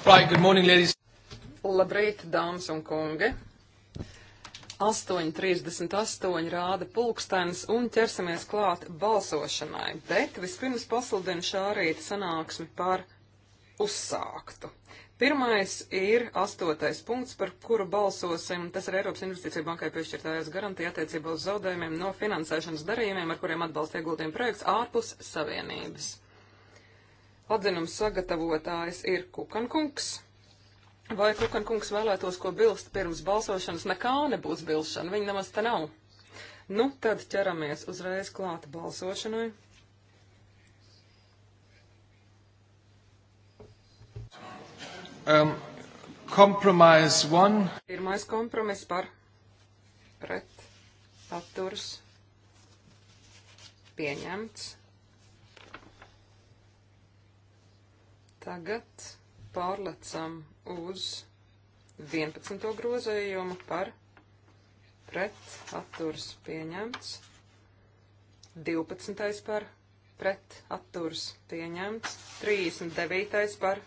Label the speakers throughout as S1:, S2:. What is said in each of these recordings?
S1: Right, good morning, ladies.
S2: Labrīt, dāmas un kungi. 8.38 rāda pulkstenis un ķersimies klāt balsošanai, bet vispirms pasludinu šā rīta sanāksmi par uzsāktu. Pirmais ir astotais punkts, par kuru balsosim. Tas ir Eiropas Investīcija bankai piešķirtājās garantija attiecībā uz zaudējumiem no finansēšanas darījumiem, ar kuriem atbalsta ieguldījumu projekts ārpus savienības. Atzinums sagatavotājs ir Kukankungs. Vai Kukankungs vēlētos ko bilst pirms balsošanas? Nekā nebūs bilšana, viņa nemaz te nav. Nu, tad ķeramies uzreiz klāt balsošanai.
S1: Um, compromise one.
S2: Pirmais kompromiss par pret atturs pieņemts. Tagad pārlecam uz 11. grozējumu par pret atturs pieņemts, 12. par pret atturs pieņemts, 39. par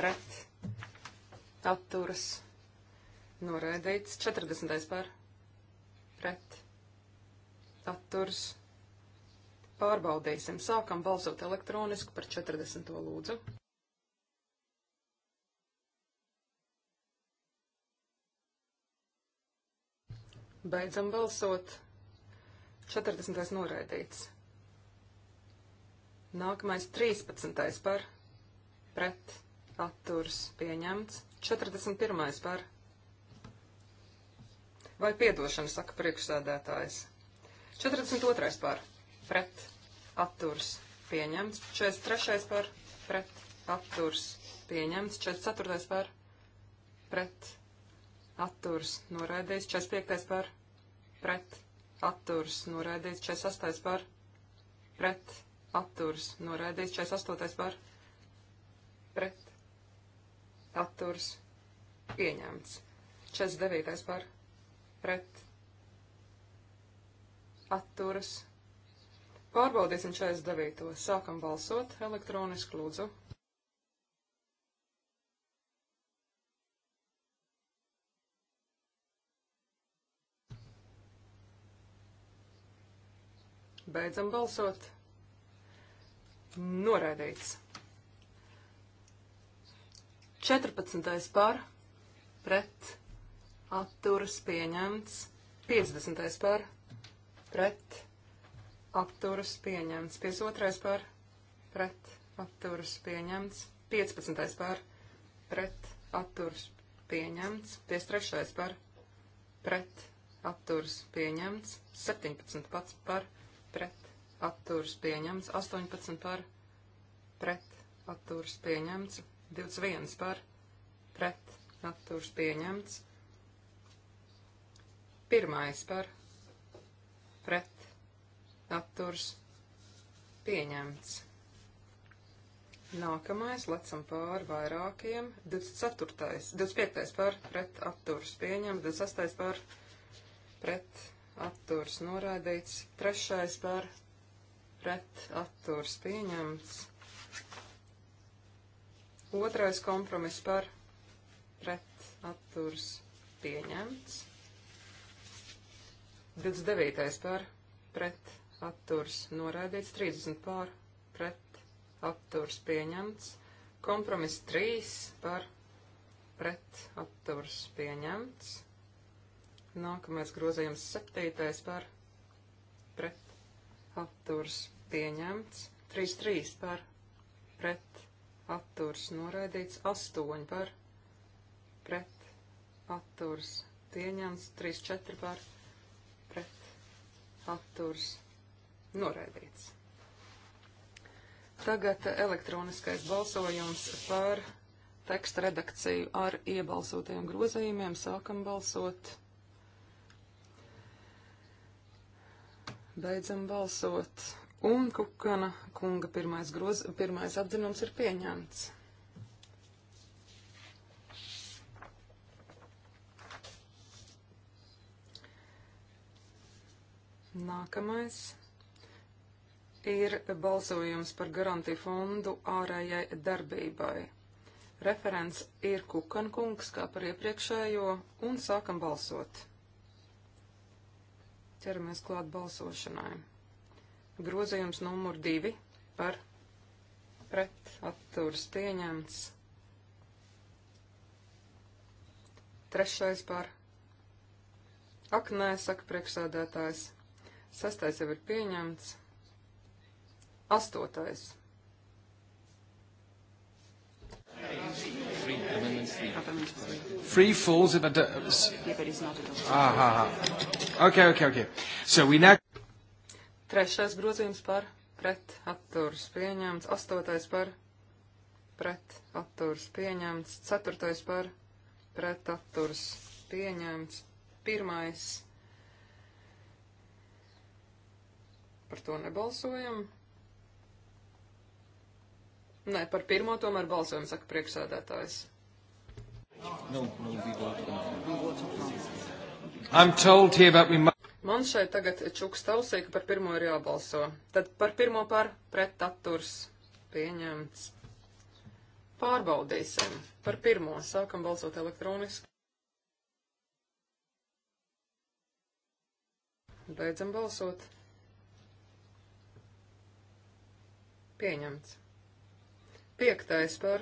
S2: pret atturas noraidīts, 40. par pret atturs pieņemts Pārbaudīsim. Sākam balsot elektroniski par 40. lūdzu. Beidzam balsot. 40. noraidīts. Nākamais 13. par pret atturs pieņemts. 41. par vai piedošana, saka priekšsēdētājs. 42. par pret atturs pieņemts, 43. par pret atturs pieņemts, 44. par pret atturs noraidīts, 45. par pret atturs noraidīts, 48. par pret atturs noraidīts, 48. par pret atturs pieņemts, 49. par pret atturs noraidīts Pārbaudīsim 49. Sākam balsot elektroniski lūdzu. Beidzam balsot. Noraidīts. 14. par, pret, atturas pieņemts. 50. par, pret, atturas pieņemts apturas pieņemts. 52. par pret apturas pieņemts. 15. par pret apturas pieņemts. 53. par pret apturas pieņemts. 17. pats par pret apturas pieņemts. 18. par pret apturas pieņemts. 21. par pret apturas pieņemts. Pirmais par pret atturs pieņemts. Nākamais, lecam pāri vairākiem, 24. 25. pār pret atturs pieņemts, 26. pār pret atturs noraidīts, 3. pār pret atturs pieņemts, 2. kompromiss par pret atturs pieņemts, 29. pār pret atturs pieņemts atturs noraidīts, 30 pār pret atturs pieņemts, kompromiss 3 par pret atturs pieņemts, nākamais grozījums 7 par pret atturs pieņemts, 3-3 par pret atturs noraidīts, 8 par pret atturs pieņemts, 3-4 par pret atturs pieņemts Noraidīts. Tagad elektroniskais balsojums par teksta redakciju ar iebalsotajiem grozījumiem. Sākam balsot. Beidzam balsot. Un Kukana kunga pirmais, groz, pirmais atzinums ir pieņemts. Nākamais ir balsojums par garantiju fondu ārējai darbībai. Referents ir Kukankungs, kā par iepriekšējo, un sākam balsot. Ķeramies klāt balsošanai. Grozījums numur divi par pret atturs pieņemts. Trešais par. Ak, nē, saka priekšsādātājs. Sastais jau ir pieņemts. Astotais.
S1: Free falls if a. Yeah,
S2: but it's not at all. Ah, ah,
S1: ah. Okay, okay, okay. So we now.
S2: Trešais grozījums par pret atturs pieņemts, astotais par pret atturs pieņemts, ceturtais par pret atturs pieņemts, pirmais. Par to nebalsojam. Nē, par pirmo tomēr balsojam, saka priekšsēdētājs. Man šeit tagad čuks tausī, ka par pirmo ir jābalso. Tad par pirmo par pret atturs pieņemts. Pārbaudīsim. Par pirmo sākam balsot elektroniski. Beidzam balsot. Pieņemts. Piektais par.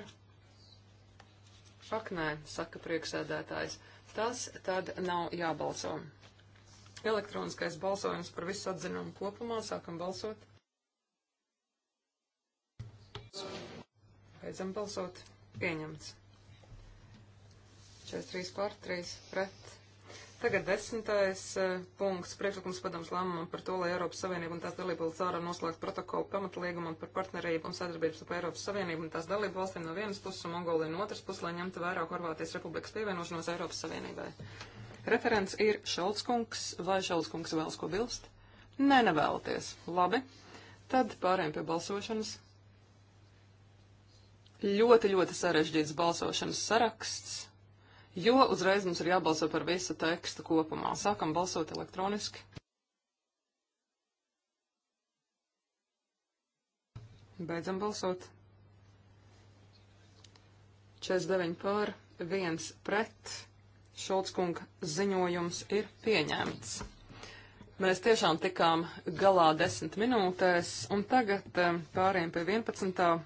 S2: Ak, nē, saka priekšsēdētājs. Tas tad nav jābalso. Elektroniskais balsojums par visu atzinumu kopumā. Sākam balsot. Beidzam balsot. Pieņemts. 43 pār 3 pret Tagad desmitais eh, punkts - priekšlikums padoms lēmumam par to, lai Eiropas Savienība un tās dalībvalsts ārā noslēgtu protokolu pamatlīgumam par partnerību un sadarbības ap Eiropas Savienību un tās dalībvalstīm no vienas puses un Mongoliju no otras puses, lai ņemtu vērā Horvātijas republikas pievienošanos Eiropas Savienībai. Referents ir Šaldskungs. Vai Šaldskungs vēlas ko bilst? Nē, ne, nevēlaties. Labi. Tad pārējiem pie balsošanas ļoti, ļoti sarežģīts balsošanas saraksts jo uzreiz mums ir jābalso par visu tekstu kopumā. Sākam balsot elektroniski. Beidzam balsot. 49 pār, 1 pret. Šolckunga ziņojums ir pieņemts. Mēs tiešām tikām galā 10 minūtēs, un tagad eh, pāriem pie 11.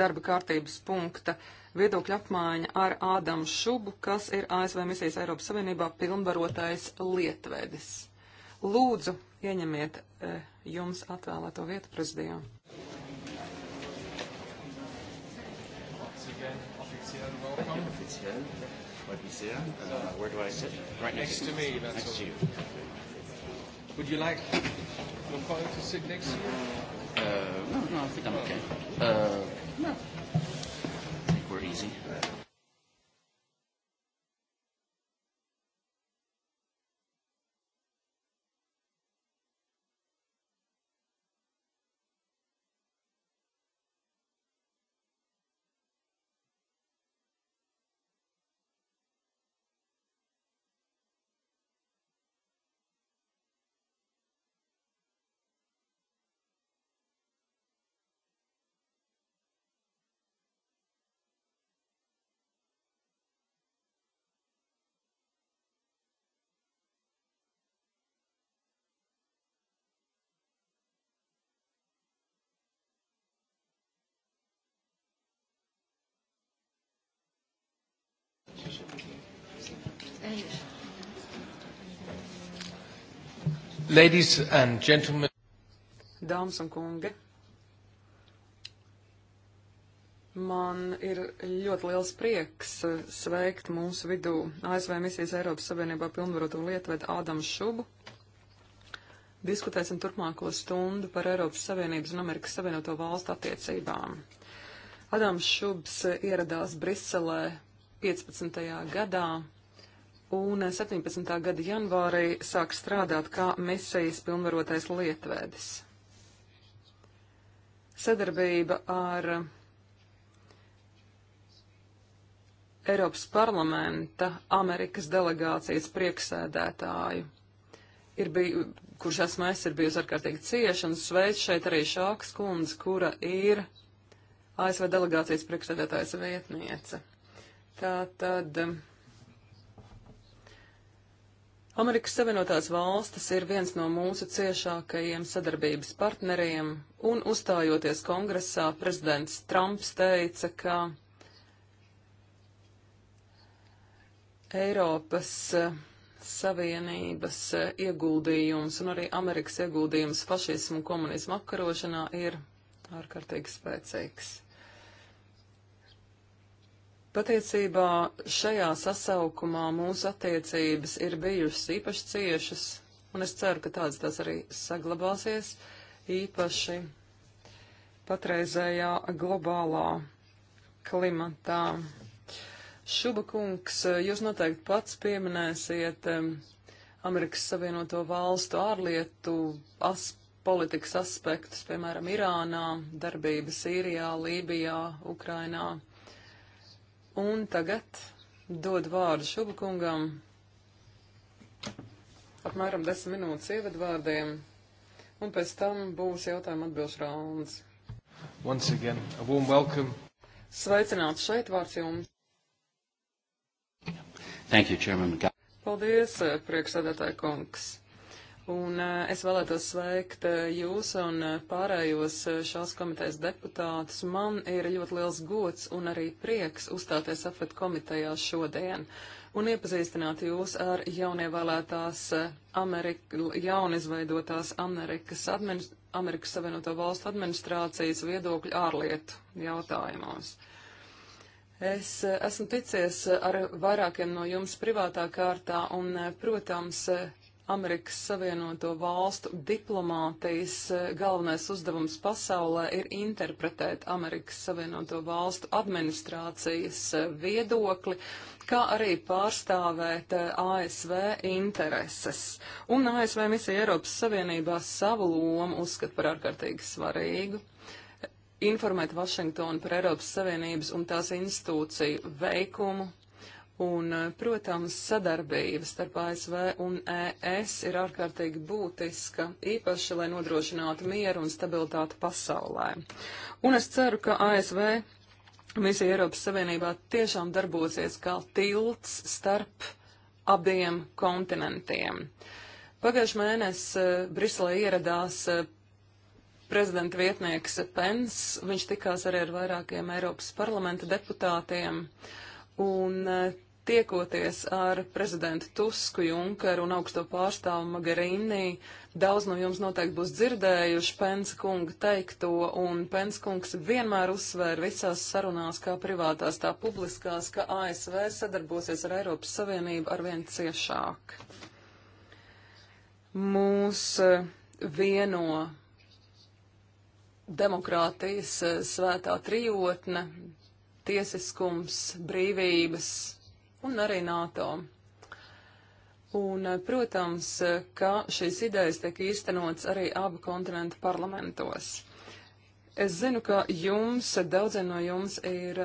S2: darba kārtības punkta viedokļa apmaiņa ar Ādamu Šubu, kas ir ASV misijas Eiropas Savienībā pilnvarotais lietvedis. Lūdzu, ieņemiet e, jums atvēlēto vietu prezidijā.
S1: Uh, Would you like your colleague to sit next to you? Uh, no, no, I think I'm okay. Uh, no easy. Ladies and gentlemen.
S2: Dāmas un kungi, man ir ļoti liels prieks sveikt mūsu vidū ASV misijas Eiropas Savienībā pilnvaroto lietuvedu Ādamu Šubu. Diskutēsim turpmāko stundu par Eiropas Savienības un Amerikas Savienoto valstu attiecībām. Adams Šubs ieradās Briselē 15. gadā un 17. gada janvārī sāk strādāt kā misijas pilnvarotais lietvēdis. Sadarbība ar Eiropas parlamenta Amerikas delegācijas prieksēdētāju, ir biju, kurš esmu es, ir bijusi ārkārtīgi cieša, un sveic šeit arī Šāks kundze, kura ir ASV delegācijas priekšsēdētājas vietniece. Tā tad. Um, Amerikas Savienotās valstis ir viens no mūsu ciešākajiem sadarbības partneriem, un uzstājoties kongresā, prezidents Trumps teica, ka Eiropas eh, Savienības eh, ieguldījums un arī Amerikas ieguldījums fašismu un komunismu apkarošanā ir ārkārtīgi spēcīgs. Patiecībā šajā sasaukumā mūsu attiecības ir bijušas īpaši ciešas, un es ceru, ka tādas tās arī saglabāsies īpaši patreizējā globālā klimatā. Šuba kungs, jūs noteikti pats pieminēsiet Amerikas Savienoto valstu ārlietu as politikas aspektus, piemēram, Irānā, darbība Sīrijā, Lībijā, Ukrainā. Un tagad dod vārdu Šubakungam apmēram 10 minūtes ievadvārdiem, un pēc tam būs jautājuma atbilšu rauns.
S1: Once again, a warm welcome.
S2: Sveicināts šeit vārds jums.
S1: Thank you, Chairman.
S2: Paldies, prieksēdētāji kungs. Un eh, es vēlētos sveikt eh, jūs un eh, pārējos šās komitejas deputātus. Man ir ļoti liels gods un arī prieks uzstāties afet komitejā šodien un iepazīstināt jūs ar jaunievēlētās Amerika, jaunizveidotās Amerikas, administ, Amerikas Savienoto Valstu administrācijas viedokļu ārlietu jautājumos. Es esmu ticies ar vairākiem no jums privātā kārtā un, protams, Amerikas Savienoto Valstu diplomātijas eh, galvenais uzdevums pasaulē ir interpretēt Amerikas Savienoto Valstu administrācijas eh, viedokli, kā arī pārstāvēt eh, ASV intereses. Un ASV misija Eiropas Savienībā savu lomu uzskat par ārkārtīgi svarīgu informēt Vašingtonu par Eiropas Savienības un tās institūciju veikumu, Un, eh, protams, sadarbība starp ASV un ES ir ārkārtīgi būtiska, īpaši, lai nodrošinātu mieru un stabilitāti pasaulē. Un es ceru, ka ASV misija Eiropas Savienībā tiešām darbosies kā tilts starp abiem kontinentiem. Pagājušajā mēnesī eh, Briselē ieradās eh, prezidenta vietnieks Pens, viņš tikās arī ar vairākiem Eiropas parlamenta deputātiem. Un Tiekoties ar prezidentu Tusku, Junkeru un augsto pārstāvu Magarinī, daudz no jums noteikti būs dzirdējuši Pensa kunga teikto, un Pensa kungs vienmēr uzsvēra visās sarunās, kā privātās, tā publiskās, ka ASV sadarbosies ar Eiropas Savienību arvien ciešāk. Mūs eh, vieno demokrātijas eh, svētā trijotne, tiesiskums, brīvības un arī NATO. Un, eh, protams, ka šīs idejas tiek īstenots arī abu kontinentu parlamentos. Es zinu, ka jums, daudziem no jums ir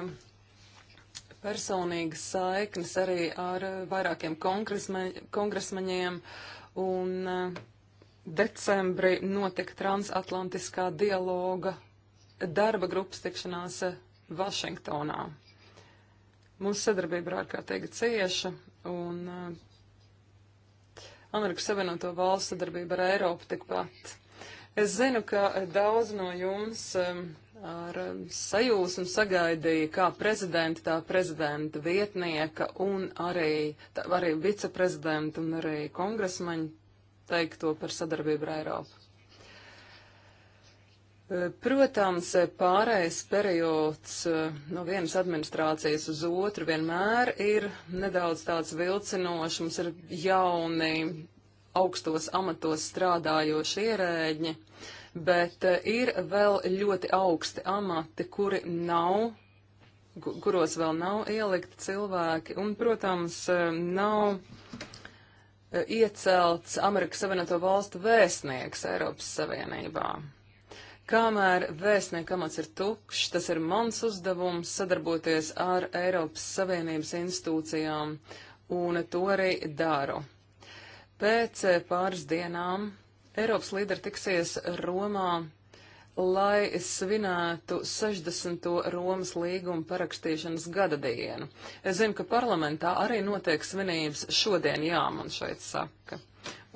S2: personīgas saiknes arī ar vairākiem kongresma, kongresmaņiem, un eh, decembrī notika transatlantiskā dialoga darba grupas tikšanās eh, Vašingtonā. Mūsu sadarbība ir ārkārtīgi cieša, un uh, Amerikas Savienoto Valstu sadarbība ar Eiropu tikpat. Es zinu, ka daudz no jums um, ar eh, sajūsmu sagaidīja kā prezidenta, tā prezidenta vietnieka un arī, tā, arī viceprezidenta un arī kongresmaņa teikto par sadarbību ar Eiropu. Protams, pārējais periods eh, no vienas administrācijas uz otru vienmēr ir nedaudz tāds vilcinošs. Mums ir jauni augstos amatos strādājoši ierēģi, bet eh, ir vēl ļoti augsti amati, kuri nav, kuros vēl nav ielikti cilvēki. Un, protams, eh, nav iecelts Amerikas Savienoto Valstu vēstnieks Eiropas Savienībā. Kamēr vēstnieka amats ir tukšs, tas ir mans uzdevums sadarboties ar Eiropas Savienības institūcijām, un to arī daru. Pēc eh, pāris dienām Eiropas līderi tiksies Romā, lai svinētu 60. Romas līguma parakstīšanas gada dienu. Es zinu, ka parlamentā arī notiek svinības šodien, jā, man šeit saka.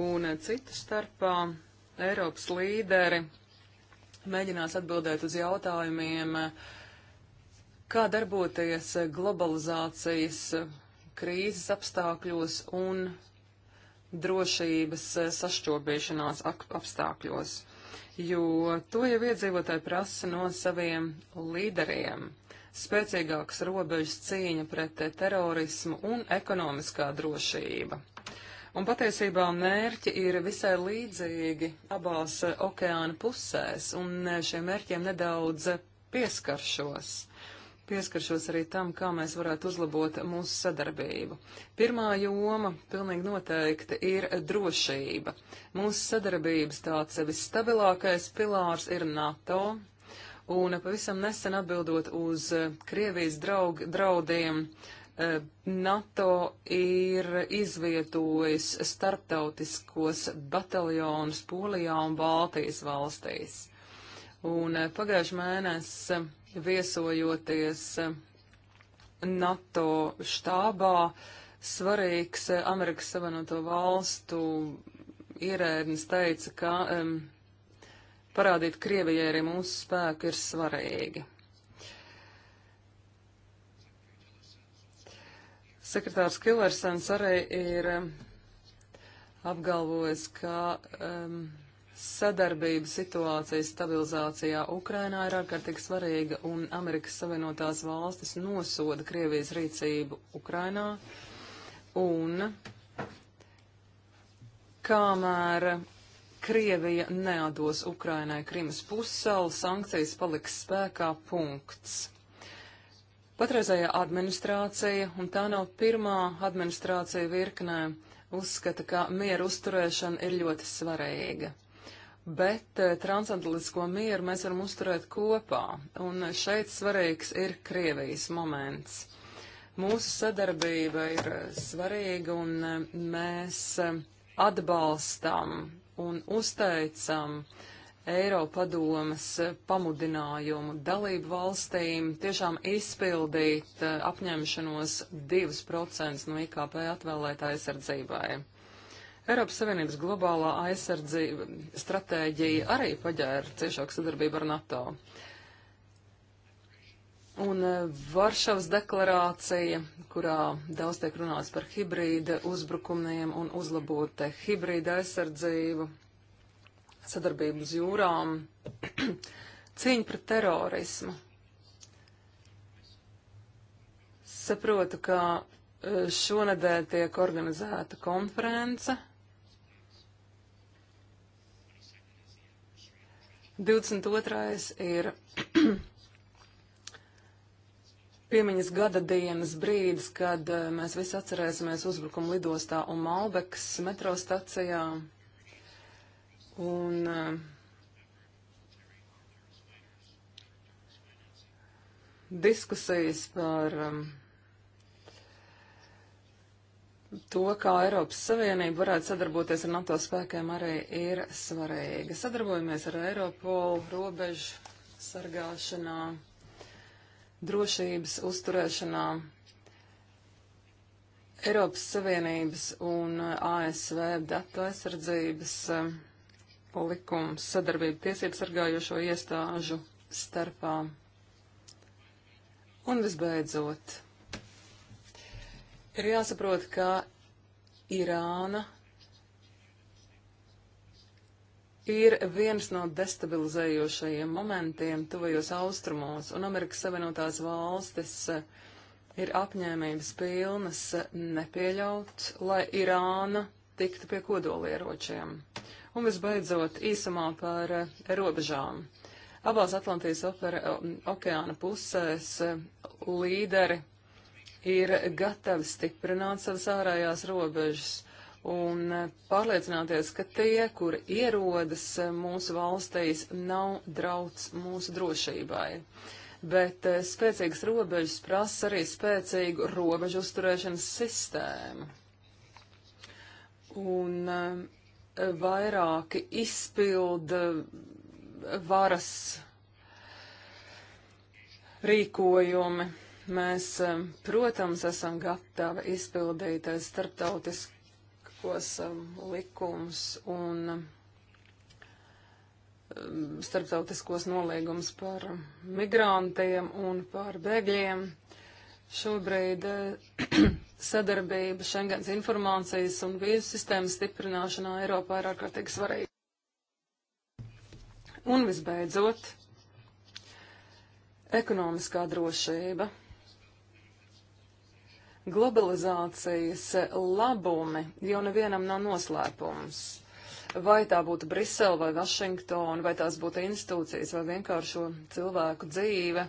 S2: Un eh, citu starpā Eiropas līderi mēģinās atbildēt uz jautājumiem, kā darboties globalizācijas krīzes apstākļos un drošības sašķobīšanās apstākļos, jo to jau iedzīvotāji prasa no saviem līderiem spēcīgākas robežas cīņa pret terorismu un ekonomiskā drošība. Un patiesībā mērķi ir visai līdzīgi abās eh, okeāna pusēs, un eh, šiem mērķiem nedaudz pieskaršos. Pieskaršos arī tam, kā mēs varētu uzlabot mūsu sadarbību. Pirmā joma pilnīgi noteikti ir drošība. Mūsu sadarbības tāds visstabilākais pilārs ir NATO, un pavisam nesen atbildot uz Krievijas draug, draudiem, Eh, NATO ir izvietojis starptautiskos bataljonus Polijā un Baltijas valstīs. Un eh, pagājuši mēnesi viesojoties eh, NATO štābā, svarīgs Amerikas Savienoto valstu ierēdnis teica, ka um, parādīt Krievijai arī mūsu spēku ir svarīgi. Sekretārs Killersens arī ir um, apgalvojis, ka um, sadarbība situācijas stabilizācijā Ukrainā ir ārkārtīgi svarīga, un Amerikas Savienotās valstis nosoda Krievijas rīcību Ukrainā. Un kamēr Krievija neados Ukrainai Krimas pussalu, sankcijas paliks spēkā punkts. Patreizējā administrācija, un tā nav pirmā administrācija virknē, uzskata, ka mieru uzturēšana ir ļoti svarīga. Bet eh, transatlantisko mieru mēs varam uzturēt kopā, un šeit svarīgs ir Krievijas moments. Mūsu sadarbība ir eh, svarīga, un eh, mēs eh, atbalstam un uzteicam uh, Eiropadomas eh, pamudinājumu dalību valstīm tiešām izpildīt eh, apņemšanos 2% no IKP atvēlēt aizsardzībai. Eiropas Savienības globālā aizsardzība stratēģija arī paģēra ciešāku sadarbību ar NATO. Un eh, Varšavas deklarācija, kurā daudz tiek runāts par hibrīda uzbrukumiem un uzlabota hibrīda aizsardzību, sadarbību uz jūrām, cīņa pret terorismu. Saprotu, ka eh, šonadēļ tiek organizēta konference. 22. ir piemiņas gada dienas brīdis, kad eh, mēs visi atcerēsimies uzbrukumu lidostā un Malbekas metro stacijā. Un uh, diskusijas par um, to, kā Eiropas Savienība varētu sadarboties ar NATO spēkiem, arī ir svarīga. Sadarbojamies ar Eiropolu robežu sargāšanā, drošības uzturēšanā. Eiropas Savienības un uh, ASV datu aizsardzības uh, likums sadarbību tiesību sargājošo iestāžu starpā. Un visbeidzot, ir jāsaprot, ka Irāna ir viens no destabilizējošajiem momentiem tuvajos austrumos, un Amerikas Savienotās valstis ir apņēmības pilnas nepieļaut, lai Irāna tiktu pie kodolieročiem. Un visbeidzot, īsumā par eh, robežām. Abās Atlantijas opera, okeāna pusēs eh, līderi ir gatavi stiprināt savas ārējās robežas un eh, pārliecināties, ka tie, kuri ierodas mūsu valstīs, nav drauds mūsu drošībai. Bet spēcīgas robežas prasa arī spēcīgu robežu uzturēšanas sistēmu. Un vairāki izpilda eh, varas rīkojumi. Mēs, eh, protams, esam gatavi izpildīt eh, starptautiskos likums un starptautiskos nolīgums par migrantiem un par bēgļiem. Šobrīd eh, sadarbība Schengens informācijas un vīzu sistēmas stiprināšanā Eiropā ir ārkārtīgi svarīga. Un visbeidzot, ekonomiskā drošība. Globalizācijas labumi jau nevienam nav noslēpums. Vai tā būtu Brisele vai Vašingtona, vai tās būtu institūcijas vai vienkāršo cilvēku dzīve,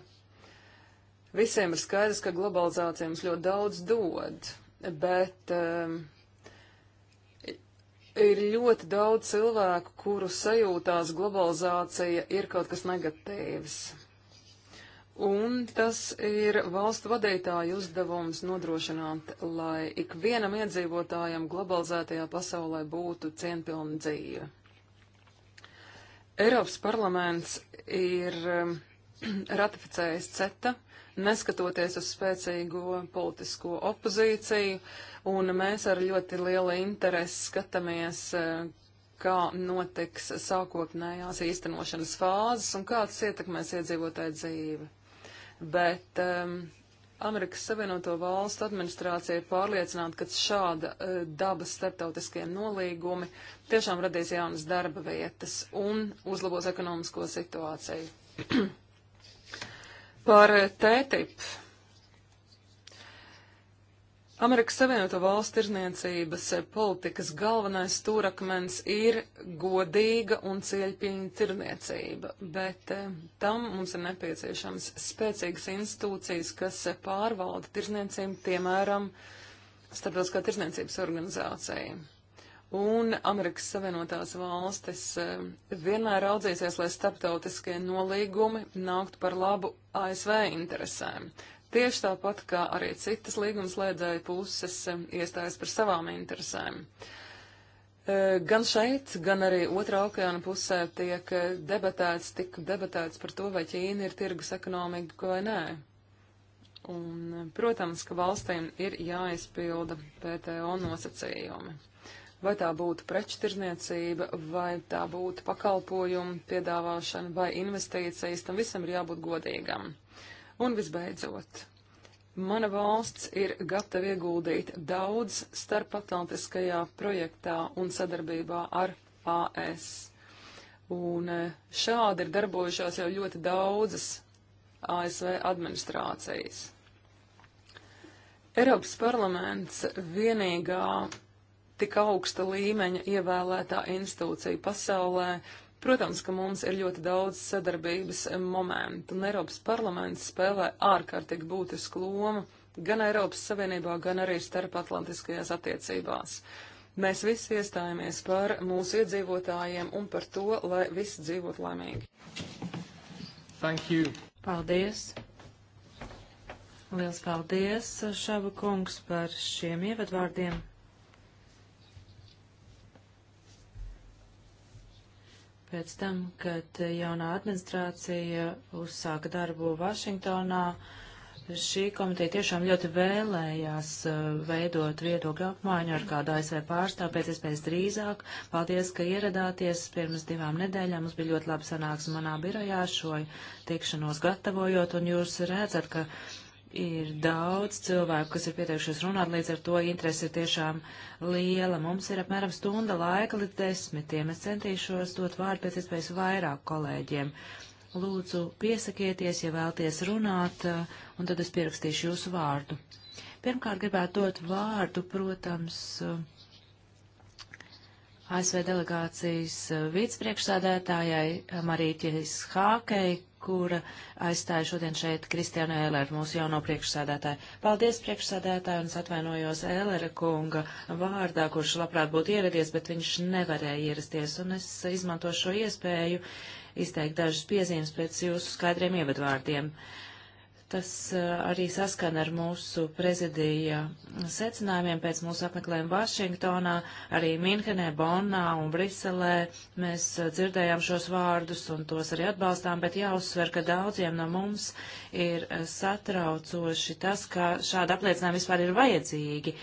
S2: Visiem ir skaidrs, ka globalizācija mums ļoti daudz dod, bet um, ir ļoti daudz cilvēku, kuru sajūtās globalizācija ir kaut kas negatīvs. Un tas ir valstu vadītāju uzdevums nodrošināt, lai ikvienam iedzīvotājam globalizētajā pasaulē būtu cienpilna dzīve. Eiropas parlaments ir um, ratificējis CETA, neskatoties uz spēcīgo politisko opozīciju, un mēs ar ļoti lielu interesi skatāmies, eh, kā notiks sākotnējās īstenošanas fāzes un kāds ietekmēs iedzīvotāju dzīvi. Bet um, Amerikas Savienoto Valstu administrācija ir pārliecināta, ka šāda uh, dabas starptautiskie nolīgumi tiešām radīs jaunas darba vietas un uzlabos ekonomisko situāciju. Par TTIP. Amerikas Savienoto Valstu tirzniecības politikas galvenais stūrakmens ir godīga un cieļpieņa tirzniecība, bet eh, tam mums ir nepieciešams spēcīgas institūcijas, kas pārvalda tirzniecību, piemēram, Starptautiskā tirzniecības organizācija un Amerikas Savienotās valstis eh, vienmēr raudzīsies, lai starptautiskie nolīgumi nāktu par labu ASV interesēm. Tieši tāpat kā arī citas līgumslēdzēja puses eh, iestājas par savām interesēm. Eh, gan šeit, gan arī otrā okeāna pusē tiek debatēts, tik debatēts par to, vai Ķīna ir tirgus ekonomika vai nē. Un, protams, ka valstīm ir jāizpilda PTO nosacījumi vai tā būtu preču tirzniecība, vai tā būtu pakalpojumu piedāvāšana vai investīcijas, tam visam ir jābūt godīgam. Un visbeidzot, mana valsts ir gatava ieguldīt daudz starpatlantiskajā projektā un sadarbībā ar AS. Un eh, šādi ir darbojušās jau ļoti daudzas ASV administrācijas. Eiropas parlaments vienīgā tik augsta līmeņa ievēlētā institūcija pasaulē. Protams, ka mums ir ļoti daudz sadarbības momentu, un Eiropas parlaments spēlē ārkārtīgi būtisku lomu gan Eiropas Savienībā, gan arī starpatlantiskajās attiecībās. Mēs visi iestājamies par mūsu iedzīvotājiem un par to, lai visi dzīvot laimīgi.
S1: Thank you. Paldies. Liels paldies, Šaba kungs, par šiem ievadvārdiem. Pēc tam, kad jaunā administrācija uzsāka darbu Vašingtonā, šī komiteja tiešām ļoti vēlējās eh, veidot viedokļu apmaiņu ar kādu ASV pārstāvu pēc iespējas drīzāk. Paldies, ka ieradāties pirms divām nedēļām. Mums bija ļoti laba sanāksme manā birojā šo tikšanos gatavojot, un jūs redzat, ka ir daudz cilvēku, kas ir pieteikušies runāt, līdz ar to interesi ir tiešām liela. Mums ir apmēram stunda laika līdz desmitiem. Es centīšos dot vārdu pēc iespējas vairāk kolēģiem. Lūdzu, piesakieties, ja vēlties runāt, uh, un tad es pierakstīšu jūsu vārdu. Pirmkārt, gribētu dot vārdu, protams, uh, ASV delegācijas uh, vicepriekšsādētājai Marīķis Hākei, kura aizstāja šodien šeit Kristiānu Ēleru, mūsu jauno priekšsādātāju. Paldies priekšsādātāju un es atvainojos Ēlera kunga vārdā, kurš labprāt būtu ieradies, bet viņš nevarēja ierasties. Un es izmantošu šo iespēju izteikt dažas piezīmes pēc jūsu skaidriem ievadvārdiem. Uh, Tas eh, arī saskana ar mūsu prezidija secinājumiem pēc mūsu apmeklējuma Vašingtonā, arī Minhenē, Bonnā un Briselē. Mēs eh, dzirdējām šos vārdus un tos arī atbalstām, bet jāuzsver, ka daudziem no mums ir eh, satraucoši tas, ka šāda apliecinājuma vispār ir vajadzīgi.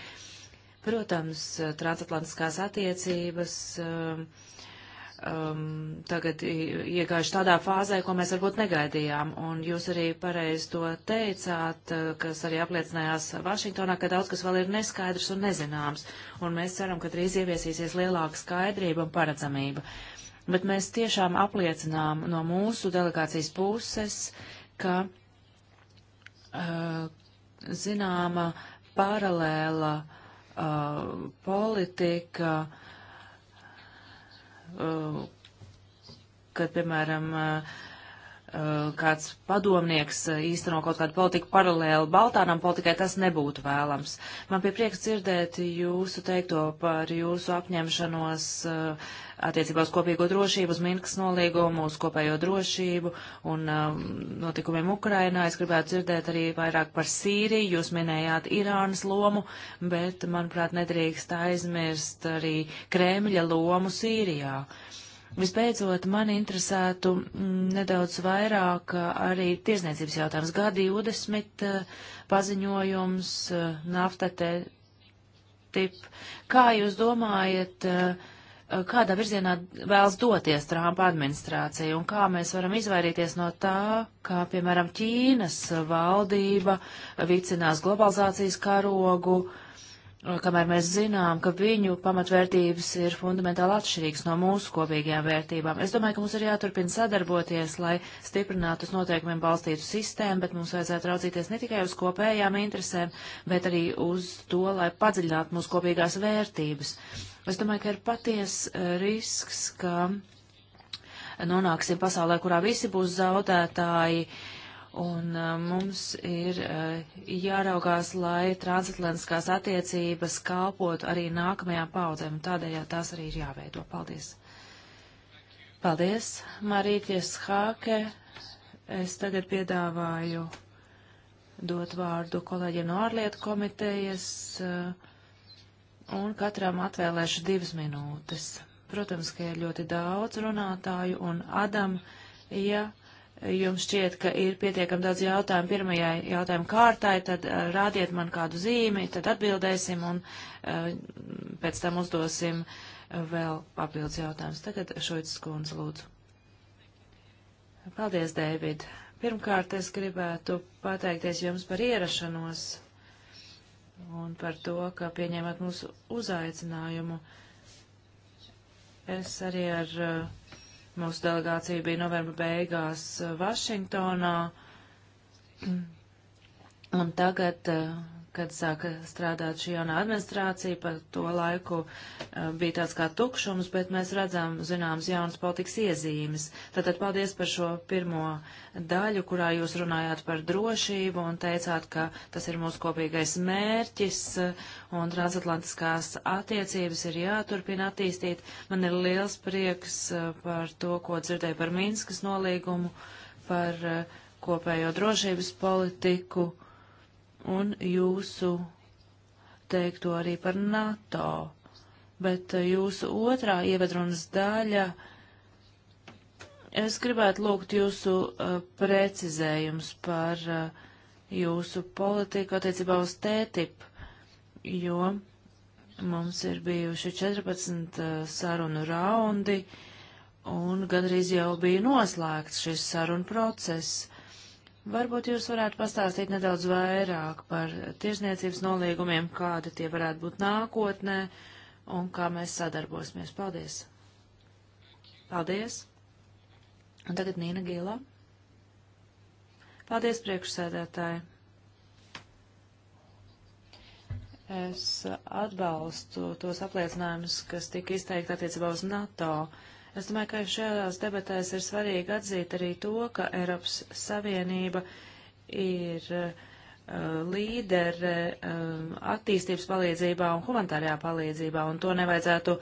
S1: Protams, transatlantiskās attiecības. Uh, um, tagad iegājuši tādā fāzē, ko mēs varbūt negaidījām. Un jūs arī pareizi to teicāt, uh, kas arī apliecinājās Vašingtonā, ka daudz kas vēl ir neskaidrs un nezināms. Un mēs ceram, ka drīz ieviesīsies lielāka skaidrība un paredzamība. Bet mēs tiešām apliecinām no mūsu delegācijas puses, ka uh, zināma paralēla uh, politika uh, kad, piemēram, uh, Eh, kāds padomnieks eh, īsteno kaut kādu politiku paralēli Baltānam politikai, tas nebūtu vēlams. Man bija prieks dzirdēt jūsu teikto par jūsu apņemšanos eh, attiecībā uz kopīgo drošību, uz Minkas nolīgumu, uz kopējo drošību un notikumiem Ukrainā. Es gribētu dzirdēt arī vairāk par Sīriju. Jūs minējāt Irānas lomu, bet, manuprāt, nedrīkst aizmirst arī Kremļa lomu Sīrijā. Uh, Visbeidzot, man interesētu mm, nedaudz vairāk eh, arī tiesniecības jautājums. G20 eh, paziņojums, eh, naftatē tip. Kā jūs domājat, kādā virzienā vēlas doties Trumpa administrācija un kā mēs varam izvairīties no tā, kā, piemēram, Ķīnas valdība vicinās globalizācijas karogu? Uh, kamēr mēs zinām, ka viņu pamatvērtības ir fundamentāli atšķirīgas no mūsu kopīgajām vērtībām. Es domāju, ka mums ir jāturpina sadarboties, lai stiprinātu uz noteikumiem balstītu sistēmu, bet mums vajadzētu raudzīties ne tikai uz kopējām interesēm, bet arī uz to, lai padziļinātu mūsu kopīgās vērtības. Es domāju, ka ir paties eh, risks, ka nonāksim pasaulē, kurā visi būs zaudētāji. Uh, Un uh, mums ir uh, jāraugās, lai transatlantiskās attiecības kalpotu arī nākamajām paudzēm, un tādējā tās arī ir jāveido. Paldies! Paldies, Marīķis Hāke! Es tagad piedāvāju dot vārdu kolēģiem no ārlietu komitejas, uh, un katram atvēlēšu divas minūtes. Protams, ka ir ļoti daudz runātāju, un Adam, ja jums šķiet, ka ir pietiekami daudz jautājumu pirmajai jautājumu kārtai, tad uh, rādiet man kādu zīmi, tad atbildēsim un uh, pēc tam uzdosim eh, vēl papildus jautājumus. Tagad Šoits Kunz lūdzu. Paldies, Dēvid. Pirmkārt, es gribētu pateikties jums par ierašanos un par to, ka pieņēmat mūsu uzaicinājumu. Es arī ar uh, Mūsu delegācija bija novembra beigās eh, Vašingtonā. Un tagad uh, kad sāka strādāt šī jaunā administrācija, par to laiku uh, bija tāds kā tukšums, bet mēs redzam, zināms, jaunas politikas iezīmes. Tātad paldies par šo pirmo daļu, kurā jūs runājāt par drošību un teicāt, ka tas ir mūsu kopīgais mērķis eh, un transatlantiskās attiecības ir jāturpina attīstīt. Man ir liels prieks uh, par to, ko dzirdēju par Minskas nolīgumu, par uh, kopējo drošības politiku un jūsu teikto arī par NATO, bet eh, jūsu otrā ievedrunas daļa. Es gribētu lūgt jūsu uh, precizējums par uh, jūsu politiku attiecībā uz TTIP, jo mums ir bijuši 14 uh, sarunu raundi un gandrīz jau bija noslēgts šis sarunu process. Varbūt jūs varētu pastāstīt nedaudz vairāk par tirzniecības nolīgumiem, kādi tie varētu būt nākotnē un kā mēs sadarbosimies. Paldies! Paldies! Un tagad Nīna Gila. Paldies, priekšsēdētāji! Es atbalstu tos apliecinājumus, kas tika izteikti attiecībā uz NATO. Uh, Es domāju, ka šajās debatēs ir svarīgi atzīt arī to, ka Eiropas Savienība ir uh, līdere uh, attīstības palīdzībā un humanitārajā palīdzībā, un to nevajadzētu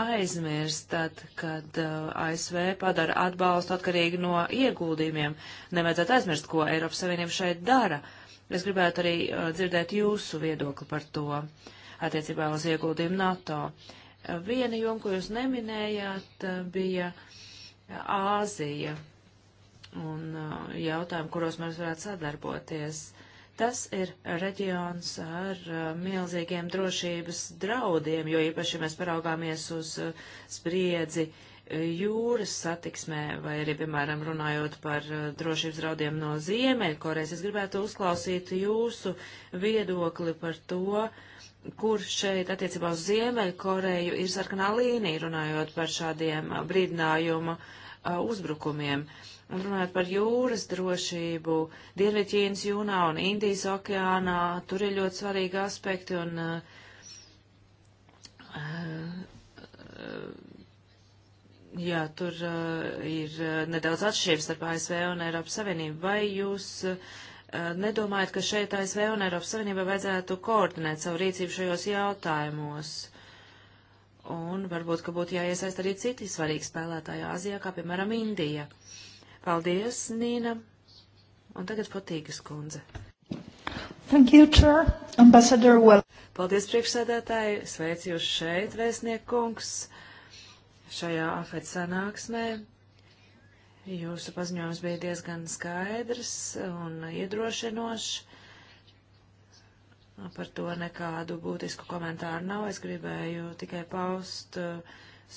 S1: aizmirst tad, kad uh, ASV padara atbalstu atkarīgi no ieguldījumiem. Nevajadzētu aizmirst, ko Eiropas Savienība šeit dara. Es gribētu arī uh, dzirdēt jūsu viedokli par to attiecībā uz ieguldījumu NATO. Uh, Viena joma, ko jūs neminējāt, eh, bija Āzija un eh, jautājumi, kuros mēs varētu sadarboties. Tas ir reģions ar eh, milzīgiem drošības draudiem, jo īpaši mēs paraugāmies uz spriedzi jūras satiksmē, vai arī, piemēram, runājot par drošības draudiem no Ziemeļkorejas, es gribētu uzklausīt jūsu viedokli par to, uh, kur šeit attiecībā uz Ziemeļkoreju ir sarkanā līnija, runājot par šādiem uh, brīdinājuma uh, uzbrukumiem. Un runājot par jūras drošību, Dienvidķīnas jūnā un Indijas okeānā, tur ir ļoti svarīgi aspekti un uh, jā, tur ir nedaudz atšķirības starp ASV un Eiropas Savienību. Vai jūs uh, Eh, Nedomājat, ka šeit ASV un Eiropas Savienība vajadzētu koordinēt savu rīcību šajos jautājumos? Un varbūt, ka būtu jāiesaist arī citi svarīgi spēlētāji Āzijā, kā piemēram Indija. Paldies, Nīna. Un tagad patīgas kundze.
S3: Thank you, Chair. Ambassador Well.
S1: Paldies, priekšsēdētāji. Sveicu jūs šeit, vēstniekungs, šajā afet sanāksmē. Jūsu paziņojums bija diezgan skaidrs un iedrošinošs. Par to nekādu būtisku komentāru nav. Es gribēju tikai paust uh,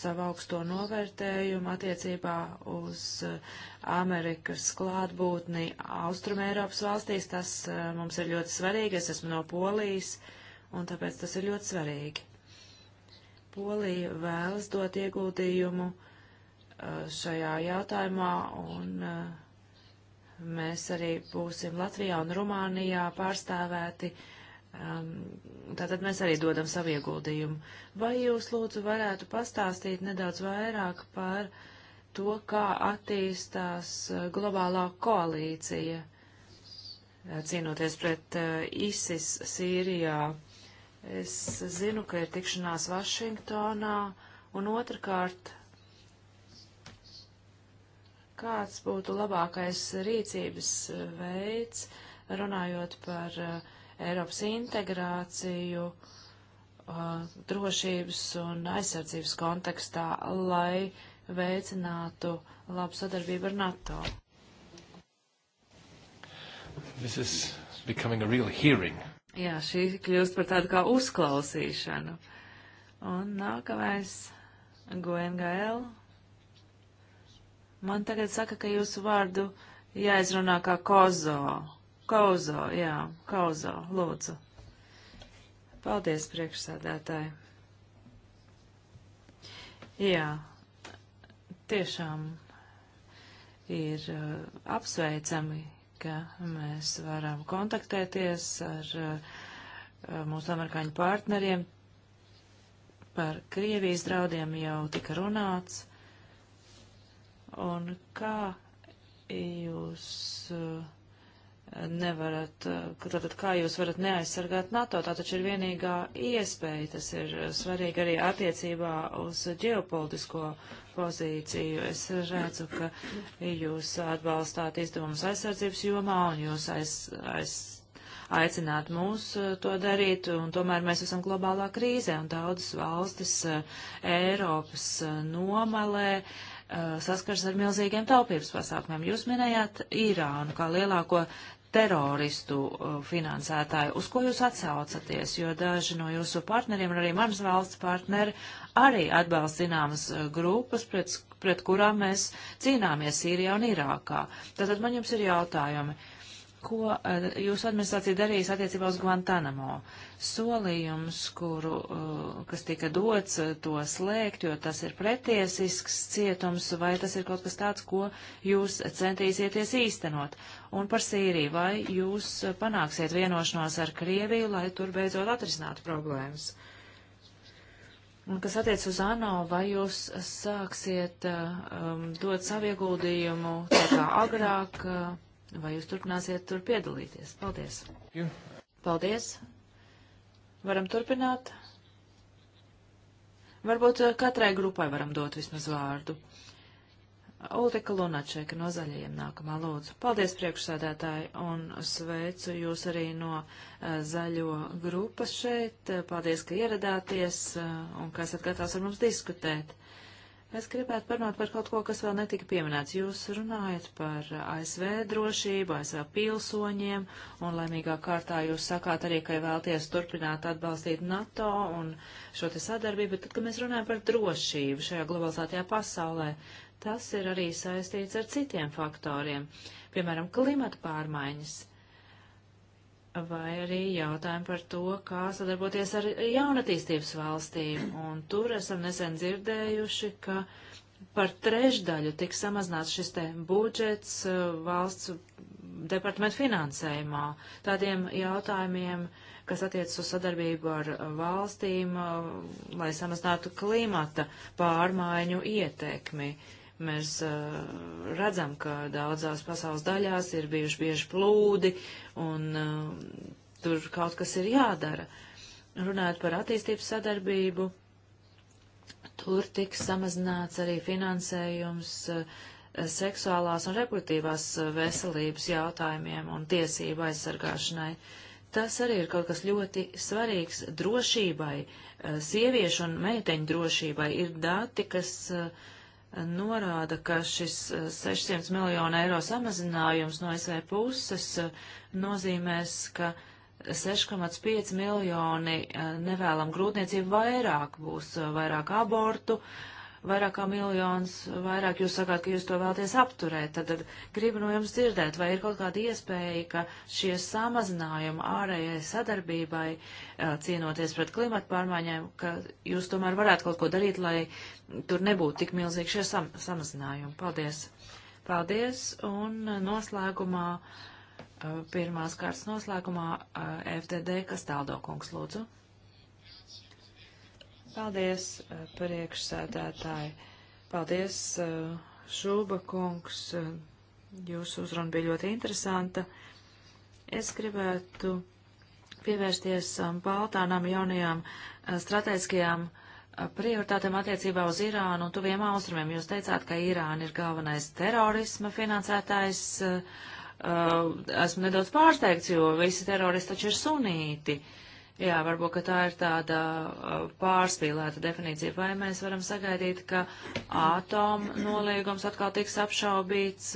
S1: savu augsto novērtējumu attiecībā uz uh, Amerikas klātbūtni Austrum Eiropas valstīs. Tas uh, mums ir ļoti svarīgi. Es esmu no Polijas, un tāpēc tas ir ļoti svarīgi. Polija vēlas dot ieguldījumu Eh, šajā jautājumā, un eh, mēs arī būsim Latvijā un Rumānijā pārstāvēti. Ehm, tātad mēs arī dodam savu ieguldījumu. Vai jūs, lūdzu, varētu pastāstīt nedaudz vairāk par to, kā attīstās eh, globālā koalīcija cīnoties pret ISIS Sīrijā? Es zinu, ka ir tikšanās Vašingtonā, un otrkārt kāds būtu labākais rīcības eh, veids, runājot par uh, Eiropas integrāciju uh, drošības un aizsardzības kontekstā, lai veicinātu labu sadarbību ar NATO. Jā, šī kļūst par tādu kā uzklausīšanu. Un nākamais, Gwen Gael. Man tagad saka, ka jūsu vārdu jāizrunā kā kozo. Kozo, jā, kozo, lūdzu. Paldies, priekšsādātāji. Jā, tiešām ir uh, apsveicami, ka mēs varam kontaktēties ar uh, uh mūsu amerikāņu partneriem. Par Krievijas draudiem jau tika runāts. Un kā jūs eh, nevarat, eh, tātad kā jūs varat neaizsargāt NATO, tā taču ir vienīgā iespēja, tas ir svarīgi arī attiecībā uz ģeopolitisko pozīciju. Es redzu, ka jūs atbalstāt izdevumus aizsardzības jomā un jūs aiz, aiz, aicināt mūs eh, to darīt, un tomēr mēs esam globālā krīzē, un daudzas valstis Eiropas nomalē Uh, saskars ar milzīgiem taupības pasākumiem. Jūs minējāt Irānu kā lielāko teroristu uh, finansētāju. Uz ko jūs atsaucaties? Jo daži no jūsu partneriem un arī manas valsts partneri arī atbalsta zināmas uh, grupas, pret, pret kurām mēs cīnāmies Sīrijā un Irākā. Tātad man jums ir jautājumi. Uh, Ko uh, jūsu administrācija darīs attiecībā uz Guantanamo? Solījums, kuru, uh, kas tika dots, uh, to slēgt, jo tas ir pretiesisks cietums, vai tas ir kaut kas tāds, ko jūs centīsieties īstenot? Un par Sīriju, vai jūs panāksiet vienošanos ar Krieviju, lai tur beidzot atrisinātu problēmas? Un kas attiec uz ANO, vai jūs sāksiet um, dot savu ieguldījumu tā kā agrāk? Uh, vai jūs turpināsiet tur piedalīties? Paldies. Jā. Paldies. Varam turpināt. Varbūt eh, katrai grupai varam dot vismaz vārdu. Ulrika Lunačeka no zaļajiem nākamā lūdzu. Paldies priekšsādātāji un sveicu jūs arī no uh, zaļo grupas šeit. Paldies, ka ieradāties uh, un ka esat gatavs ar mums diskutēt. Es gribētu parunāt par kaut ko, kas vēl netika pieminēts. Jūs runājat par ASV drošību, ASV pilsoņiem, un laimīgā kārtā jūs sakāt arī, ka vēlties turpināt atbalstīt NATO un šo te sadarbību, bet tad, kad mēs runājam par drošību šajā globalizētajā pasaulē, tas ir arī saistīts ar citiem faktoriem, piemēram, klimata pārmaiņas vai arī jautājumu par to, kā sadarboties ar jaunatīstības valstīm. Un tur esam nesen dzirdējuši, ka par trešdaļu tiks samazināts šis te budžets uh, valsts departamentu finansējumā. Tādiem jautājumiem, kas attiecas uz sadarbību ar valstīm, uh, lai samazinātu klimata pārmaiņu ietekmi. Uh, Mēs uh, redzam, ka daudzās pasaules daļās ir bijuši bieži plūdi, un uh, tur kaut kas ir jādara. Runājot par attīstības sadarbību, tur tiks samazināts arī finansējums uh, seksuālās un reproduktīvās veselības jautājumiem un tiesību aizsargāšanai. Tas arī ir kaut kas ļoti svarīgs drošībai, sieviešu un meiteņu drošībai. Ir dati, kas uh, norāda, ka šis 600 eh, miljonu eiro samazinājums no SV puses eh, nozīmēs, ka 6,5 miljoni eh, nevēlam grūtniecību vairāk būs, vairāk abortu, vairāk kā miljons, vairāk jūs sakāt, ka jūs to vēlaties apturēt. Tad, tad gribu no jums dzirdēt, vai ir kaut kāda iespēja, ka šie samazinājumi ārējai sadarbībai, cīnoties pret klimatu pārmaiņām, ka jūs tomēr varētu kaut ko darīt, lai tur nebūtu tik milzīgi šie sam samazinājumi. Paldies! Paldies! Un eh, noslēgumā, eh, pirmās kārtas noslēgumā, eh, FDD Kastaldo kungs lūdzu. Paldies, priekšsēdētāji. Paldies, Šūba kungs. Jūsu uzruna bija ļoti interesanta. Es gribētu pievērsties Baltānām jaunajām strateģiskajām uh, prioritātēm attiecībā uz Irānu un tuviem austrumiem. Jūs teicāt, ka Irāna ir galvenais terorisma finansētājs. Eh, eh, esmu nedaudz pārsteigts, jo visi teroristi taču ir sunīti. Jā, varbūt, ka tā ir tāda eh, pārspīlēta definīcija. Vai mēs varam sagaidīt, ka ātom noliegums atkal tiks apšaubīts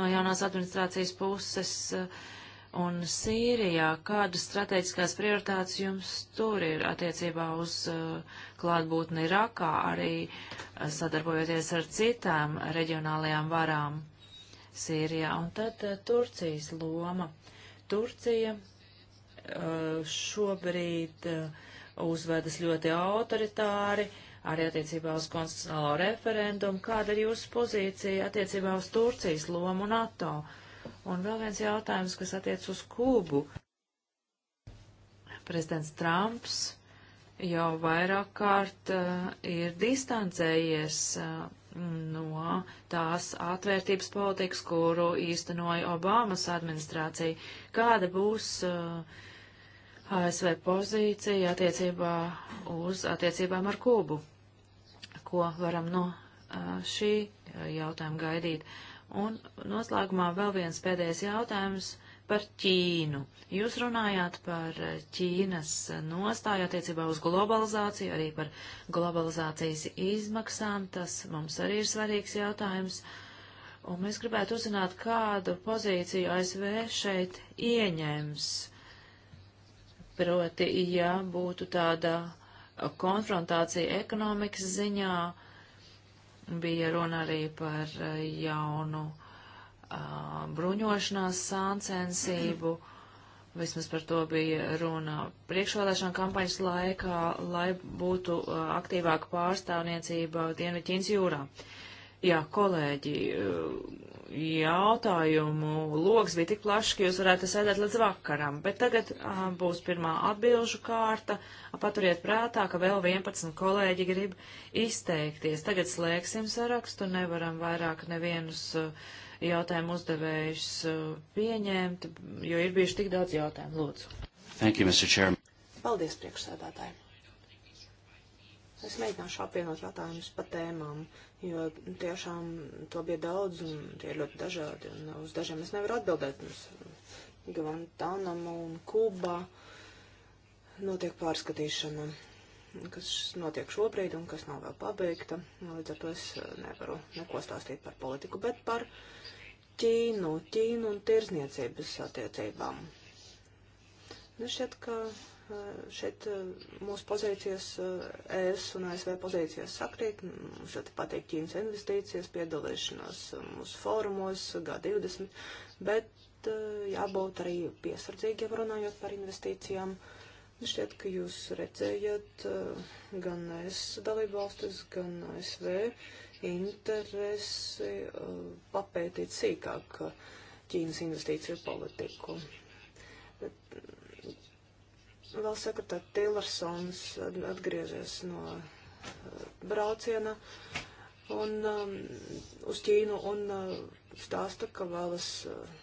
S1: no jaunās administrācijas puses? Uh, un Sīrijā, kādas strateģiskās prioritātes jums tur ir attiecībā uz uh, klātbūtni Irākā, arī uh, sadarbojoties ar citām reģionālajām varām Sīrijā, un tad uh, Turcijas loma. Turcija uh, šobrīd uh, uzvedas ļoti autoritāri, arī attiecībā uz konstitucionālo referendumu. Kāda ir jūsu pozīcija attiecībā uz Turcijas lomu NATO? Un Un vēl viens jautājums, kas attiec uz Kūbu. Prezidents Trumps jau vairāk kārt uh, ir distancējies uh, no tās atvērtības politikas, kuru īstenoja Obamas administrācija. Kāda būs uh, eh, ASV pozīcija attiecībā uz attiecībām ar Kūbu? Ko varam no uh, šī jautājuma gaidīt? Uh, Un noslēgumā vēl viens pēdējais jautājums par Ķīnu. Jūs runājāt par Ķīnas nostāju attiecībā uz globalizāciju, arī par globalizācijas izmaksām. Tas mums arī ir svarīgs jautājums. Un mēs gribētu uzzināt, kādu pozīciju ASV šeit ieņems. Proti, ja būtu tāda konfrontācija ekonomikas ziņā, uh, Bija runa arī par eh, jaunu uh, bruņošanās sāncensību. Vismaz par to bija runa priekšvēlēšana kampaņas laikā, lai būtu uh, aktīvāka pārstāvniecība Dienvidķīnas jūrā. Jā, kolēģi, uh, jautājumu loks bija tik plašs, ka jūs varētu sēdēt līdz vakaram, bet tagad a, būs pirmā atbilžu kārta. Paturiet prātā, ka vēl 11 kolēģi grib izteikties. Tagad slēgsim sarakstu, nevaram vairāk nevienus jautājumu uzdevējus pieņemt, jo ir bijuši tik daudz jautājumu. Lūdzu. Thank you, Mr. Chairman. Paldies, priekšsēdētāji. Es
S3: mēģināšu apvienot jautājumus pa tēmām, jo tiešām to bija daudz un tie ir ļoti dažādi. Un uz dažiem es nevaru atbildēt. Mums Guantanamo un Kuba notiek pārskatīšana, kas notiek šobrīd un kas nav vēl pabeigta. Līdz ar to es nevaru neko stāstīt par politiku, bet par Ķīnu, Ķīnu un tirzniecības attiecībām. Nu šķiet, ka Eh, šeit eh, mūsu pozīcijas, eh, ES un ASV pozīcijas sakrīt. Mums ļoti patīk Ķīnas investīcijas, piedalīšanās mūsu fórumos, G20, bet jābūt arī piesardzīgiem runājot par investīcijām. Šķiet, ka jūs redzējat gan es dalību valstis, gan ASV interesi papētīt sīkāk Ķīnas investīciju politiku. Bet, Vēl sekretā Tilersons atgriezies no eh, brauciena un um, uz Ķīnu un uh, stāsta, ka vēlas uh,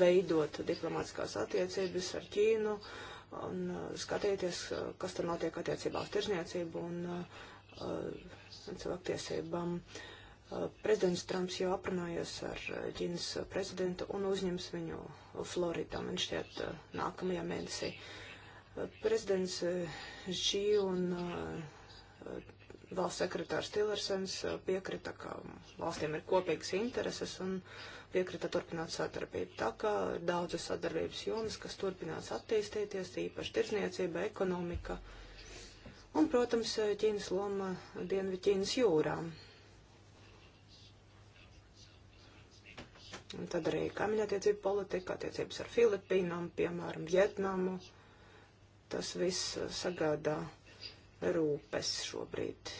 S3: veidot diplomātiskās attiecības ar Ķīnu un uh, skatīties, uh, kas tur notiek attiecībā uz tirzniecību un uh, uh cilvēktiesībām. Uh, Eh, prezidents Trumps jau aprunājies ar eh, Ķīnas prezidentu un uzņems viņu Floridā, man šķiet, eh, nākamajā mēnesī. Prezidents Šī un valsts sekretārs Tillersens piekrita, ka valstīm ir kopīgas intereses un piekrita turpināt sadarbību. Tā kā ir daudzas sadarbības jomas, kas turpinās attīstīties, īpaši tirzniecība, ekonomika un, protams, Ķīnas loma Dienvidķīnas jūrām Un tad arī kaimiņattiecību politika, attiecības ar Filipīnām, piemēram, Vietnamu. Tas viss uh, sagādā rūpes šobrīd.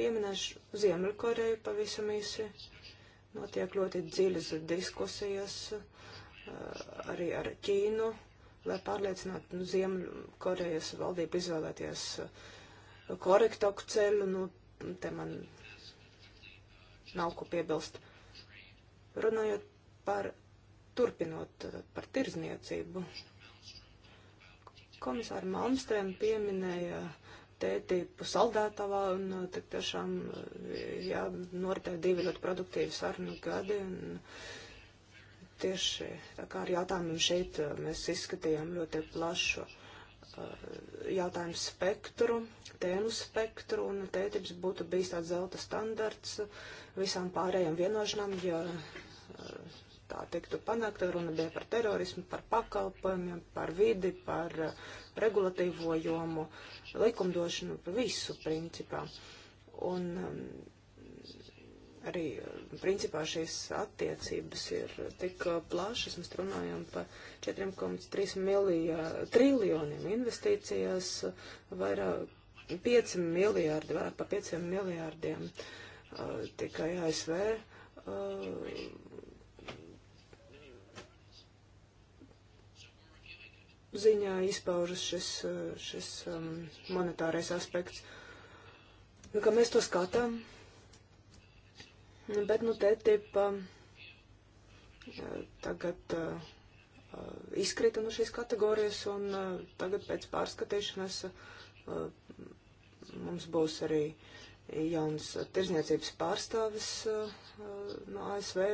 S3: Pieminēšu Ziemeļkoreju pavisam īsi. Notiek ļoti dziļas diskusijas uh, arī ar Ķīnu, lai pārliecinātu nu, Ziemeļkorejas valdību izvēlēties uh, korektāku ceļu. Nu, te man nav ko piebilst. Runājot par turpinot eh, par tirzniecību. Komisāra Malmstrēm pieminēja tētību saldētavā, un eh, tik tiešām, eh, jā, noritēja divi ļoti produktīvi sarunu gadi, un tieši tā kā ar jautājumiem šeit mēs izskatījām ļoti plašu jautājumu spektru, tēmu spektru, un tētības būtu bijis tāds zelta standarts visām pārējām vienošanām, ja tā tiktu panākta. Runa bija par terorismu, par pakalpojumiem, par vidi, par eh, regulatīvo jomu, likumdošanu, par visu principā. Un um, arī eh, principā šīs attiecības ir tik eh, plašas. Mēs runājam par 4,3 triljoniem investīcijās, vairāk 5 miljārdi, vairāk par 5 miljārdiem uh, tikai ASV. Uh, ziņā izpaužas šis, šis um, monetārais aspekts. Nu, kā mēs to skatām, bet, nu, te tipa um, tagad uh, uh, izkrita no šīs kategorijas, un uh, tagad pēc pārskatīšanas uh, mums būs arī jauns tirzniecības pārstāvis uh, uh no ASV.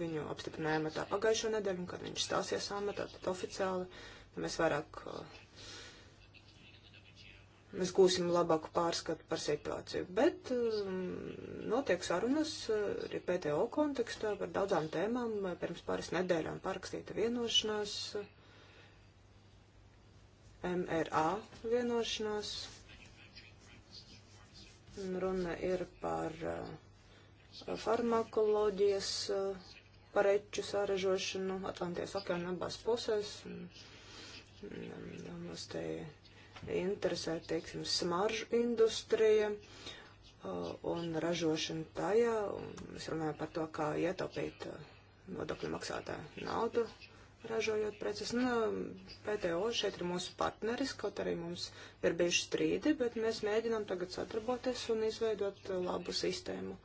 S3: Viņu apstiprinājām tā pagājušo nedēļu, un kad viņš stāsies amatā, tad oficiāli mēs vairāk, uh, mēs gūsim labāku pārskatu par situāciju. Bet um, notiek sarunas arī uh, PTO kontekstā par daudzām tēmām. Pirms pāris nedēļām parakstīta vienošanās, MRA vienošanās. Runa ir par uh, farmakoloģijas, par eču sāražošanu Atlantijas okeāna abās pusēs. Un, Jā, mums te interesē, teiksim, smaržu industrija uh, un ražošana tajā. Mēs runājam par to, kā ietaupīt uh, nodokļu maksātāju naudu, ražojot preces. Nu, PTO šeit ir mūsu partneris, kaut arī mums ir bijuši strīdi, bet mēs mēģinām tagad sadarboties un izveidot uh, labu sistēmu.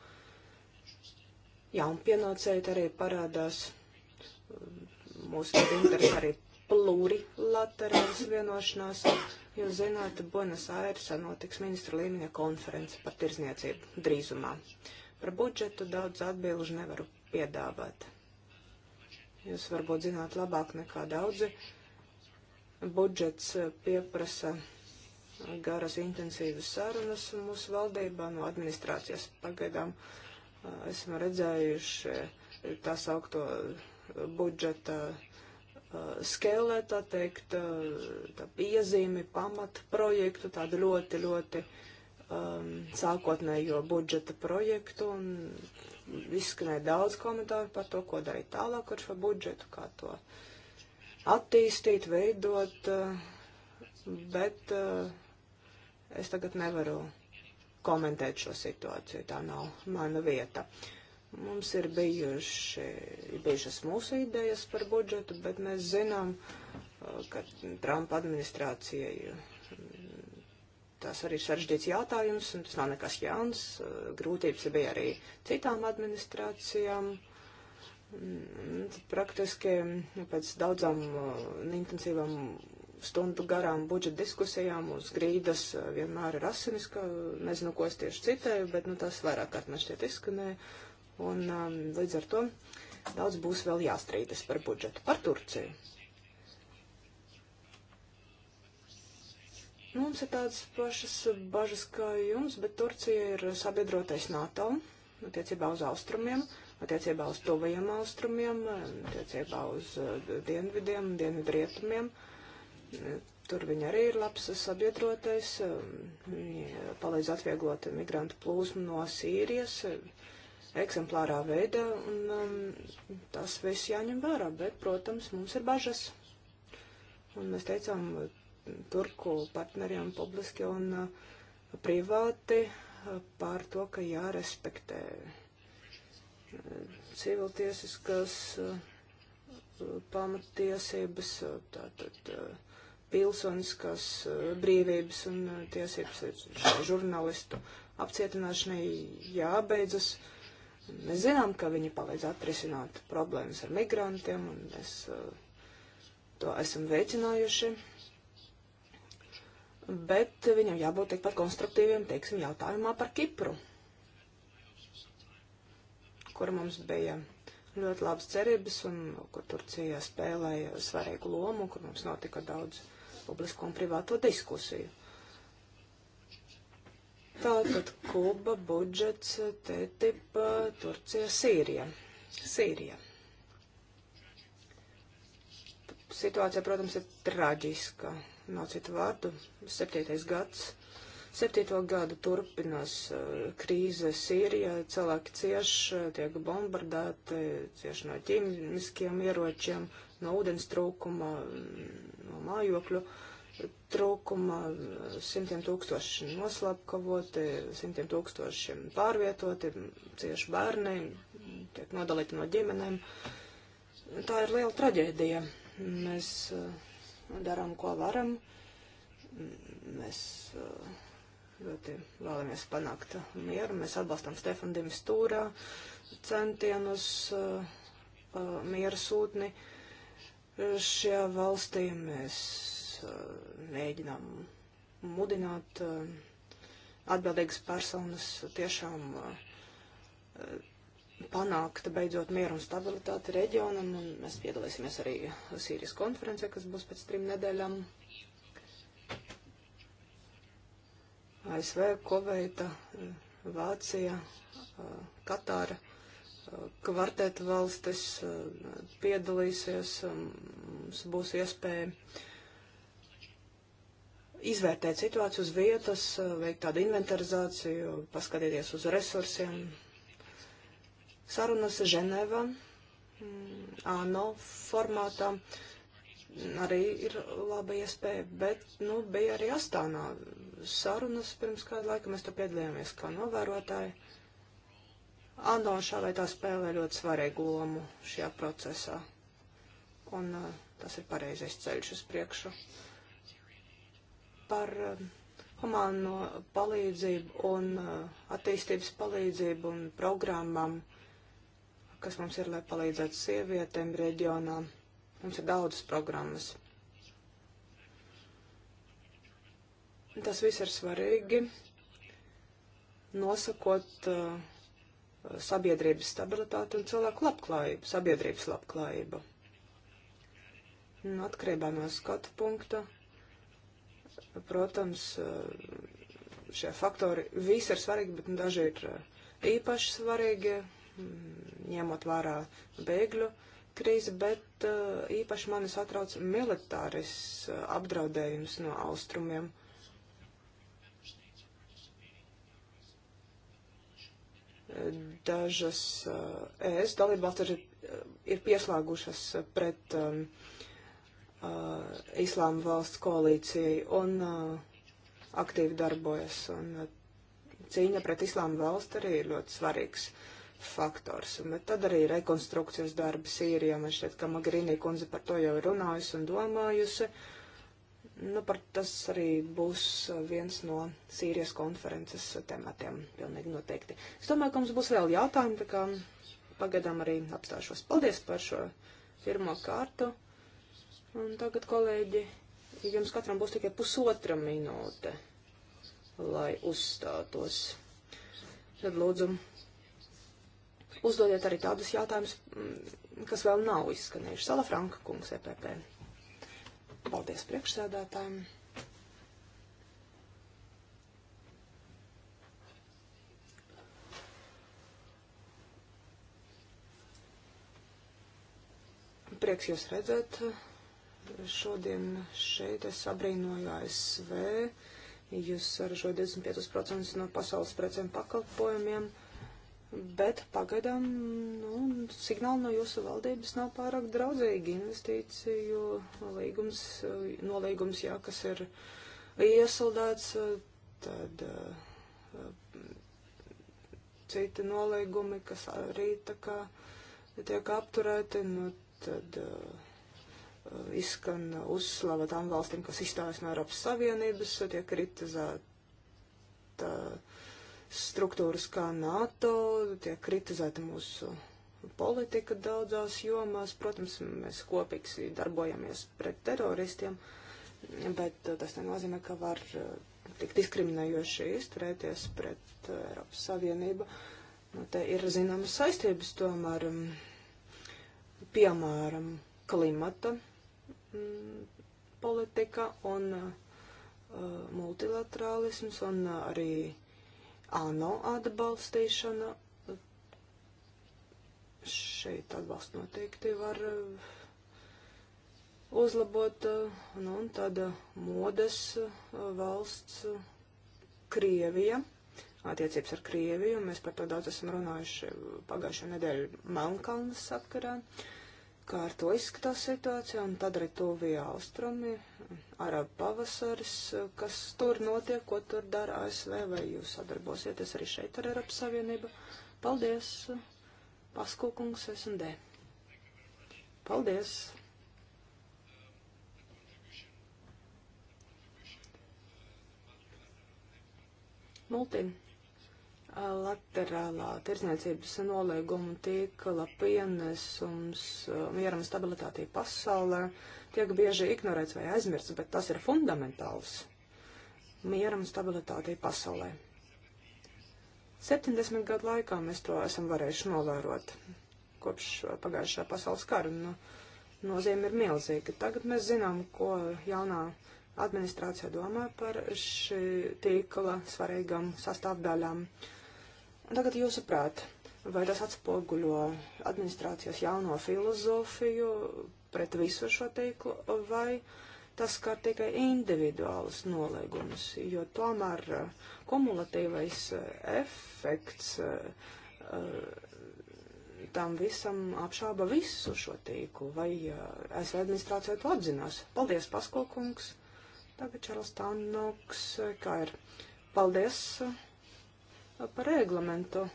S3: Jā, un pienācēji arī parādās. Mūsu interesē arī plurilaterāls vienošanās. Jūs zināt, Buenos Airesā notiks ministra līmeņa konference par tirzniecību drīzumā. Par budžetu daudz atbilžu nevaru piedāvāt. Jūs varbūt zināt labāk nekā daudzi. Budžets eh, pieprasa garas intensīvas sarunas mūsu valdībā no administrācijas. Pagaidām eh, esam redzējuši eh, tā saukto budžeta uh, Eh, skeleta, teikt, eh, tā piezīmi, pamatprojektu, tādu ļoti, ļoti um, sākotnējo budžeta projektu, un izskanēja daudz komentāru par to, ko darīt tālāk ar šo budžetu, kā to attīstīt, veidot, eh, bet uh, es tagad nevaru komentēt šo situāciju, tā nav mana vieta. Uh, Mums ir bijuši, bijušas mūsu idejas par budžetu, bet mēs zinām, uh, ka Trumpa administrācijai mm, tas arī sarežģīts jautājums, un tas nav nekas jauns. Uh, grūtības bija arī citām administrācijām. Mm, praktiski mm, pēc daudzām uh, intensīvām stundu garām budžeta diskusijām uz grīdas vienmēr ir asiniska, nezinu, ko es tieši citēju, bet nu, tas vairāk kārt man šķiet izskanēja. Uh, Un um, līdz ar to daudz būs vēl jāstrīdas par budžetu, par Turciju. Mums ir tādas pašas bažas kā jums, bet Turcija ir sabiedrotais NATO attiecībā uz austrumiem, attiecībā uz tuvajiem austrumiem, attiecībā uz uh, dienvidiem, dienvidrietumiem. Tur viņi arī ir labs sabiedrotais, um, palīdz atvieglot migrantu plūsmu no Sīrijas, eksemplārā veidā, un um, tas viss jāņem vērā, bet, protams, mums ir bažas. Un mēs teicām turku partneriem publiski un uh, privāti uh, par to, ka jārespektē uh, civiltiesiskas uh, pamatiesības, uh, tātad uh, pilsoniskās uh, brīvības un uh, tiesības žurnālistu apcietināšanai jābeidzas. Uh, Mēs zinām, ka viņi palīdz atrisināt problēmas ar migrantiem, un mēs uh, to esam veicinājuši. Bet viņam jābūt tikpat konstruktīviem, teiksim, jautājumā par Kipru, kur mums bija ļoti labas cerības un kur Turcija spēlēja svarīgu lomu, kur mums notika daudz publisko un privāto diskusiju. Tātad Kuba, budžets, TTIP, Turcija, Sīrija. Sīrija. Situācija, protams, ir traģiska. Nav citu vārdu. Septītais gads. Septīto gadu turpinās eh, krīze Sīrijā. Cilvēki cieš, tiek bombardēti, cieš no ķīmiskiem ieročiem, no ūdens trūkuma, no mājokļu. Uh, trūkuma, simtiem tūkstoši noslapkavoti, simtiem tūkstoši pārvietoti, cieši bērni, tiek nodalīti no ģimenēm. Tā ir liela traģēdija. Mēs eh, darām, ko varam. Mēs eh, ļoti vēlamies panākt mieru. Mēs atbalstam Stefan Dimas stūrā centienus eh, miera sūtni. Šajā valstī mēs Eh, mēģinām mudināt eh, atbildīgas personas tiešām eh, panākt beidzot mieru un stabilitāti reģionam, un mēs piedalīsimies arī Sīrijas konferencē, kas būs pēc trim nedēļām. ASV, Koveita, Vācija, Katāra, kvartēta valstis piedalīsies, mums būs iespēja izvērtēt situāciju uz vietas, eh, veikt tādu inventarizāciju, paskatīties uz resursiem. Sarunas Ženeva, mm, ANO formātā arī ir laba iespēja, bet, nu, bija arī Astānā sarunas pirms kādu laiku, mēs tur piedalījāmies kā novērotāji. ANO šā vai tā spēlē ļoti svarīgu lomu šajā procesā, un eh, tas ir pareizais ceļš uz priekšu par eh, humāno palīdzību un eh, attīstības palīdzību un programmām, kas mums ir, lai palīdzētu sievietēm reģionā. Mums ir daudzas programmas. Tas viss ir svarīgi, nosakot uh, sabiedrības stabilitāti un cilvēku labklājību, sabiedrības labklājību. Un atkarībā no skatu punkta Protams, eh, šie faktori visi ir svarīgi, bet nu, daži ir eh, īpaši svarīgi, mm, ņemot vērā bēgļu krīzi, bet eh, īpaši mani satrauc militāris apdraudējums no austrumiem. Dažas ES dalībvalstis ir, ir pieslēgušas pret um, uh, Islāma valsts koalīcijai un uh, aktīvi darbojas. Un, uh, cīņa pret Islāma valsti arī ir ļoti svarīgs faktors. Bet tad arī rekonstrukcijas darbi Sīrijā. Man šķiet, ka Magrīnī kundze par to jau ir runājusi un domājusi. Nu, par tas arī būs viens no Sīrijas konferences tematiem, pilnīgi noteikti. Es domāju, ka mums būs vēl jautājumi, tā kā pagaidām arī apstāšos. Paldies par šo pirmo kārtu. Un tagad, kolēģi, jums katram būs tikai pusotra minūte, lai uzstātos. Tad lūdzu, uzdodiet arī tādus jautājumus, mm, kas vēl nav izskanējuši. Sala Franka kungs, EPP. Paldies priekšsēdētājiem. Prieks jūs redzēt, šodien šeit es abrīnoju ASV. Jūs saražo 25% no pasaules precēm pakalpojumiem, bet pagaidām nu, signāli no jūsu valdības nav pārāk draudzīgi investīciju līgums, nolīgums, jā, kas ir iesaldēts, tad eh, citi nolīgumi, kas arī tā kā tiek apturēti, nu tad. Uh, izskan uzslava tām valstīm, kas izstājas no Eiropas Savienības, tiek kritizēta struktūras kā NATO, tiek kritizēta mūsu politika daudzās jomās. Protams, mēs kopīgi darbojamies pret teroristiem, bet tas nenozīmē, ka var eh, tik diskriminējoši izturēties pret eh, Eiropas Savienību. Nu, te ir zināmas saistības tomēr, mm, piemēram, klimata Mm, politika un uh, multilaterālisms un uh, arī ANO atbalstīšana. Šeit atbalsts noteikti var uh, uzlabot, nu, un tāda modes valsts Krievija, attiecības ar Krieviju, mēs par to daudz esam runājuši pagājušo nedēļu Melnkalnas sakarā. Uh, kā ar to izskatās situācija, un tad arī tuvie austrumi, arab pavasaris, kas tur notiek, ko tur dara ASV, vai jūs sadarbosieties arī šeit ar Eiropas Savienību. Paldies, Paskokungs, S&D. Paldies! Multin laterālā tirsniecības nolīguma tīkla pienesums uh, mieram stabilitātī pasaulē tiek bieži ignorēts vai aizmirsts, bet tas ir fundamentāls mieram stabilitātī pasaulē. 70 gadu laikā mēs to esam varējuši novērot kopš pagājušā pasaules kara. Nu, nozīme ir milzīga. Tagad mēs zinām, ko jaunā administrācija domā par šī tīkla svarīgam sastāvdaļām. Uh, Tagad jūsuprāt, vai tas atspoguļo administrācijas jauno filozofiju pret visu šo teiklu, vai tas skar tikai individuālus noliegumus, jo tomēr eh, kumulatīvais eh, efekts eh, tam visam apšāba visu šo tīklu, vai ASV administrācija to apzinās. Paldies, Paskolkungs! Tagad Čārls Tānoks, kā ir. Paldies! par reglamentu.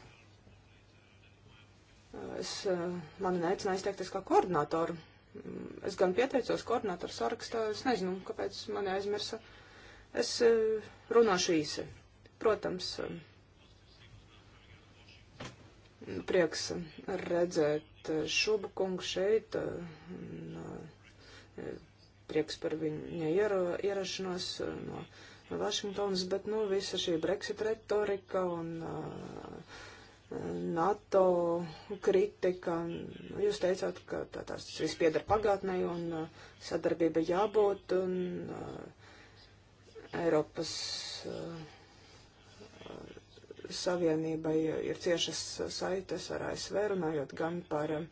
S3: Es, eh, mani neicināja izteikties kā koordinātoru. Mm, es gan pieteicos koordinātoru sarakstā, es nezinu, kāpēc mani aizmirsa. Es eh, runāšu īsi. Protams, eh, prieks redzēt šubu kungu šeit. Un, prieks par viņa ierašanos no Vašingtonas, bet nu, visa šī Brexit retorika un uh, NATO kritika. Nu, jūs teicāt, ka tā, tās viss pieder pagātnē un uh, sadarbība jābūt un uh, Eiropas uh, Savienībai ir ciešas saites ar ASV, runājot gan par um,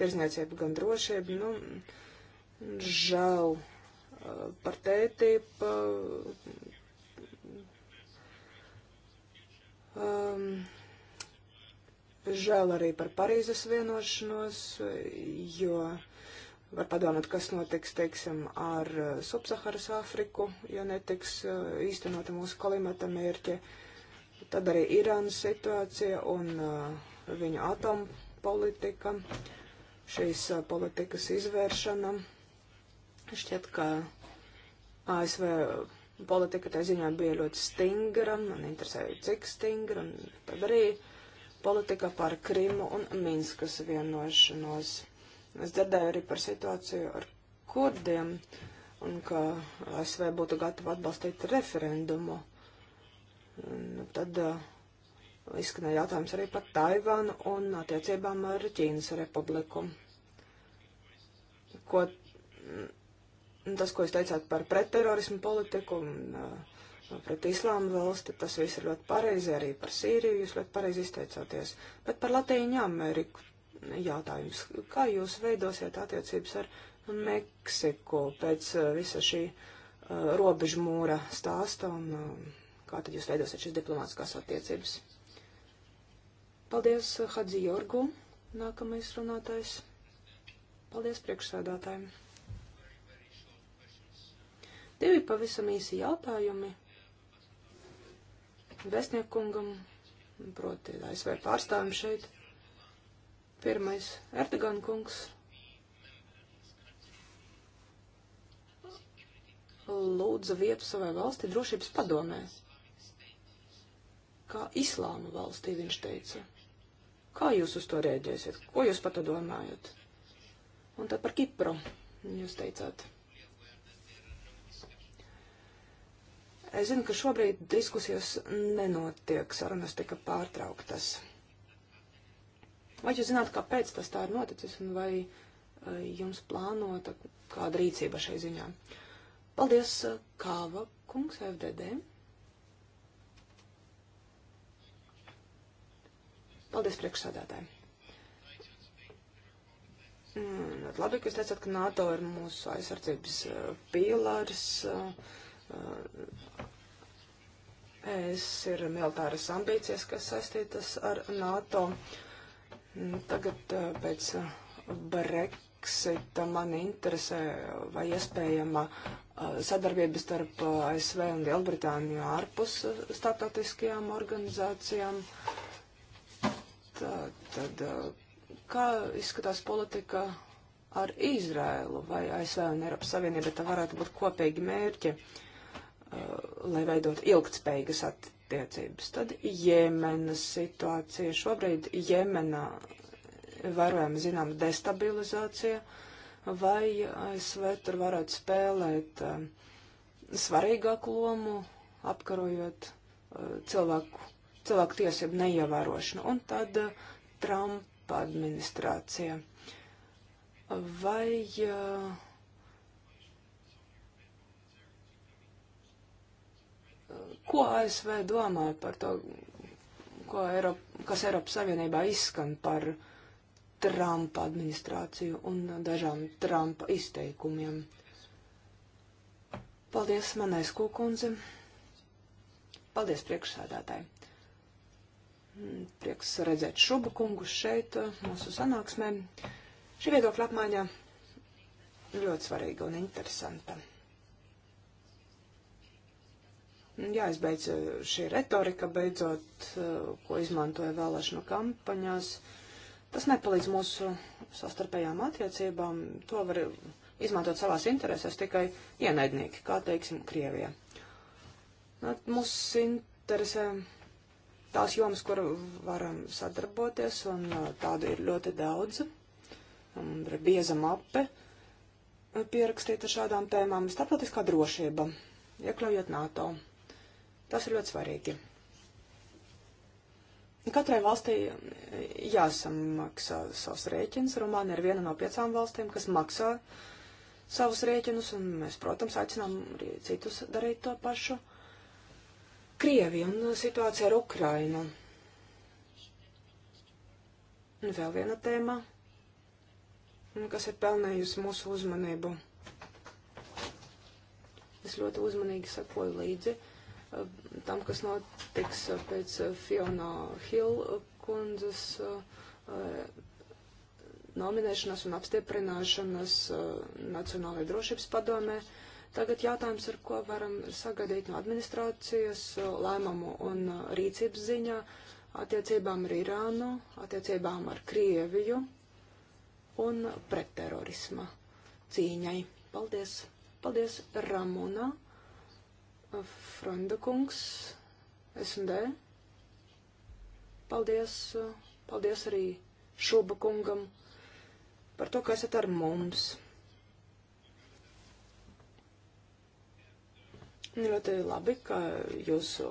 S3: tirzniecību, gan drošību. Nu, žēl uh, par tētību, Um, žēl arī par Parīzes vienošanos, jo var padomāt, kas notiks, teiksim, ar uh, subsaharas Āfriku, ja netiks uh, īstenota mūsu klimata mērķi. Tad arī Irānas situācija un uh, viņa atompolitika, šīs uh, politikas izvēršana. Šķiet, ka ASV Politika tajā ziņā bija ļoti stingra, man interesēja, cik stingra, un tad arī politika par Krimu un Minskas vienošanos. Es dzirdēju arī par situāciju ar kurdiem, un ka ASV būtu gatava atbalstīt referendumu. Un tad uh, izskanēja jautājums arī par Taivānu un attiecībām ar Ķīnas republiku. Ko Tas, ko jūs teicāt par pretterorismu politiku un uh, pret islāma valsti, tas viss ir ļoti pareizi, arī par Sīriju jūs ļoti pareizi izteicāties. Bet par Latīņu Ameriku jautājums. Kā jūs veidosiet attiecības ar Meksiku pēc uh, visa šī uh, robežu mūra stāsta un uh, kā tad jūs veidosiet šīs diplomātiskās attiecības? Paldies, Hadzi Jorgu, nākamais runātājs. Paldies priekšsēdātājiem. Divi pavisam īsi jautājumi vēstniekungam, proti ASV pārstāvim šeit. Pirmais - Erdogan kungs. Lūdza vietu savai valstī drošības padomē. Kā islāma valstī viņš teica. Kā jūs uz to rēģēsiet? Ko jūs par to domājat? Un tad par Kipru jūs teicāt. Es zinu, ka šobrīd diskusijas nenotiek, sarunas tika pārtrauktas. Vai jūs zināt, kāpēc tas tā ir noticis un vai eh, jums plānota kāda rīcība šai ziņā? Paldies, eh, Kāva kungs, FDD. Paldies priekšsādātājiem. Mm, labi, ka jūs teicat, ka NATO ir mūsu aizsardzības eh, pīlārs. Uh, Es ir militāras ambīcijas, kas saistītas ar NATO. Tagad eh, pēc eh, Brexita man interesē vai iespējama eh, sadarbība starp ASV un Lielbritāniju ārpus starptautiskajām organizācijām. Tā, tad, kā izskatās politika ar Izrēlu vai ASV un Eiropas Savienība, tā varētu būt kopīgi mērķi. Uh, Uh, lai veidot ilgtspējīgas attiecības. Tad Jemenas situācija. Šobrīd Jemenā varojama zinām destabilizācija, vai ASV tur varētu spēlēt uh, svarīgāku lomu, apkarojot uh, cilvēku, cilvēku tiesību neievērošanu. Un tad uh, Trumpa administrācija. Vai uh, Ko ASV domā par to, ko Eiropa, kas Eiropas Savienībā izskan par Trumpa administrāciju un dažām Trumpa izteikumiem? Paldies, manais kūkundze. Paldies, priekšsādātāji. Mm, prieks redzēt šubu kungus šeit, uh, mūsu sanāksmē. Šī viedokļa apmaiņa ļoti svarīga un interesanta jāizbeidz eh, šī retorika beidzot, eh, ko izmantoja vēlēšanu kampaņās. Tas nepalīdz mūsu sastarpējām attiecībām, to var izmantot savās interesēs tikai ienaidnieki, kā teiksim Krievijā. Nu, Mums interesē tās jomas, kur varam sadarboties, un eh, tādu ir ļoti daudz. Un ir bieza mape pierakstīta šādām tēmām, starptautiskā drošība, iekļaujot NATO. Tas ir ļoti svarīgi. Katrai valstī eh, jāsamaksā savs rēķins. Rumāna ir viena no piecām valstīm, kas maksā savus rēķinus, un mēs, protams, aicinām arī citus darīt to pašu. Krievija un situācija ar Ukrainu. Un vēl viena tēma, kas ir pelnējusi mūsu uzmanību. Es ļoti uzmanīgi sekoju līdzi tam, kas notiks pēc Fiona Hill kundzes eh, nominēšanas un apstiprināšanas eh, Nacionālajai drošības padomē. Tagad jautājums ir, ko varam sagaidīt no administrācijas eh, lēmumu un rīcības ziņā attiecībām ar Irānu, attiecībām ar Krieviju un pretterorisma cīņai. Paldies! Paldies, Ramona! Franda kungs, S&D. Paldies, paldies arī Šuba kungam par to, ka esat ar mums. Ļoti labi, ka jūsu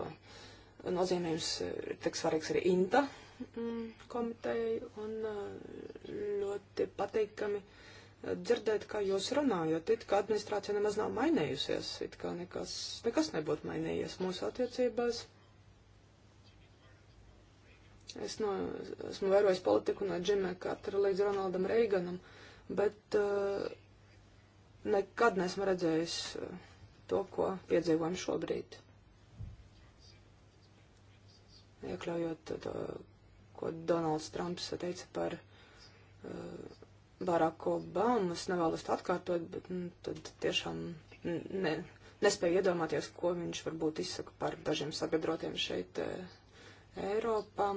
S3: nozīmējums ir tik svarīgs arī INTA mm, komitejai un uh, ļoti pateikami, uh, dzirdēt, kā jūs runājat, it kā administrācija nemaz nav mainījusies, it kā nekas, nekas nebūtu mainījies mūsu attiecībās. Es no, esmu vērojis politiku no Džimē Kartera līdz Ronaldam Reiganam, bet uh, nekad neesmu redzējis eh, to, ko piedzīvojam šobrīd. Iekļaujot to, ko Donalds Trumps teica par uh, Barāk Obamas, nevēlas to atkārtot, bet nu, tad tiešām ne, nespēju iedomāties, ko viņš varbūt izsaka par dažiem sabiedrotiem šeit e, Eiropā.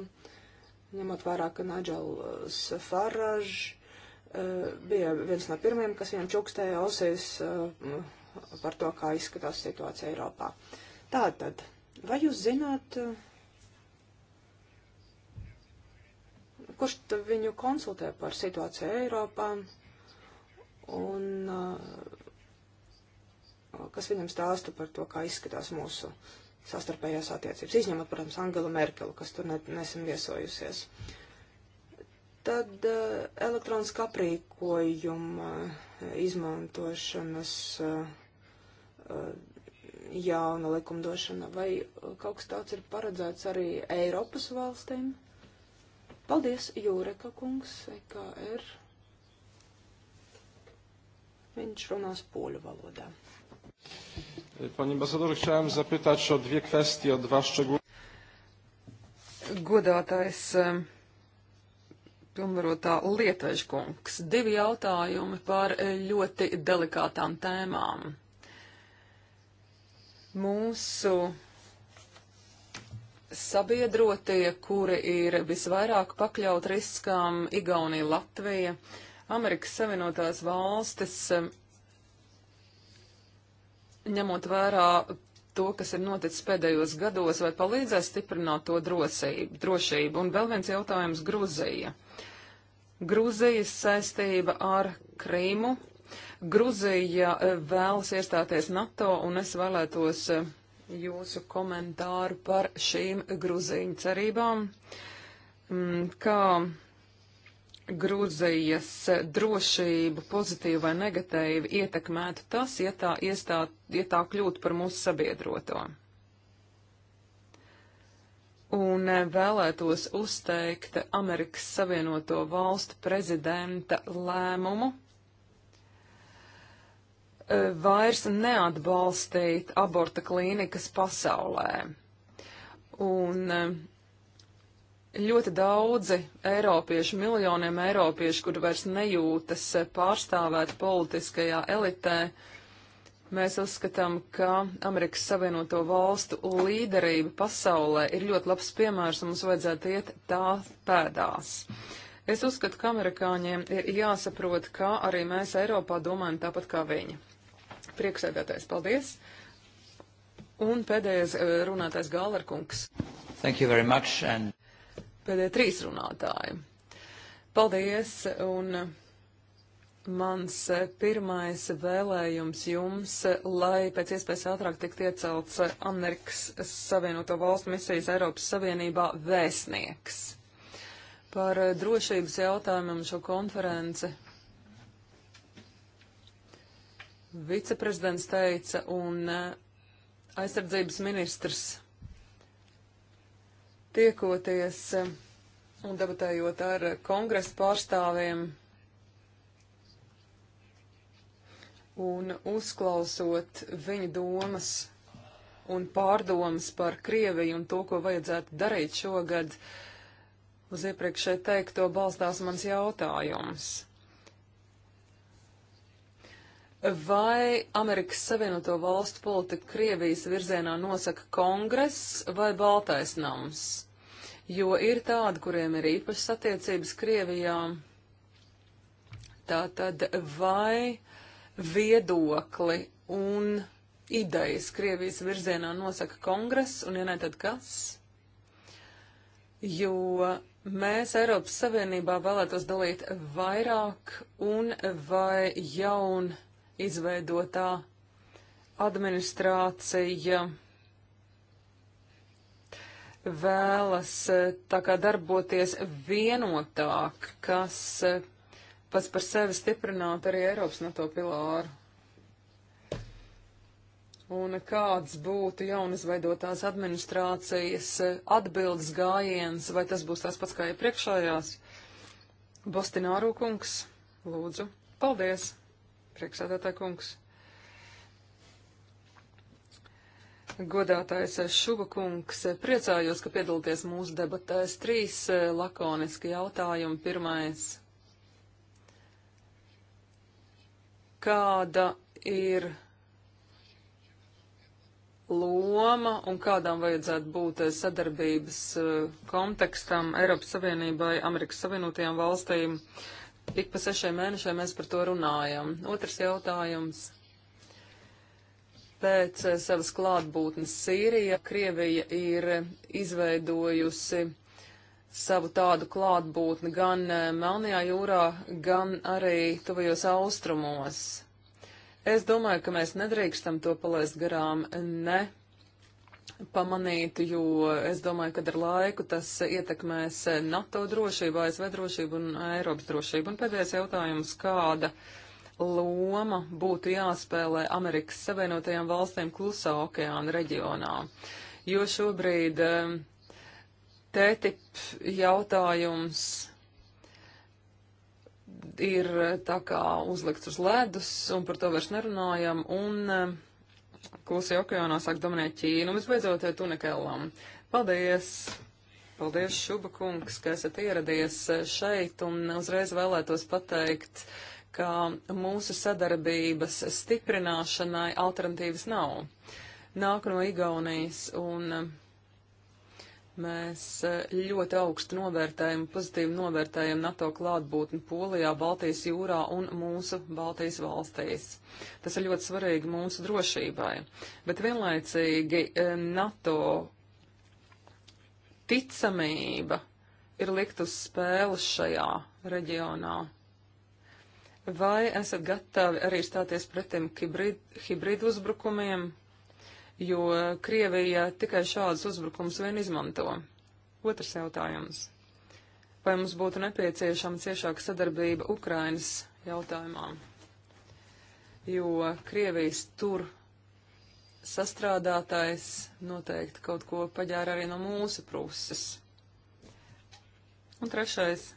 S3: Ņemot vērā, ka Naģels Farāž e, bija viens no pirmajiem, kas viņam čukstēja ausīs e, par to, kā izskatās situācija Eiropā. Tātad, vai jūs zināt, kurš viņu konsultē par situāciju Eiropā un uh, kas viņam stāsta par to, kā izskatās mūsu sastarpējās attiecības, izņemot, protams, Angelu Merkelu, kas tur ne, nesen viesojusies. Tad uh, elektroniska aprīkojuma uh, izmantošanas jauna likumdošana vai kaut kas tāds ir paredzēts arī Eiropas valstīm? Paldies, Jūreka kungs, EKR. Viņš runās poļu valodā.
S2: Panie ambasadorze, chciałem zapytać o dwie kwestie, o dwa szczegóły. Godātais pilnvarotā lietažkungs. Divi jautājumi par e, ļoti delikātām tēmām. Mūsu sabiedrotie, kuri ir visvairāk pakļaut riskām - Igaunija, Latvija, Amerikas Savienotās valstis, ņemot vērā to, kas ir noticis pēdējos gados, vai palīdzēs stiprināt to drosību, drošību. Un vēl viens jautājums - Gruzija. Gruzijas saistība ar Krīmu. Gruzija eh, vēlas iestāties NATO, un es vēlētos eh, jūsu komentāru par šīm Gruzīņu cerībām. Mm, kā Grūzijas drošību pozitīvi vai negatīvi ietekmētu tas, ja tā, iestā, ja tā kļūtu par mūsu sabiedroto. Un vēlētos uzteikt Amerikas Savienoto Valstu prezidenta lēmumu E, vairs neatbalstīt aborta klīnikas pasaulē. Un e, ļoti daudzi eiropieši, miljoniem eiropiešu, kur vairs nejūtas pārstāvēt politiskajā elitē, mēs uzskatām, ka Amerikas Savienoto Valstu līderība pasaulē ir ļoti labs piemērs un mums vajadzētu iet tā pēdās. Es uzskatu, ka amerikāņiem ir jāsaprot, kā arī mēs Eiropā domājam tāpat kā viņi. Prieksēdētājs, paldies. Un pēdējais eh, runātājs Gālerkungs. Thank you very much. And... Pēdējie trīs runātāji. Paldies. Un mans eh, pirmais vēlējums jums, lai pēc iespējas ātrāk tiktu iecelts eh, Amerikas Savienoto Valstu misijas Eiropas Savienībā vēstnieks. Par drošības jautājumiem šo konferenci viceprezidents teica un eh, aizsardzības ministrs tiekoties eh, un debatējot ar kongresa pārstāvjiem un uzklausot viņu domas un pārdomas par Krieviju un to, ko vajadzētu darīt šogad, uz iepriekšēji teikto balstās mans jautājums. Vai Amerikas Savienoto Valstu politika Krievijas virzienā nosaka kongress vai Baltais nams? Jo ir tādi, kuriem ir īpašas attiecības Krievijā. Tātad vai viedokli un idejas Krievijas virzienā nosaka kongress, un ja ne, tad kas? Jo Mēs Eiropas Savienībā vēlētos dalīt vairāk un vai jaun izveidotā administrācija vēlas eh, tā kā darboties vienotāk, kas eh, pats par sevi stiprinātu arī Eiropas NATO pilāru. Un kāds būtu jaunizveidotās administrācijas eh, atbildes gājiens, vai tas būs tās pats kā iepriekšējās? Bostināru kungs, lūdzu, paldies! priekšsēdētāja kungs. Godātais Šuba kungs, priecājos, ka piedalāties mūsu debatēs. Trīs eh, lakoniski jautājumi. Pirmais. Kāda ir loma un kādām vajadzētu būt eh, sadarbības eh, kontekstam Eiropas Savienībai, Amerikas Savienotajām valstīm? Uh, ik pa sešiem mēnešiem mēs par to runājam. Otrs jautājums. Pēc eh, savas klātbūtnes Sīrija, Krievija ir izveidojusi savu tādu klātbūtni gan eh, Melnajā jūrā, gan arī tuvajos austrumos. Es domāju, ka mēs nedrīkstam to palaist garām ne pamanītu, jo es domāju, ka ar laiku tas ietekmēs NATO drošību, ASV drošību un Eiropas drošību. Un pēdējais jautājums, kāda loma būtu jāspēlē Amerikas Savienotajām valstīm klusā okeāna reģionā? Jo šobrīd um, tētip jautājums ir tā kā uzlikts uz ledus, un par to vairs nerunājam. Un, um, Klusajā okeānā sāk dominēt Ķīna un visbeidzot eh, Tunekellam. Paldies! Paldies, Šuba kungs, ka esat ieradies eh, šeit un uzreiz vēlētos pateikt, ka mūsu sadarbības stiprināšanai alternatīvas nav. Nāk no Igaunijas un Mēs eh, ļoti augstu novērtējam, pozitīvi novērtējam NATO klātbūtni Polijā, Baltijas jūrā un mūsu Baltijas valstīs. Tas ir ļoti svarīgi mūsu drošībai. Bet vienlaicīgi eh, NATO ticamība ir likt uz spēles šajā reģionā. Vai esat gatavi arī stāties pretim hibrid, hibridu uzbrukumiem, jo Krievija tikai šādus uzbrukumus vien izmanto. Otrs jautājums. Vai mums būtu nepieciešama ciešāka sadarbība Ukrainas jautājumā? Jo Krievijas tur sastrādātais noteikti kaut ko paģēra arī no mūsu puses. Un trešais.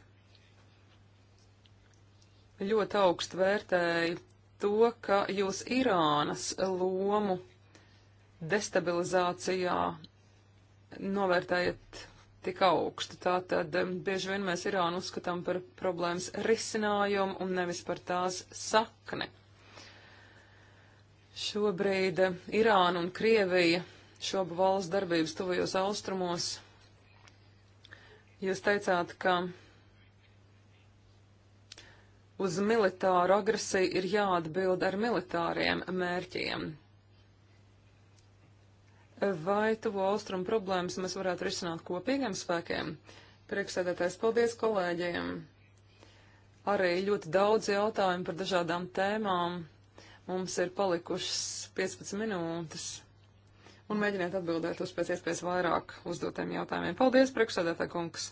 S2: Ļoti augstu vērtēju to, ka jūs Irānas lomu destabilizācijā novērtējat tik augstu. Tātad um, bieži vien mēs Irānu uzskatām par problēmas risinājumu un nevis par tās sakni. Šobrīd um, Irāna un Krievija šobu valsts darbības tuvajos austrumos. Jūs teicāt, ka uz militāru agresiju ir jāatbild ar militāriem mērķiem vai tuvo austrumu problēmas mēs varētu risināt kopīgiem spēkiem. Priekšsēdētājs, paldies kolēģiem! Arī ļoti daudz jautājumu par dažādām tēmām. Mums ir palikušas 15 minūtes. Un mēģiniet atbildēt uz pēc iespējas vairāk uzdotiem jautājumiem. Paldies, priekšsēdētāj kungs!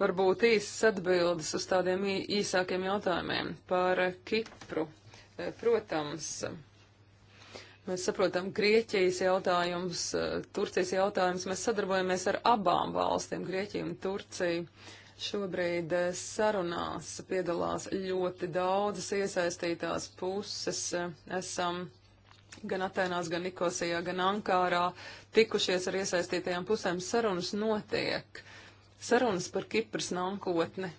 S2: Varbūt īsas atbildes uz tādiem īsākiem jautājumiem par Kipru. E, protams, mēs saprotam Grieķijas jautājums, e, Turcijas jautājums. Mēs sadarbojamies ar abām valstīm, Grieķiju un Turciju. Šobrīd e, sarunās piedalās ļoti daudzas iesaistītās puses. Esam gan Atenās, gan Nikosijā, gan Ankārā tikušies ar iesaistītajām pusēm. Sarunas notiek. Sarunas par Kipras nākotni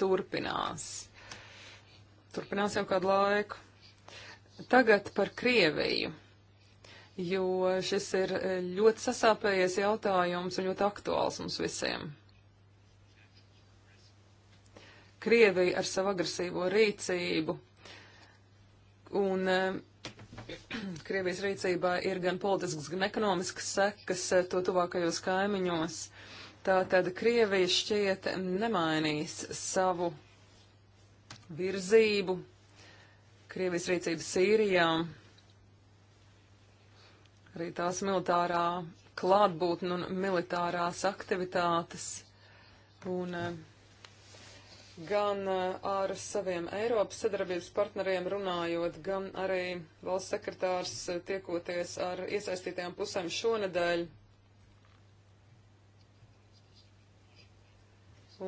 S2: turpinās. Turpinās jau kādu laiku. Tagad par Krieviju, jo šis ir e, ļoti sasāpējies jautājums un ļoti aktuāls mums visiem. Krievija ar savu agresīvo rīcību un e, Krievijas rīcībā ir gan politisks, gan ekonomisks sekas e, to tuvākajos kaimiņos. Tātad Krievija šķiet nemainīs savu virzību, Krievijas rīcību Sīrijā, arī tās militārā klātbūtne un militārās aktivitātes. Un, eh, gan eh, ar saviem Eiropas sadarbības partneriem runājot, gan arī valsts sekretārs eh, tiekoties ar iesaistītajām pusēm šonadēļ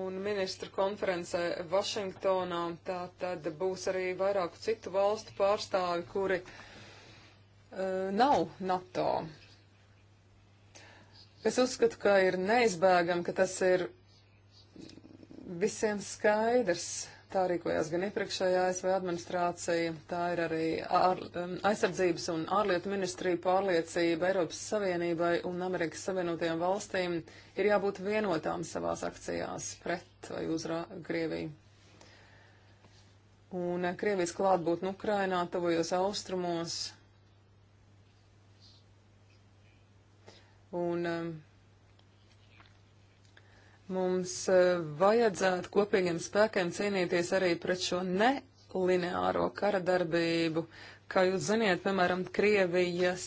S2: un ministru konferencē Vašingtonā. Tā tad būs arī vairāku citu valstu pārstāvi, kuri uh, nav NATO. Es uzskatu, ka ir neizbēgami, ka tas ir visiem skaidrs. Tā rīkojās gan iepriekšējā ASV administrācija, tā ir arī ār, um, aizsardzības un ārlietu ministrija pārliecība Eiropas Savienībai un Amerikas Savienotajām valstīm ir jābūt vienotām savās akcijās pret vai uz Krieviju. Un eh, Krievijas klātbūtne Ukrainā, tavojos austrumos. Un um, Mums eh, vajadzētu kopīgiem spēkiem cīnīties arī pret šo nelineāro kara darbību. Kā jūs ziniet, piemēram, Krievijas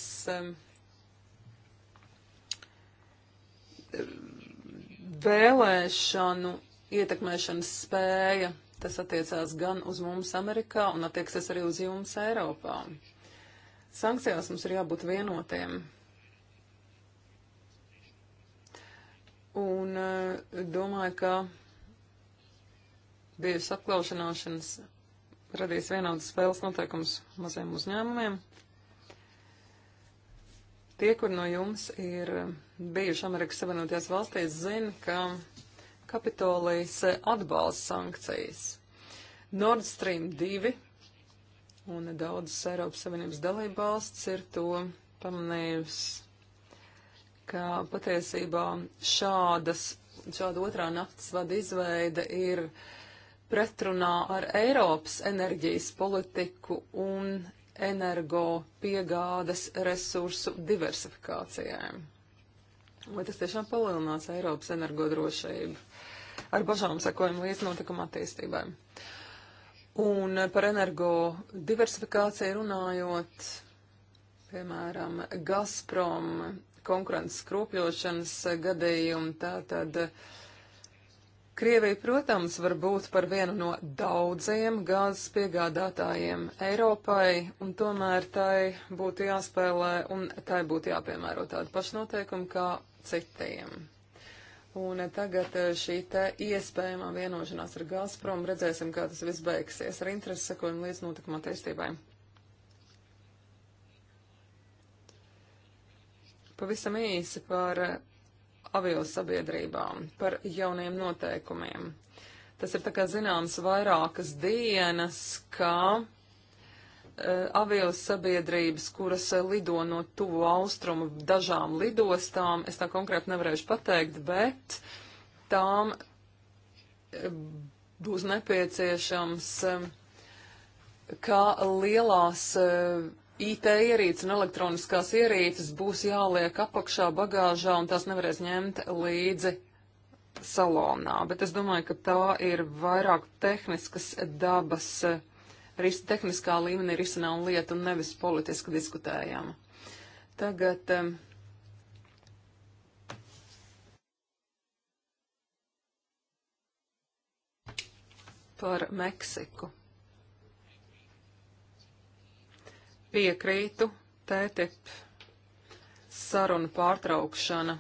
S2: vēlēšanu ietekmēšanas spēja, tas attiecās gan uz mums Amerikā un attieksies arī uz jums Eiropā. Sankcijās mums ir jābūt vienotiem. Un eh, domāju, ka biežas apklaušanāšanas radīs vienādas spēles noteikums maziem uzņēmumiem. Tie, kur no jums ir eh, bijuši Amerikas Savienotajās valstīs, zina, ka Kapitolijas eh, atbalsta sankcijas. Nord Stream 2 un daudzas Eiropas Savienības dalībvalsts ir to pamanījusi ka patiesībā šādas, šāda otrā naktas vada izveida ir pretrunā ar Eiropas enerģijas politiku un energo piegādes resursu diversifikācijai. Vai tas tiešām palielinās Eiropas energodrošību? Ar bažām sekojam līdz notikuma attīstībai. Un par energo diversifikāciju runājot, piemēram, Gazprom konkurences skrūpļošanas gadījumi. Tātad eh, Krievija, protams, var būt par vienu no daudziem gāzes piegādātājiem Eiropai, un tomēr tai būtu jāspēlē un tai būtu jāpiemēro tādu pašnoteikumu kā citiem. Un tagad eh, šī te iespējamā vienošanās ar Gazprom redzēsim, kā tas viss beigsies. Ar interesi sekojam līdz notikuma attīstībai. Pavisam īsi par eh, avio sabiedrībām, par jauniem noteikumiem. Tas ir tā kā zināms vairākas dienas, ka eh, avio sabiedrības, kuras eh, lido no tuvu austrumu dažām lidostām, es tā konkrēti nevarēšu pateikt, bet tām būs nepieciešams, kā lielās IT ierīces un elektroniskās ierīces būs jāliek apakšā bagāžā un tās nevarēs ņemt līdzi salonā. Bet es domāju, ka tā ir vairāk tehniskas dabas, ris, tehniskā līmenī risinām lieta un nevis politiski diskutējama. Tagad. Um, par Meksiku. Piekrītu, tētip saruna pārtraukšana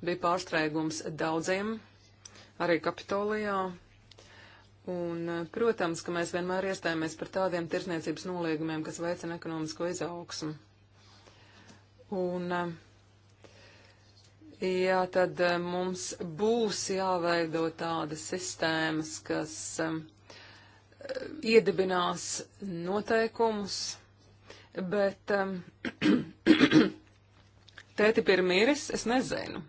S2: bija pārsteigums daudziem, arī Kapitolijā. Un, eh, protams, ka mēs vienmēr iestājāmies par tādiem tirsniecības noliegumiem, kas veicina ekonomisko izaugsmu. Un, eh, jā, tad eh, mums būs jāveido tādas sistēmas, kas iedibinās noteikumus, bet um, tēti ir miris, es nezinu.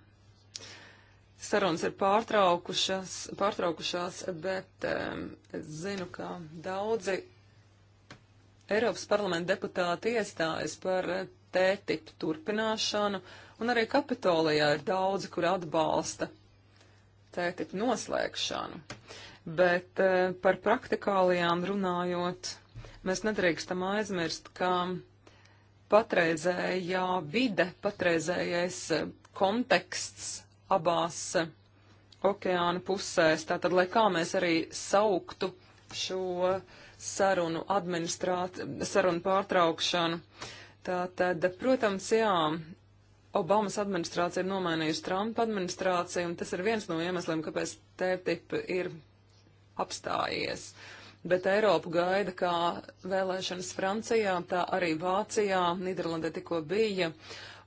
S2: Sarunas ir pārtraukušās, pārtraukušās bet um, es zinu, ka daudzi Eiropas parlamenta deputāti iestājas par uh, tētipu turpināšanu, un arī Kapitolijā ir daudzi, kur atbalsta tētipu noslēgšanu. Bet uh, par praktikālijām runājot, Mēs nedrīkstam aizmirst, ka patreizējā vide, patreizējais eh, konteksts abās eh, okeāna pusēs, tātad, lai kā mēs arī sauktu šo sarunu administrāt, sarunu pārtraukšanu, tātad, protams, jā, Obamas administrācija ir nomainījusi Trumpa administrāciju, un tas ir viens no iemesliem, kāpēc TTIP ir apstājies. Uh, bet Eiropu gaida kā vēlēšanas Francijā, tā arī Vācijā, Nīderlandē tikko bija,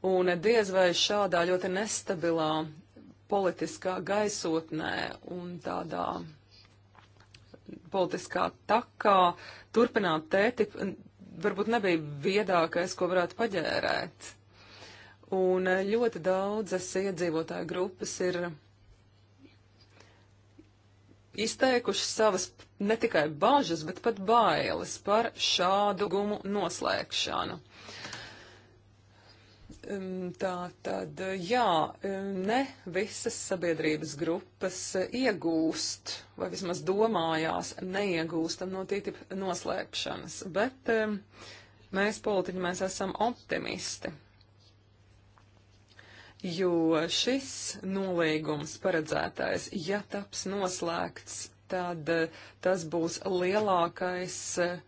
S2: un diez vai šādā ļoti nestabilā politiskā gaisotnē un tādā politiskā takā turpināt tēti varbūt nebija viedākais, ko varētu paģērēt. Un ļoti daudzas iedzīvotāju grupas ir izteikuši savas ne tikai bažas, bet pat bailes par šādu gumu noslēgšanu. Tā tad, jā, ne visas sabiedrības grupas iegūst, vai vismaz domājās, neiegūstam no TTIP noslēgšanas, bet mēs politiķi, mēs esam optimisti jo šis nolīgums paredzētais, ja taps noslēgts, tad eh, tas būs lielākais, eh,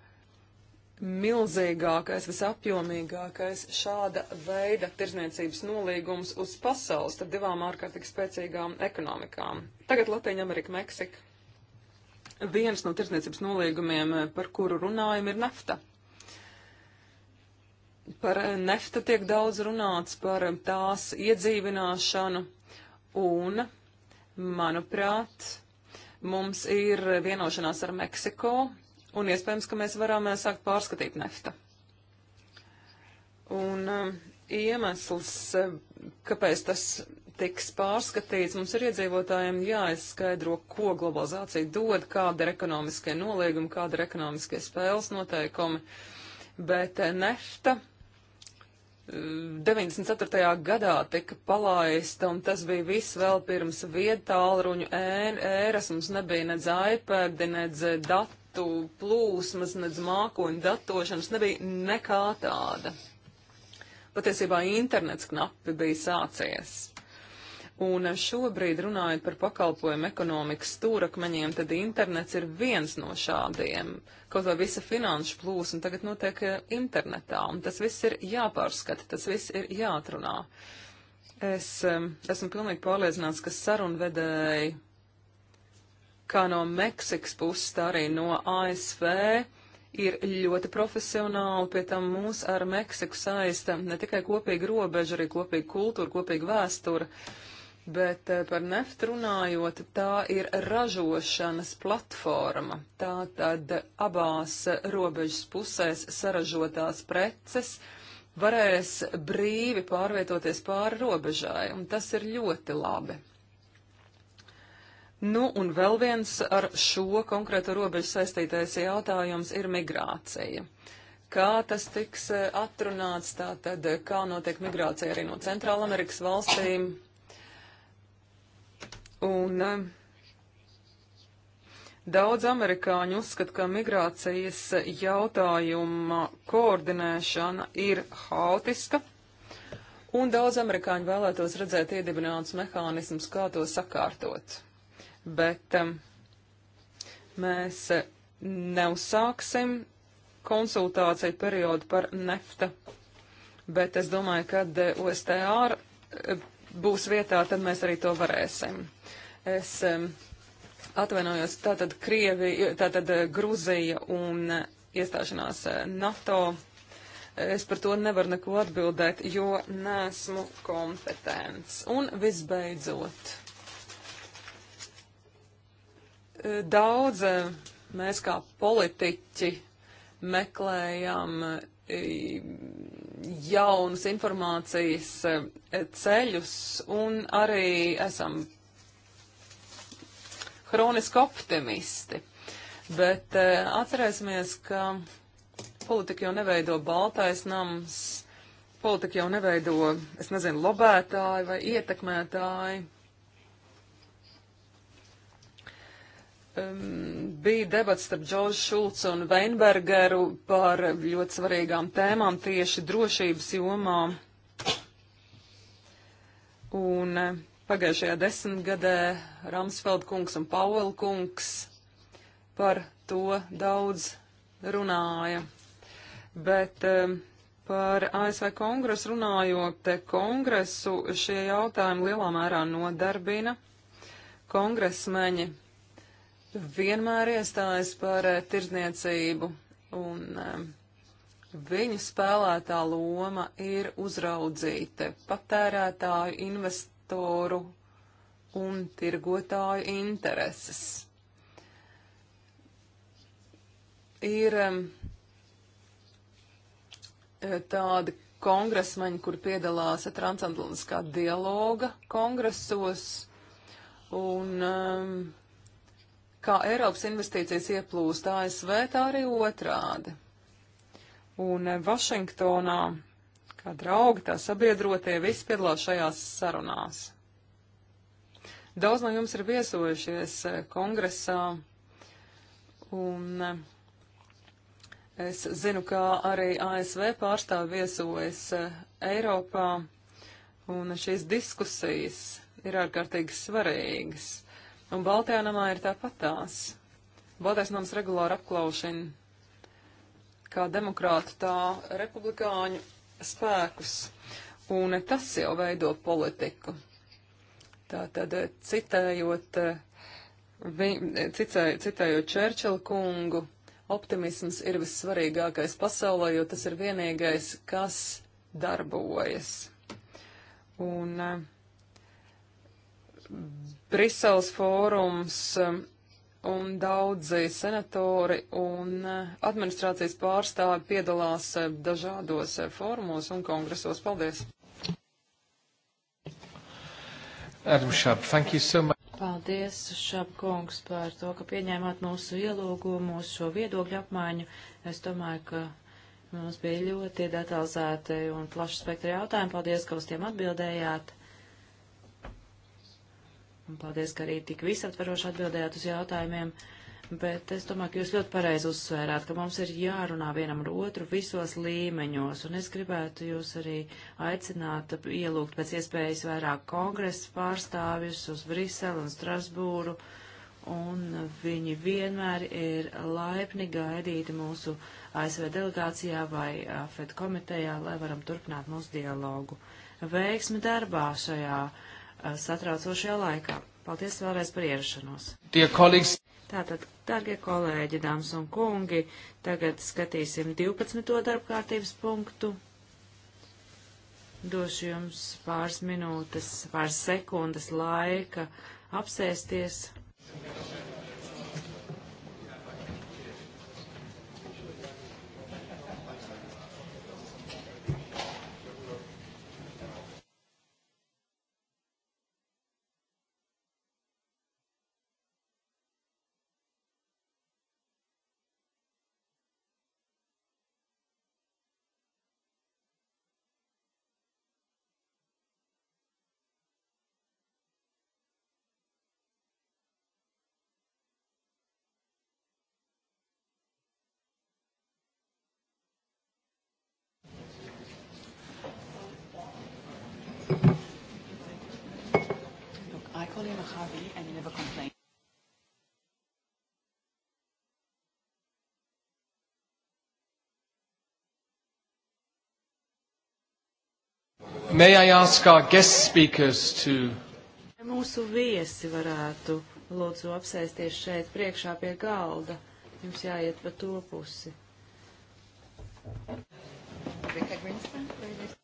S2: milzīgākais, visapjomīgākais šāda veida tirzniecības nolīgums uz pasaules ar divām ārkārtīgi spēcīgām ekonomikām. Tagad Latvija, Amerika, Meksika. Viens no tirzniecības nolīgumiem, eh, par kuru runājam, ir nafta par eh, neftu tiek daudz runāts, par eh, tās iedzīvināšanu, un, manuprāt, mums ir vienošanās ar Meksiko, un iespējams, ka mēs varam eh, sākt pārskatīt nefta. Un iemesls, kāpēc tas tiks pārskatīts, mums ir iedzīvotājiem jāizskaidro, ko globalizācija dod, kāda ir ekonomiskie noliegumi, kāda ir ekonomiskie spēles noteikumi, bet nefta 94. gadā tika palaista, un tas bija viss vēl pirms viedtālruņu ēras, mums nebija nedz iPad, nedz datu plūsmas, nedz mākoņu datošanas, nebija nekā tāda. Patiesībā internets knapi bija sācies. Un šobrīd runājot par pakalpojumu ekonomikas stūrakmeņiem, tad internets ir viens no šādiem. Kaut vai visa finanšu plūsma tagad notiek eh, internetā, un tas viss ir jāpārskata, tas viss ir jāatrunā. Es esmu pilnīgi pārliecināts, ka sarunvedēji, kā no Meksikas puses, tā arī no ASV, ir ļoti profesionāli, pie tam mūs ar Meksiku saista ne tikai kopīga robeža, arī kopīga kultūra, kopīga vēstura. Uh, bet eh, par neftu runājot, tā ir ražošanas platforma. Tā tad abās robežas pusēs saražotās preces varēs brīvi pārvietoties pāri robežai, un tas ir ļoti labi. Nu, un vēl viens ar šo konkrēto robežu saistītais jautājums ir migrācija. Kā tas tiks eh, atrunāts, tātad kā notiek migrācija arī no Centrālamerikas valstīm, Un eh, daudz amerikāņu uzskata, ka migrācijas jautājuma koordinēšana ir haotiska, un daudz amerikāņu vēlētos redzēt iedibinātus mehānismus, kā to sakārtot. Bet eh, mēs eh, neuzsāksim konsultāciju periodu par nefta, bet es domāju, ka OSTR būs vietā, tad mēs arī to varēsim. Es atvainojos, tātad Krievi, tātad eh, Gruzija un eh, iestāšanās eh, NATO. Es par to nevaru neko atbildēt, jo nesmu kompetents. Un visbeidzot, daudz mēs kā politiķi meklējam jaunus informācijas eh, ceļus un arī esam hroniski optimisti. Bet eh, atcerēsimies, ka politika jau neveido baltais nams, politika jau neveido, es nezinu, lobētāji vai ietekmētāji. um, bija debats starp Džošu Šulcu un Veinbergeru par ļoti svarīgām tēmām tieši drošības jomā. Un eh, pagājušajā desmitgadē Ramsfeld kungs un Pauel kungs par to daudz runāja. Bet um, par ASV kongresu runājot, kongresu šie jautājumi lielā mērā nodarbina. Kongresmeņi vienmēr iestājas par eh, tirdzniecību, un eh, viņu spēlētā loma ir uzraudzīt patērētāju, investoru un tirgotāju intereses. Ir eh, tādi kongresmeņi, kur piedalās transatlantiskā dialoga kongresos, un um, kā Eiropas investīcijas ieplūst ASV, tā arī otrādi. Un eh, Vašingtonā, kā draugi, tā sabiedrotie, visi piedalās šajās sarunās. Daudz no jums ir viesojušies eh, kongresā, un eh, es zinu, kā arī ASV pārstāvi viesojas Eiropā, un šīs diskusijas ir ārkārtīgi svarīgas Un Baltajā namā ir tāpatās. Baltais nams regulāri apklaušana kā demokrātu, tā republikāņu spēkus. Un tas jau veido politiku. Tātad, eh, citējot, eh, vi, eh, citē, citējot Čērčela kungu, optimisms ir vissvarīgākais pasaulē, jo tas ir vienīgais, kas darbojas. Un Brisels fórums um, un daudzi senatori un uh, administrācijas pārstāvi piedalās uh, dažādos uh, fórumos un kongresos. Paldies!
S1: Adam Shab, thank you so much. Paldies, Šabkungs, par to, ka pieņēmāt mūsu ielūgu, mūsu šo viedokļu apmaiņu. Es domāju, ka mums bija ļoti detalizēti un plaši spektri jautājumi. Paldies, ka uz tiem atbildējāt. Un paldies, ka arī tik visaptveroši atbildējāt uz jautājumiem. Bet es domāju, ka jūs ļoti pareizi uzsvērāt, ka mums ir jārunā vienam ar otru visos līmeņos. Un es gribētu jūs arī aicināt, ielūgt pēc iespējas vairāk kongresa pārstāvjus uz Briselu un Strasbūru. Un viņi vienmēr ir laipni gaidīti mūsu ASV delegācijā vai FED komitejā, lai varam turpināt mūsu dialogu. Veiksmi darbā šajā Eh, satraucošajā laikā. Paldies vēlreiz par ierašanos. Tātad, dārgie kolēģi, dāmas un kungi, tagad skatīsim 12. darbkārtības punktu. Došu jums pāris minūtes, pāris sekundes laika apsēsties. Thank you.
S3: Harvey and never complained.
S1: May I ask our guest speakers to... Mūsu viesi varētu lūdzu apsēsties šeit priekšā pie galda. Jums jāiet pa to pusi. Rebecca Grinspan, where is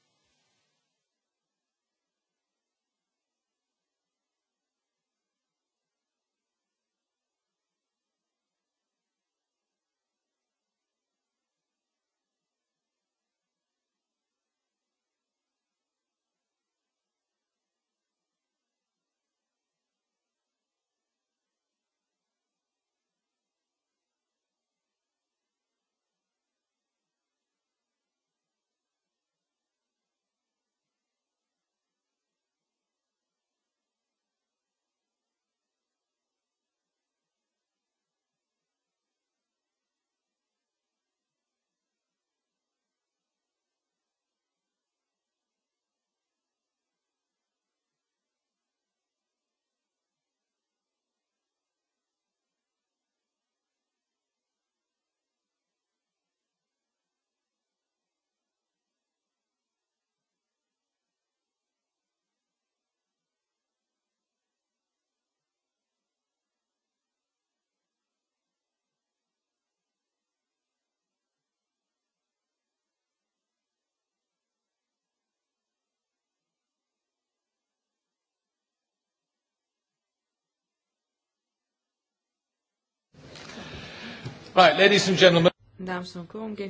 S2: Right, ladies and gentlemen.
S1: Dāmas un kungi,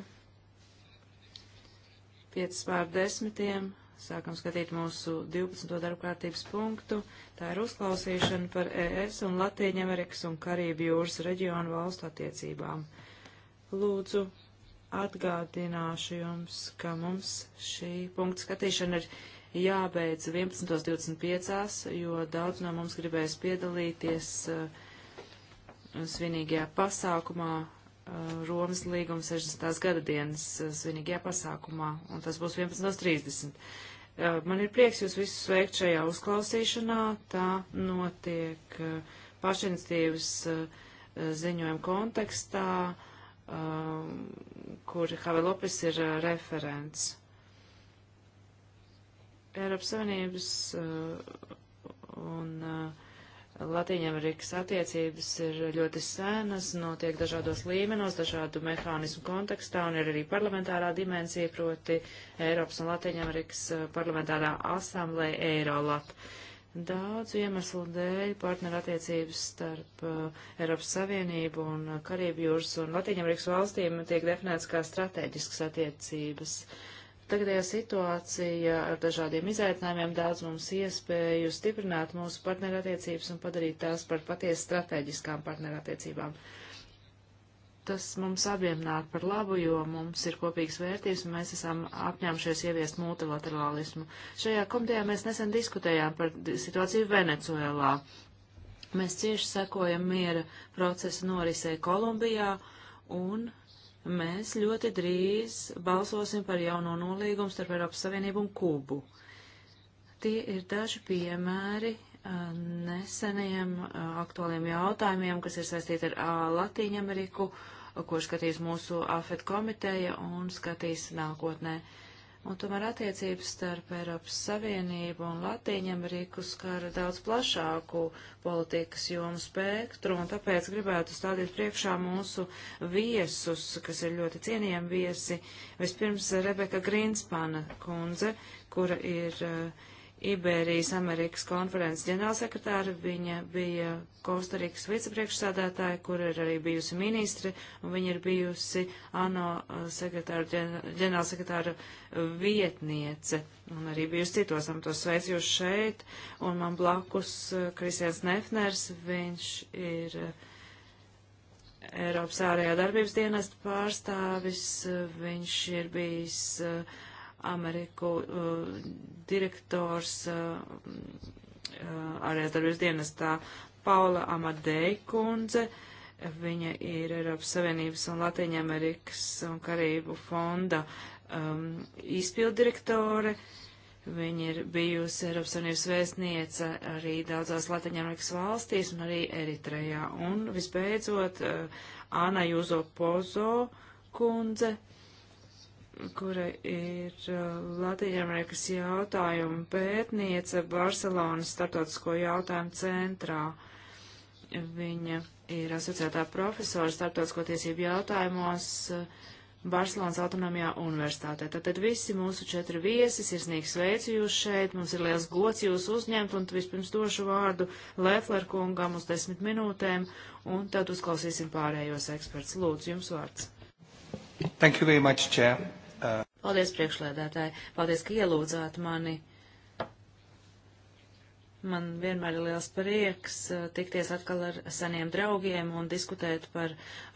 S1: 5 pār 10. Sākam skatīt mūsu 12. darbkārtības punktu. Tā ir uzklausīšana par ES un Latīņa Amerikas un Karību jūras reģionu valstu attiecībām. Lūdzu, atgādināšu jums, ka mums šī punkta skatīšana ir jābeidz 11.25, jo daudz no mums gribēs piedalīties uh, svinīgajā pasākumā, uh, Romas līguma 60. gada dienas uh, svinīgajā pasākumā, un tas būs 11.30. Uh, man ir prieks jūs visus sveikt šajā uzklausīšanā. Tā notiek pašinstīvas ziņojuma kontekstā, um, kur Havelopis ir referents. Eiropas Savienības un uh, Latīņamerikas attiecības ir ļoti sēnas, notiek dažādos līmenos, dažādu mehānismu kontekstā, un ir arī parlamentārā dimensija, proti Eiropas un Latīņamerikas eh, parlamentārā asamblēja Eirolat. Daudzu iemeslu dēļ partnerattiecības starp uh, Eiropas Savienību un Karību jūras un Latīņamerikas valstīm tiek definēts kā strateģiskas attiecības. Uh, Tagadējā situācija ar dažādiem izaicinājumiem daudz mums iespēju stiprināt mūsu partnerattiecības un padarīt tās par patiesi strateģiskām partnerattiecībām. Tas mums abiem nāk par labu, jo mums ir kopīgas vērtības un mēs esam apņēmušies ieviest multilaterālismu. Šajā komitejā mēs nesen diskutējām par situāciju Venecuēlā. Mēs cieši sekojam miera procesa norisei Kolumbijā un mēs ļoti drīz balsosim par jauno nolīgumu starp Eiropas Savienību un Kubu. Tie ir daži piemēri uh, neseniem uh, aktuāliem jautājumiem, kas ir saistīti ar uh, Latīņameriku, ko skatīs mūsu AFET komiteja un skatīs nākotnē. Un tomēr attiecības starp Eiropas Savienību un Latīņameriku skara daudz plašāku politikas jomu spektru, un tāpēc gribētu stādīt priekšā mūsu viesus, kas ir ļoti cienījami viesi. Vispirms Rebeka Grīnspana kundze, kura ir uh, Iberijas Amerikas konferences ģenerālsekretāra, viņa bija Kostarikas vicepriekšsādātāja, kur ir arī bijusi ministri, un viņa ir bijusi ANO uh, sekretāra, ģenerālsekretāra vietniece, un arī bijusi citos amatos sveicījuši šeit, un man blakus uh, Kristians Nefners, viņš ir uh, Eiropas ārējā darbības dienesta pārstāvis, viņš ir bijis uh, Ameriku uh, direktors uh, uh, ārējās darbības dienestā Paula Amadei kundze. Viņa ir Eiropas Savienības un Latvijas-Amerikas un Karību fonda um, izpildirektore. Viņa ir bijusi Eiropas Savienības vēstniece arī daudzās Latvijas-Amerikas valstīs un arī Eritrejā. Un visbeidzot, uh, Ana Juzo Pozo kundze kura ir uh, Latvijas jautājuma pētniece Barcelonas starptautisko jautājumu centrā. Viņa ir asociētā profesora starptautisko tiesību jautājumos uh, Barcelonas autonomijā universitātē. Tātad visi mūsu četri viesi sirsnīgi sveicu jūs šeit, mums ir liels gods jūs uzņemt, un vispirms došu vārdu Lefler kungam uz desmit minūtēm, un tad uzklausīsim pārējos eksperts. Lūdzu, jums vārds. Thank
S3: you very much, Chair.
S1: Paldies, priekšlēdētāji. Paldies, ka ielūdzāt mani. Man vienmēr ir liels prieks uh, tikties atkal ar seniem draugiem un diskutēt par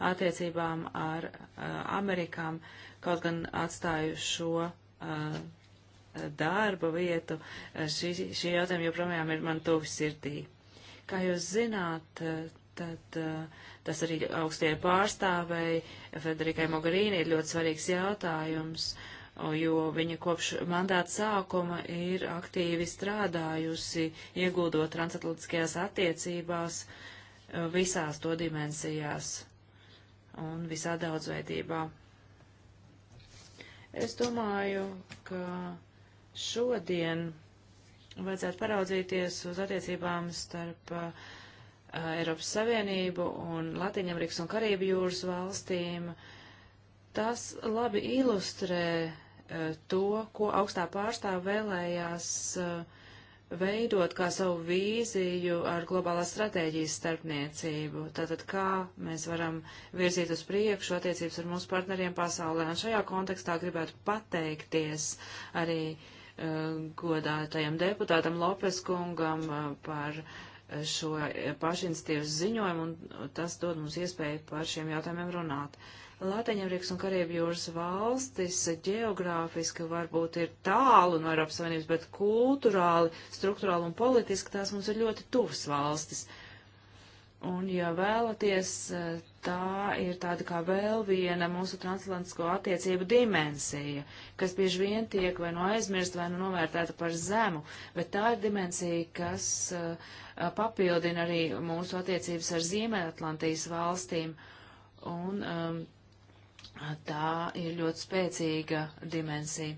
S1: attiecībām ar uh, Amerikām, kaut gan atstāju šo uh, darba vietu. Uh, šī, šī jautājuma joprojām ir man tuvi sirdī. Kā jūs zināt, uh, tad uh, tas arī augstie pārstāvēji Federikai Mogarīni ir ļoti svarīgs jautājums. Uh, jo viņa kopš mandāta sākuma ir aktīvi strādājusi, ieguldot transatlantiskajās attiecībās eh, visās to dimensijās un visā daudzveidībā. Es domāju, ka šodien vajadzētu paraudzīties uz attiecībām starp uh, Eiropas Savienību un Latviju-Amerikas un Karību jūras valstīm. Tas labi ilustrē to, ko augstā pārstāv vēlējās eh, veidot kā savu vīziju ar globālās stratēģijas starpniecību. Tātad, kā mēs varam virzīt uz priekšu attiecības ar mūsu partneriem pasaulē. Un šajā kontekstā gribētu pateikties arī uh, godātajam deputātam Lopes kungam uh, par šo pašinstīvas ziņojumu, un tas dod mums iespēju par šiem jautājumiem runāt. Uh, Latvijas un Karību jūras valstis geogrāfiski varbūt ir tālu no Eiropas Savienības, bet kulturāli, struktūrāli un politiski tās mums ir ļoti tuvas valstis. Un, ja vēlaties, tā ir tāda kā vēl viena mūsu transatlantisko attiecību dimensija, kas bieži vien tiek vai nu no aizmirst, vai nu no novērtēta par zemu, bet tā ir dimensija, kas uh, papildina arī mūsu attiecības ar Ziemeļatlantijas valstīm. Un um, tā ir ļoti spēcīga dimensija.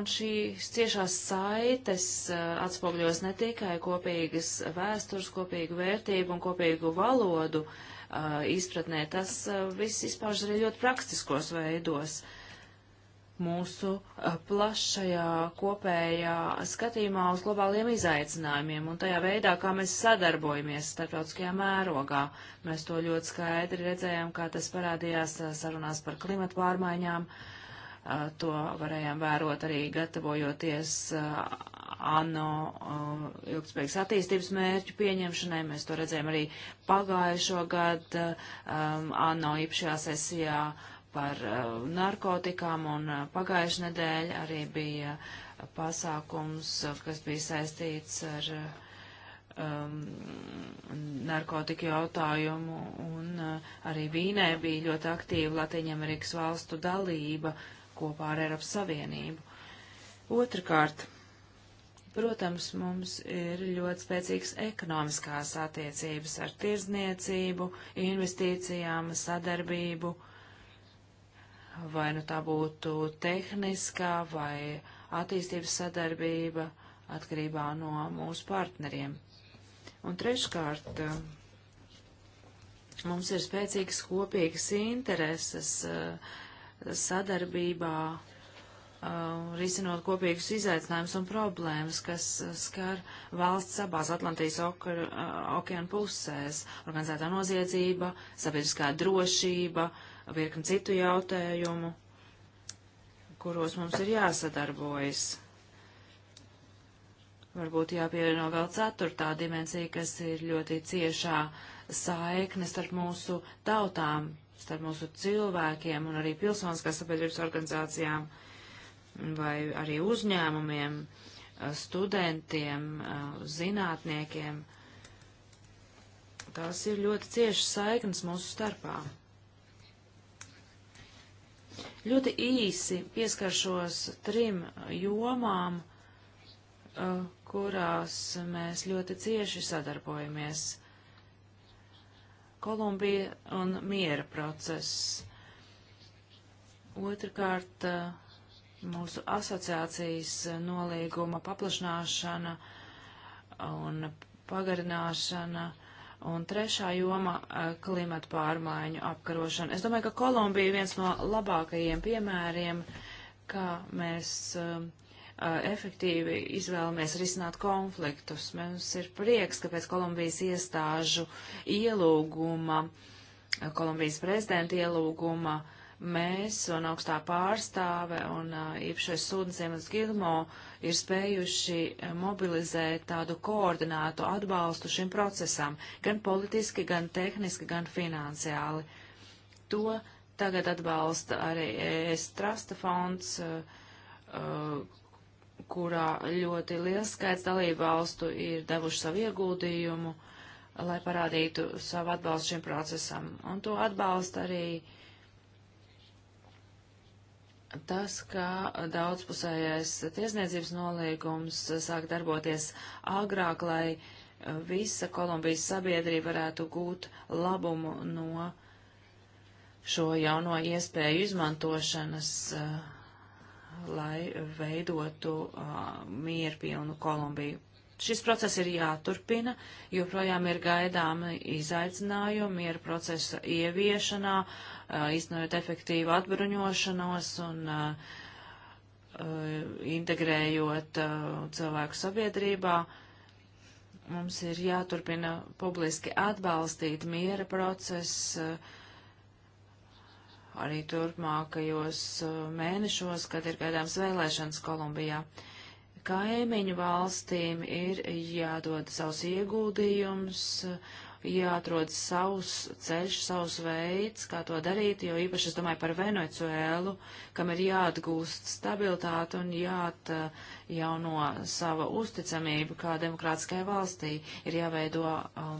S1: Un šīs ciešās saites uh, atspogļos ne tikai kopīgas vēstures, kopīgu vērtību un kopīgu valodu uh, izpratnē, tas uh, viss izpaužas arī ļoti praktiskos veidos. Uh, mūsu eh, plašajā kopējā skatījumā uz globāliem izaicinājumiem un tajā veidā, kā mēs sadarbojamies starptautiskajā mērogā. Mēs to ļoti skaidri redzējām, kā tas parādījās eh, sarunās par klimatu pārmaiņām. Eh, to varējām vērot arī gatavojoties ANO ilgspējīgas attīstības mērķu pieņemšanai. Mēs to redzējām arī pagājušo gadu um, ANO īpašajā sesijā par uh, narkotikām, un uh, pagājušajā nedēļā arī bija pasākums, uh, kas bija saistīts ar uh, um, narkotiku jautājumu, un uh, arī Vīnē bija ļoti aktīva Latvijas-Amerikas valstu dalība kopā ar Eiropas Savienību. Otrakārt, protams, mums ir ļoti spēcīgs ekonomiskās attiecības ar tirzniecību, investīcijām, sadarbību vai nu tā būtu tehniskā vai attīstības sadarbība atkarībā no mūsu partneriem. Un treškārt, mums ir spēcīgas kopīgas intereses eh, sadarbībā, eh, risinot kopīgus izaicinājumus un problēmas, kas skar valsts abās Atlantijas eh, okeāna pusēs - organizētā noziedzība, sabiedriskā drošība, uh, virkni citu jautājumu, kuros mums ir jāsadarbojas. Varbūt jāpievieno vēl ceturtā dimensija, kas ir ļoti ciešā saikne starp mūsu tautām, starp mūsu cilvēkiem un arī pilsoniskās sabiedrības organizācijām vai arī uzņēmumiem, studentiem, zinātniekiem. Tās ir ļoti ciešas saiknes mūsu starpā. Ļoti īsi pieskaršos trim jomām, eh, kurās mēs ļoti cieši sadarbojamies. Kolumbija un miera process. Otrakārt, eh, mūsu asociācijas nolīguma paplašināšana un pagarināšana uh, Un trešā joma eh, - klimata pārmaiņu apkarošana. Es domāju, ka Kolumbija ir viens no labākajiem piemēriem, kā mēs uh, efektīvi izvēlamies risināt konfliktus. Mums ir prieks, ka pēc Kolumbijas iestāžu ielūguma, Kolumbijas prezidenta ielūguma, uh, mēs un augstā pārstāve un īpašais sūdnis Ziemets Gilmo ir spējuši mobilizēt tādu koordinātu atbalstu šim procesam, gan politiski, gan tehniski, gan finansiāli. To tagad atbalsta arī ES Trasta fonds, kurā ļoti liels skaits dalību valstu ir devuši savu ieguldījumu, lai parādītu savu atbalstu šim procesam. Un to atbalsta arī uh, tas, ka daudzpusējais tiesniecības nolīgums sāk darboties agrāk, lai e, visa Kolumbijas sabiedrība varētu gūt labumu no šo jauno iespēju izmantošanas, e, lai veidotu e, mieru pilnu Kolumbiju. Šis process ir jāturpina, joprojām ir gaidāmi izaicinājumi miera procesa ieviešanā, uh, īstenojot efektīvu atbruņošanos un uh, integrējot uh, cilvēku sabiedrībā. Mums ir jāturpina publiski atbalstīt miera procesu uh, arī turpmākajos mēnešos, kad ir gaidāms vēlēšanas Kolumbijā. Kaimiņu valstīm ir jādod savus ieguldījums, uh, jāatrod savs ceļš, savs veids, kā to darīt, jo īpaši es domāju par Venecuēlu, kam ir jāatgūst stabilitāte un jāatjauno sava uzticamība kā demokrātiskai valstī. Ir jāveido um,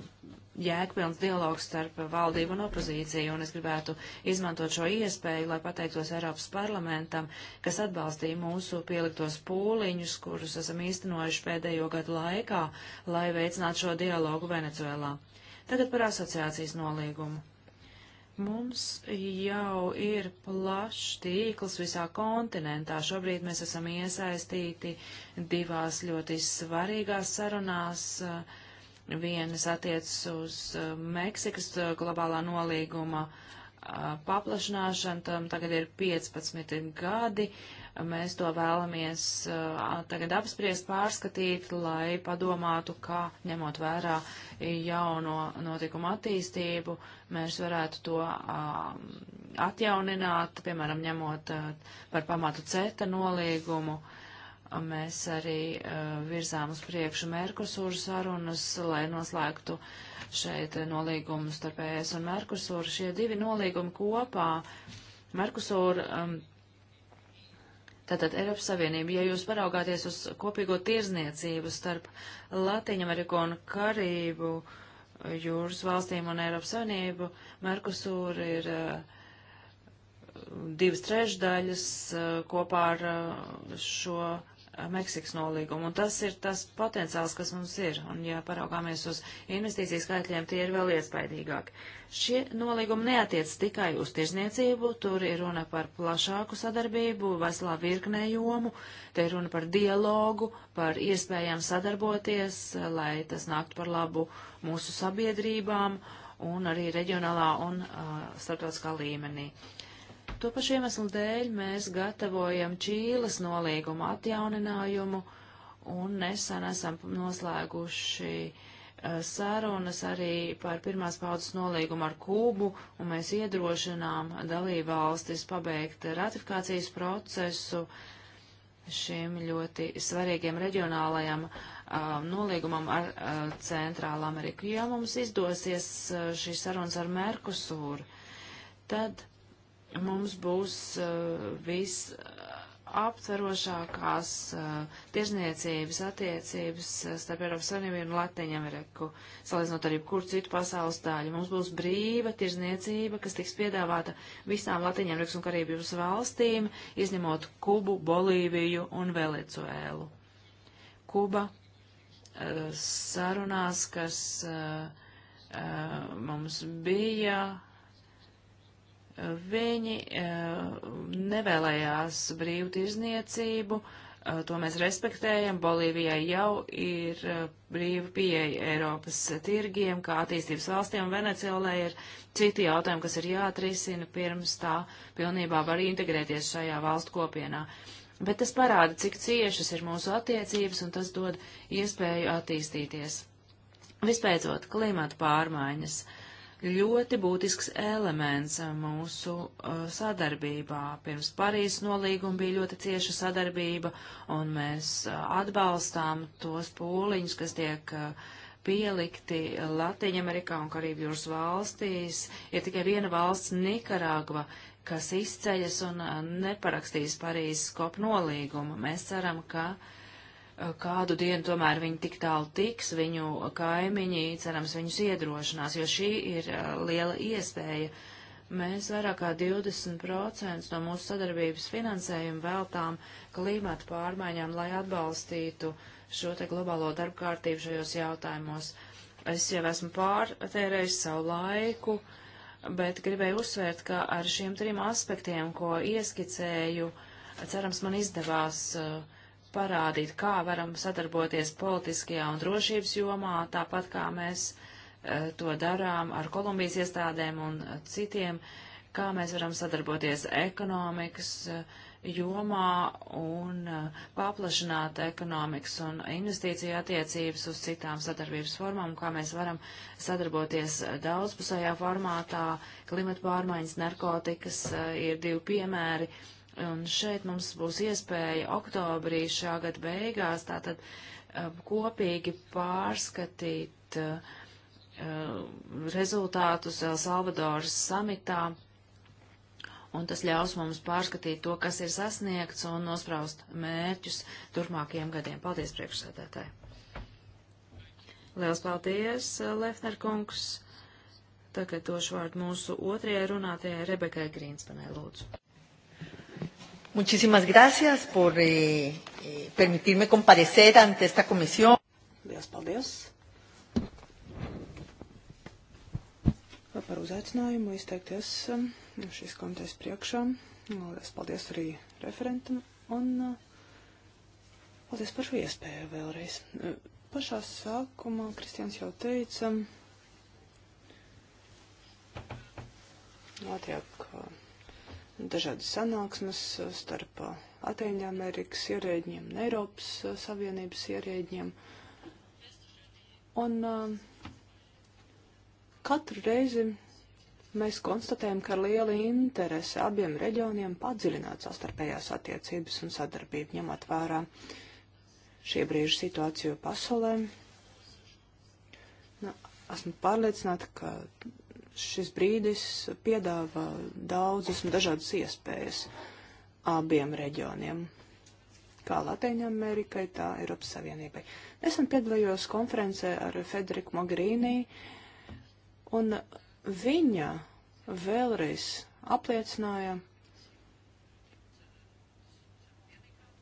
S1: jēgpilns dialogs starp valdību un opozīciju, un es gribētu izmantot šo iespēju, lai pateiktos Eiropas parlamentam, kas atbalstīja mūsu pieliktos pūliņus, kurus esam īstenojuši pēdējo gadu laikā, lai veicinātu šo dialogu Venecuēlā. Tagad par asociācijas nolīgumu. Mums jau ir plašs tīkls visā kontinentā. Šobrīd mēs esam iesaistīti divās ļoti svarīgās sarunās. Vienas attiecas uz uh, Meksikas uh, globālā nolīguma uh, paplašināšanu. Tam tagad ir 15 gadi. Mēs to vēlamies tagad apspriest, pārskatīt, lai padomātu, kā ņemot vērā jauno notikumu attīstību, mēs varētu to atjaunināt, piemēram, ņemot par pamatu CETA nolīgumu. Mēs arī uh, virzām uz priekšu Merkusūru sarunas, lai noslēgtu šeit nolīgumus starp ES un Merkusūru. Šie divi nolīgumi kopā, Merkusūra um, Tātad Eiropas Savienība, ja jūs paraugāties uz kopīgo tirzniecību starp Latīņameriku un Karību jūras valstīm un Eiropas Savienību, Merkusūra ir eh, divas trešdaļas eh, kopā ar eh, šo Meksikas nolīgumu. Un tas ir tas potenciāls, kas mums ir. Un, ja paraugāmies uz investīciju skaitļiem, tie ir vēl iespaidīgāki. Šie nolīgumi neatiec tikai uz tirzniecību, tur ir runa par plašāku sadarbību, veselā virknē jomu, te ir runa par dialogu, par iespējām sadarboties, lai tas nāktu par labu mūsu sabiedrībām un arī reģionālā un uh, starptautiskā līmenī. Uh, To pašu iemeslu dēļ mēs gatavojam Čīles nolīgumu atjauninājumu un nesen esam noslēguši uh, sarunas arī par pirmās paudzes nolīgumu ar Kūbu, un mēs iedrošinām dalībvalstis pabeigt ratifikācijas procesu šim ļoti svarīgiem reģionālajam uh, nolīgumam ar uh, eh, Centrālu Ameriku. Ja mums izdosies šīs sarunas ar Merkusūru, tad mums būs uh, viss aptverošākās uh, tirzniecības attiecības uh, starp Eiropas Savienību un Latviņameriku, salīdzinot ar jebkuru citu pasaules daļu. Mums būs brīva tirzniecība, kas tiks piedāvāta visām Latviņamerikas un Karībības valstīm, izņemot Kubu, Bolīviju un Venecuēlu. Kuba uh, sarunās, kas uh, uh, mums bija Viņi eh, nevēlējās brīvtirzniecību, eh, to mēs respektējam. Bolīvijai jau ir eh, brīva pieeja Eiropas tirgiem, kā attīstības valstiem. Venecijolē ir citi jautājumi, kas ir jāatrisina pirms tā pilnībā var integrēties šajā valstu kopienā. Bet tas parāda, cik ciešas ir mūsu attiecības, un tas dod iespēju attīstīties. Vispēcot, klimata pārmaiņas. Uh, ļoti būtisks elements uh, mūsu uh, sadarbībā. Pirms Parīzes nolīguma bija ļoti cieša sadarbība, un mēs uh, atbalstām tos pūliņus, kas tiek uh, pielikti Latvijā-Amerikā un Karību jūras valstīs. Ir tikai viena valsts - Nikaragva, kas izceļas un uh, neparakstīs Parīzes kopu nolīgumu. Mēs ceram, ka uh, Eh, kādu dienu tomēr viņi tik tālu tiks, viņu kaimiņi, cerams, viņus iedrošinās, jo šī ir eh, liela iespēja. Mēs vairāk kā 20% no mūsu sadarbības finansējumu veltām klimata pārmaiņām, lai atbalstītu šo te globālo darbu kārtību šajos jautājumos. Es jau esmu pārtērējis savu laiku, bet gribēju uzsvērt, ka ar šiem trim aspektiem, ko ieskicēju, cerams, man izdevās uh, parādīt, kā varam sadarboties politiskajā un drošības jomā, tāpat kā mēs uh, to darām ar Kolumbijas iestādēm un e, citiem, kā mēs varam sadarboties ekonomikas uh, jomā un uh, paplašināt ekonomikas un investīciju attiecības uz citām sadarbības formām, kā mēs varam sadarboties daudzpusējā formātā. Klimata pārmaiņas, narkotikas ir divi piemēri Un šeit mums būs iespēja oktobrī šā gada beigās tātad kopīgi pārskatīt rezultātus El Salvadoras samitā, un tas ļaus mums pārskatīt to, kas ir sasniegts un nospraust mērķus turpmākajiem gadiem. Paldies, priekšsēdētāji! Liels paldies, Lefner kungs! Tagad došu vārdu mūsu otrajai runātajai Rebekai Grīnspanai, lūdzu. Muchísimas gracias por eh, eh, permitirme comparecer ante esta comisión. Lielas paldies
S3: par uzaicinājumu izteikties um, šīs komitejas priekšā. Lielas paldies arī referentam un uh, paldies par šo iespēju vēlreiz. Uh, pašā sākumā Kristians jau teica, attiek. Um, uh, dažādas sanāksmes uh, starp uh, Ateņu Amerikas ierēģiem un Eiropas uh, Savienības ierēģiem. Un katru reizi mēs konstatējam, ka ar lielu interesi abiem reģioniem padziļināt sastarpējās attiecības un sadarbību, ņemot vērā šie brīži situāciju pasaulē. Nu, esmu pārliecināta, ka šis brīdis piedāvā daudzas un dažādas iespējas abiem reģioniem, kā Latvijai, Amerikai, tā Eiropas Savienībai. Nesen piedalījos konferencē ar Federiku Mogherini, un viņa vēlreiz apliecināja,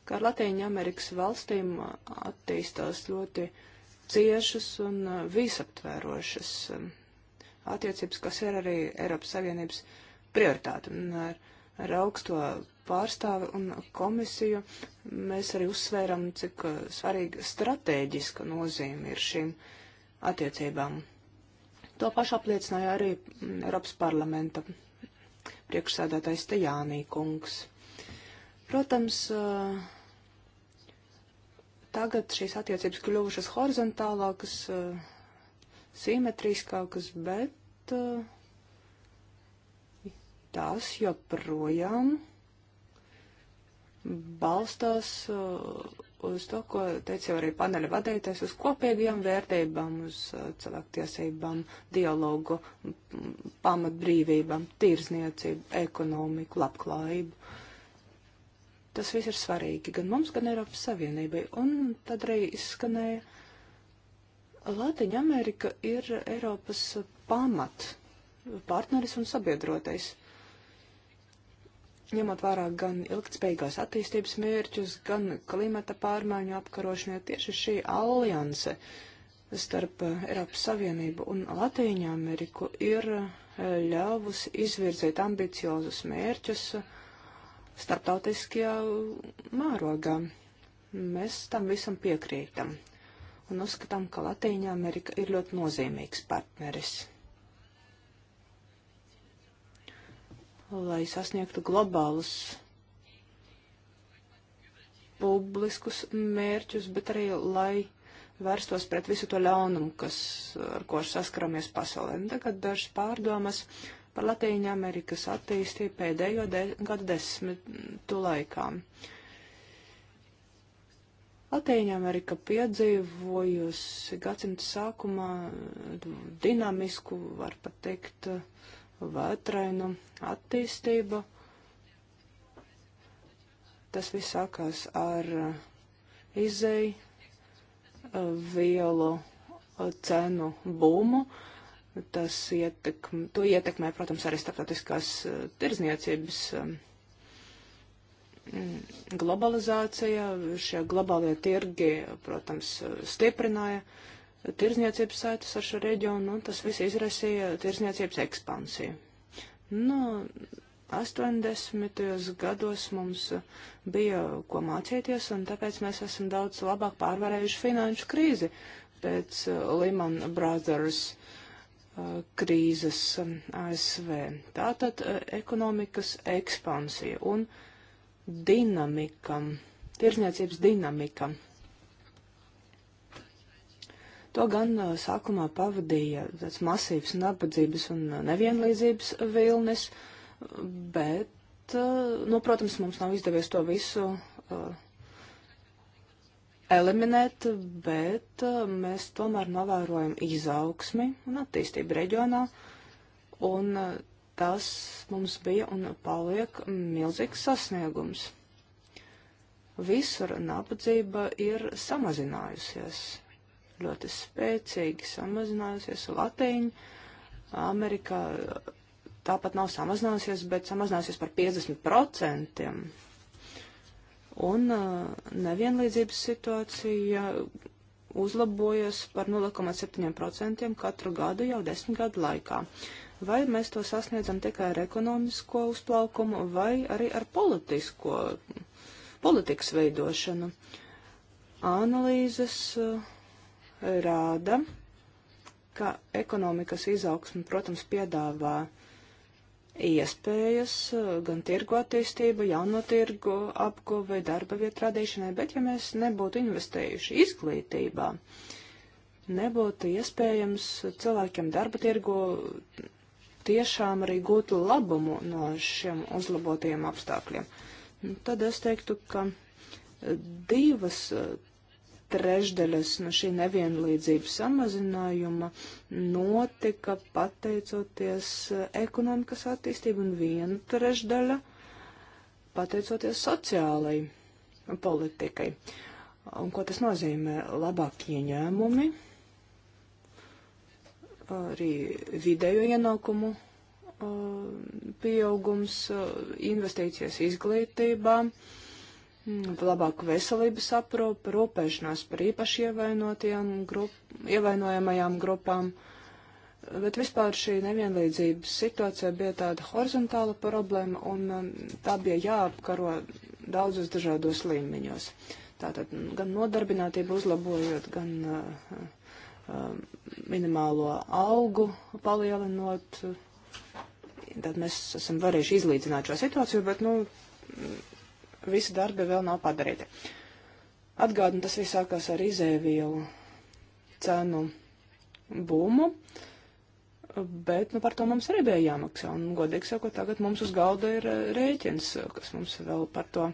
S3: ka ar Latviju Amerikas valstīm attīstās ļoti ciešas un visaptvērošas attiecības, kas ir arī Eiropas Savienības prioritāte. Un ar, ar augsto pārstāvi un komisiju mēs arī uzsvēram, cik uh, svarīga strateģiska nozīme ir šīm attiecībām. To pašu apliecināja arī mm, Eiropas parlamenta priekšsēdētājs Tajānī kungs. Protams, uh, tagad šīs attiecības kļuvušas horizontālākas, uh, simetrijas kaut kas, bet uh, eh, tās joprojām balstās uh, uz to, ko teica arī paneļa vadītājs, uz kopīgajām vērtībām, uz uh, cilvēktiesībām, dialogu, pamatbrīvībām, tirzniecību, ekonomiku, labklājību. Tas viss ir svarīgi gan mums, gan Eiropas Savienībai. Un tad arī izskanēja Latvija Amerika ir Eiropas pamat partneris un sabiedrotais. Ņemot vērā gan ilgtspējīgās attīstības mērķus, gan klimata pārmaiņu apkarošanai, tieši šī alianse starp Eiropas Savienību un Latviju Ameriku ir ļāvusi izvirzīt ambiciozus mērķus starptautiskajā mērogā. Mēs tam visam piekrītam un uzskatām, ka Latīņa Amerika ir ļoti nozīmīgs partneris. Lai sasniegtu globālus publiskus mērķus, bet arī lai vērstos pret visu to ļaunumu, kas, ar ko saskaramies pasaulē. Un tagad dažas pārdomas par Latīņu Amerikas attīstību pēdējo de gadu desmitu laikām. Uh, Latīņa Amerika piedzīvojusi gadsimta sākumā dinamisku, var pat teikt, vētrainu attīstību. Tas viss sākās ar izēju vielu cenu būmu. Tas ietekm, to ietekmē, protams, arī starptautiskās tirzniecības um, globalizācija, šie globālie tirgi, protams, stiprināja tirzniecības saites ar šo reģionu, un tas viss izraisīja tirzniecības ekspansiju. Nu, 80. gados mums bija ko mācīties, un tāpēc mēs esam daudz labāk pārvarējuši finanšu krīzi pēc uh, Lehman Brothers uh, krīzes um, ASV. Tātad uh, ekonomikas ekspansija un uh, dinamika, tirzniecības dinamika. To gan uh, sākumā pavadīja tāds masīvs nabadzības un uh, nevienlīdzības vilnis, bet, uh, nu, protams, mums nav izdevies to visu uh, eliminēt, bet uh, mēs tomēr novērojam izaugsmi un attīstību reģionā, un uh, tas mums bija un paliek milzīgs sasniegums. Visur nabadzība ir samazinājusies, ļoti spēcīgi samazinājusies Latīņa, Amerikā tāpat nav samazinājusies, bet samazinājusies par 50%. Un uh, nevienlīdzības situācija uzlabojas par 0,7% katru gadu jau desmit gadu laikā. Uh, vai mēs to sasniedzam tikai ar ekonomisko uzplaukumu vai arī ar politisko, politikas veidošanu. Analīzes eh, rāda, ka ekonomikas izaugsme, protams, piedāvā iespējas eh, gan tirgu attīstību, jauno tirgu apguve, darba vietu radīšanai, bet ja mēs nebūtu investējuši izglītībā, nebūtu iespējams cilvēkiem darba tirgu tiešām arī gūtu labumu no šiem uzlabotajiem apstākļiem. Nu, tad es teiktu, ka e, divas e, trešdaļas no šī nevienlīdzības samazinājuma notika pateicoties e, ekonomikas attīstību un viena trešdaļa pateicoties sociālai politikai. Un ko tas nozīmē? Labāk ieņēmumi, arī vidējo ienākumu pieaugums, investīcijas izglītībā, labāku veselības aprūpu, rūpēšanās par īpaši grup, ievainojamajām grupām. Bet vispār šī nevienlīdzības situācija bija tāda horizontāla problēma, un tā bija jāapkaro daudzos dažādos līmeņos. Tātad gan nodarbinātību uzlabojot, gan uh, Um, minimālo algu palielinot. Tad mēs esam varējuši izlīdzināt šo situāciju, bet, nu, visi darbi vēl nav padarīti. Atgādinu, tas viss sākās ar izēvielu cenu būmu, bet, nu, par to mums arī bija jāmaksā. Un, godīgi sakot, tagad mums uz galda ir rēķins, kas mums vēl par to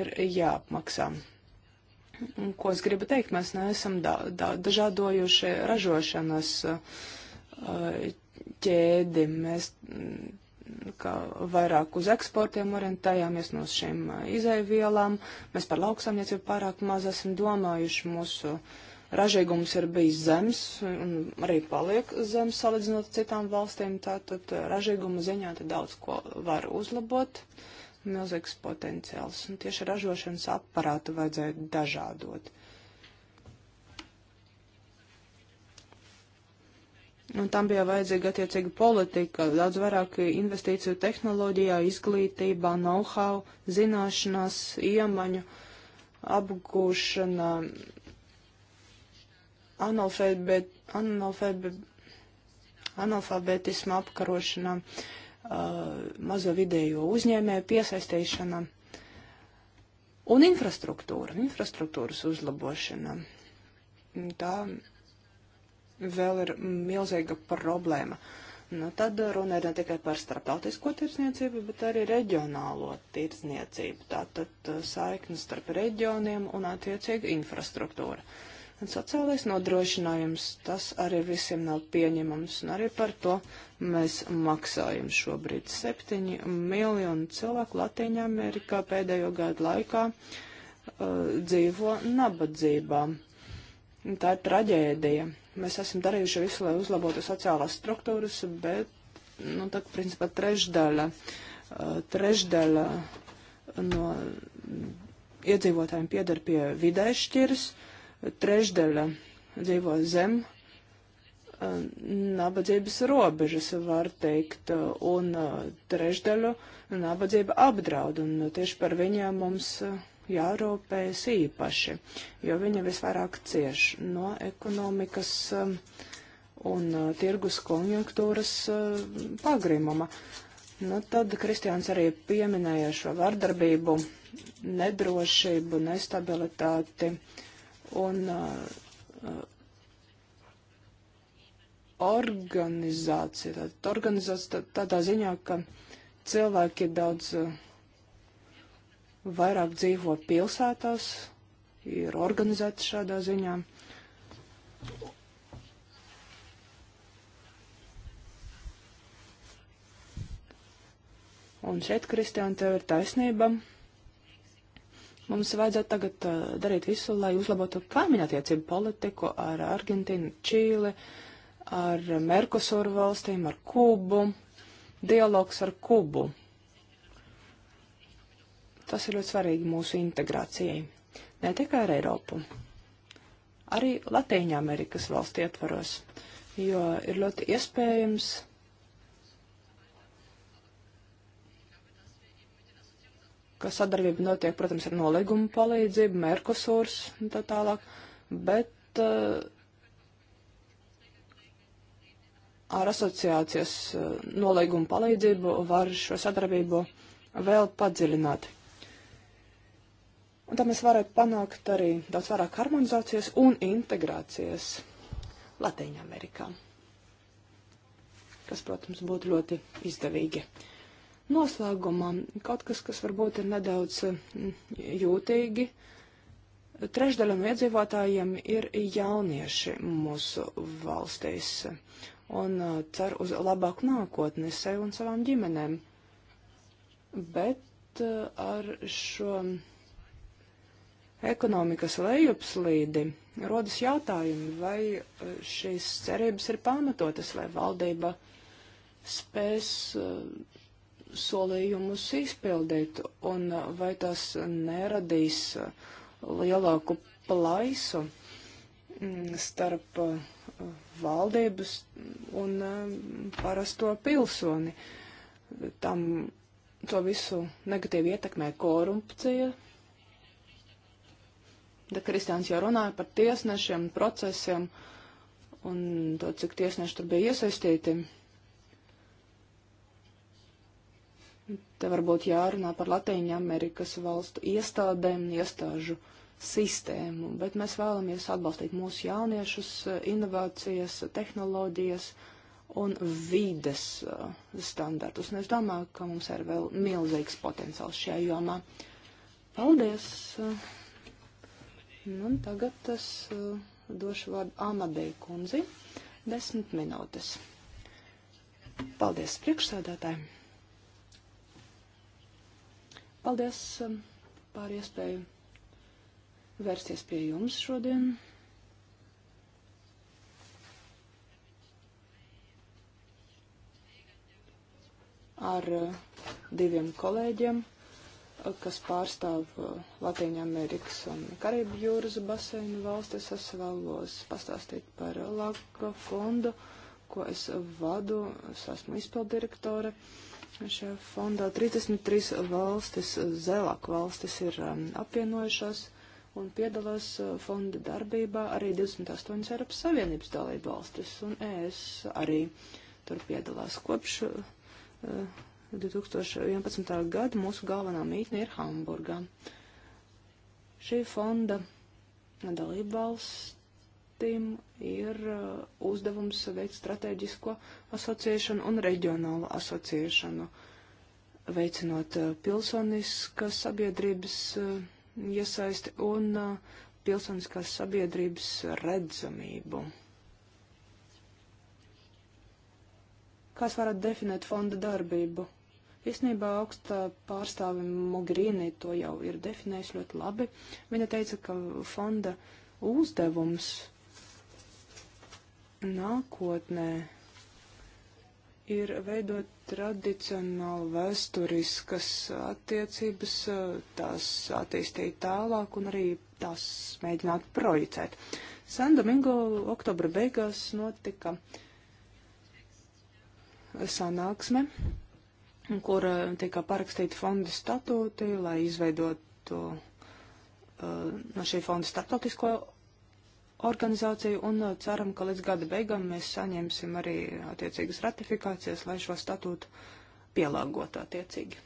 S3: ir jāapmaksā. Ko es gribu teikt, mēs neesam da da dažādojuši ražošanas eh, ķēdi. Mēs mm, vairāk uz eksportiem orientējāmies no šīm eh, izaivielām. Mēs par lauksaimniecību pārāk maz esam domājuši. Mūsu ražīgums ir bijis zems un arī paliek zems salīdzinot citām valstīm. Tātad ražīguma ziņā te daudz ko var uzlabot. Uh, milzīgs potenciāls, un tieši ražošanas aparātu vajadzēja dažādot. Un nu, tam bija vajadzīga attiecīga politika, daudz vairāk investīciju tehnoloģijā, izglītībā, know-how, zināšanās, iemaņu apgūšana, analfabet, analfabet, analfabetismu apkarošanā. Uh, Uh, mazo vidējo uzņēmēju piesaistīšana un infrastruktūra, infrastruktūras uzlabošana. Tā vēl ir milzīga problēma. Nu, tad runa ir ne tikai par starptautisko tirsniecību, bet arī reģionālo tirsniecību. Tātad uh, saiknes starp reģioniem un attiecīga infrastruktūra. Un sociālais nodrošinājums, tas arī visiem nav pieņemams, un arī par to uh, mēs maksājam šobrīd. Septiņi miljoni cilvēku Latīņā Amerikā pēdējo gadu laikā uh, dzīvo nabadzībā. Tā ir traģēdija. Mēs esam darījuši visu, lai uzlabotu sociālās struktūras, bet, nu, tā, principā, trešdaļa, uh, trešdaļa no iedzīvotājiem pieder pie vidēšķiras, trešdaļa dzīvo zem nabadzības robežas, var teikt, un eh, trešdaļu nabadzība apdraud, un tieši par viņiem mums eh, jārūpējas īpaši, jo viņi visvairāk cieš no ekonomikas eh, un tirgus konjunktūras pagrimuma. Nu, tad Kristiāns arī pieminēja šo vardarbību, nedrošību, nestabilitāti un uh, organizācija. Tātad organizācija tādā ziņā, ka cilvēki daudz eh, vairāk dzīvo pilsētās, ir organizēti šādā ziņā. Un šeit, Kristiāna, tev ir taisnība. Mums vajadzētu tagad uh, darīt visu, lai uzlabotu kaimiņattiecību politiku ar Argentīnu, Čīli, uh, ar Merkosuru valstīm, ar Kubu, dialogs ar Kubu. Tas ir ļoti svarīgi mūsu integrācijai, ne tikai ar Eiropu, arī Latīņa Amerikas valstu ietvaros, jo ir ļoti iespējams ka sadarbība notiek, protams, ar nolīgumu palīdzību, Merkosurs un tā tālāk, bet uh, ar asociācijas eh, nolīgumu palīdzību var šo sadarbību vēl padziļināt. Un tā mēs varētu panākt arī daudz vairāk harmonizācijas un integrācijas Latvijā, Amerikā. Kas, protams, būtu ļoti izdevīgi. Noslēgumā kaut kas, kas varbūt ir nedaudz mm, jūtīgi. Trešdaļa no iedzīvotājiem ir jaunieši mūsu valstīs un uh, cer uz labāku nākotni sev un savām ģimenēm. Bet uh, ar šo ekonomikas lejupslīdi rodas jautājumi, vai uh, šīs cerības ir pamatotas, vai valdība spēs solījumus izpildīt, un vai tas neradīs lielāku plaisu mm, starp uh, valdības un um, parasto pilsoni. Tam to visu negatīvi ietekmē korupcija. Da Kristiāns jau runāja par tiesnešiem, procesiem un to, cik tiesneši tur bija iesaistīti. Te varbūt jārunā par Latīņu Amerikas valstu iestādēm, iestāžu uh, sistēmu, bet mēs vēlamies atbalstīt mūsu jauniešus, eh, inovācijas, tehnoloģijas un vides eh, standartus. Un es domāju, ka mums ir vēl milzīgs potenciāls šajā jomā. Paldies! Nu, tagad es eh, došu vārdu Amadei kundzi. Desmit minūtes. Paldies priekšsēdētājiem! Paldies par iespēju vērsties pie jums šodien. Ar eh, diviem kolēģiem, eh, kas pārstāv eh, Latviju Amerikas un Karību jūras baseinu valstis, es vēlos pastāstīt par Laka fondu, ko es vadu, es esmu izpildirektore. Šajā fondā 33 valstis, Zelak valstis ir um, apvienojušās un piedalās uh, fonda darbībā arī 28 Eiropas Savienības dalība valstis, un ES arī tur piedalās. Kopš uh, 2011. gada mūsu galvenā mītne ir Hamburgā. Šī fonda dalība valstīm ir uh, uzdevums veikt strateģisko asociēšanu un reģionālu asociēšanu, veicinot uh, pilsoniskas sabiedrības uh, iesaisti un uh, pilsoniskās sabiedrības redzamību. Kāds varat definēt fonda darbību? Īsnībā augstā pārstāve Mogherini to jau ir definējusi ļoti labi. Viņa teica, ka fonda uzdevums nākotnē ir veidot tradicionāli vēsturiskas attiecības, tās attīstīt tālāk un arī tās mēģināt projicēt. San Domingo oktobra beigās notika sanāksme, kur eh, tika parakstīti fonda statūti, lai izveidotu eh, no šī fonda startautisko organizāciju un uh, ceram, ka līdz gada beigām mēs saņemsim arī attiecīgas ratifikācijas, lai šo statūtu pielāgot attiecīgi.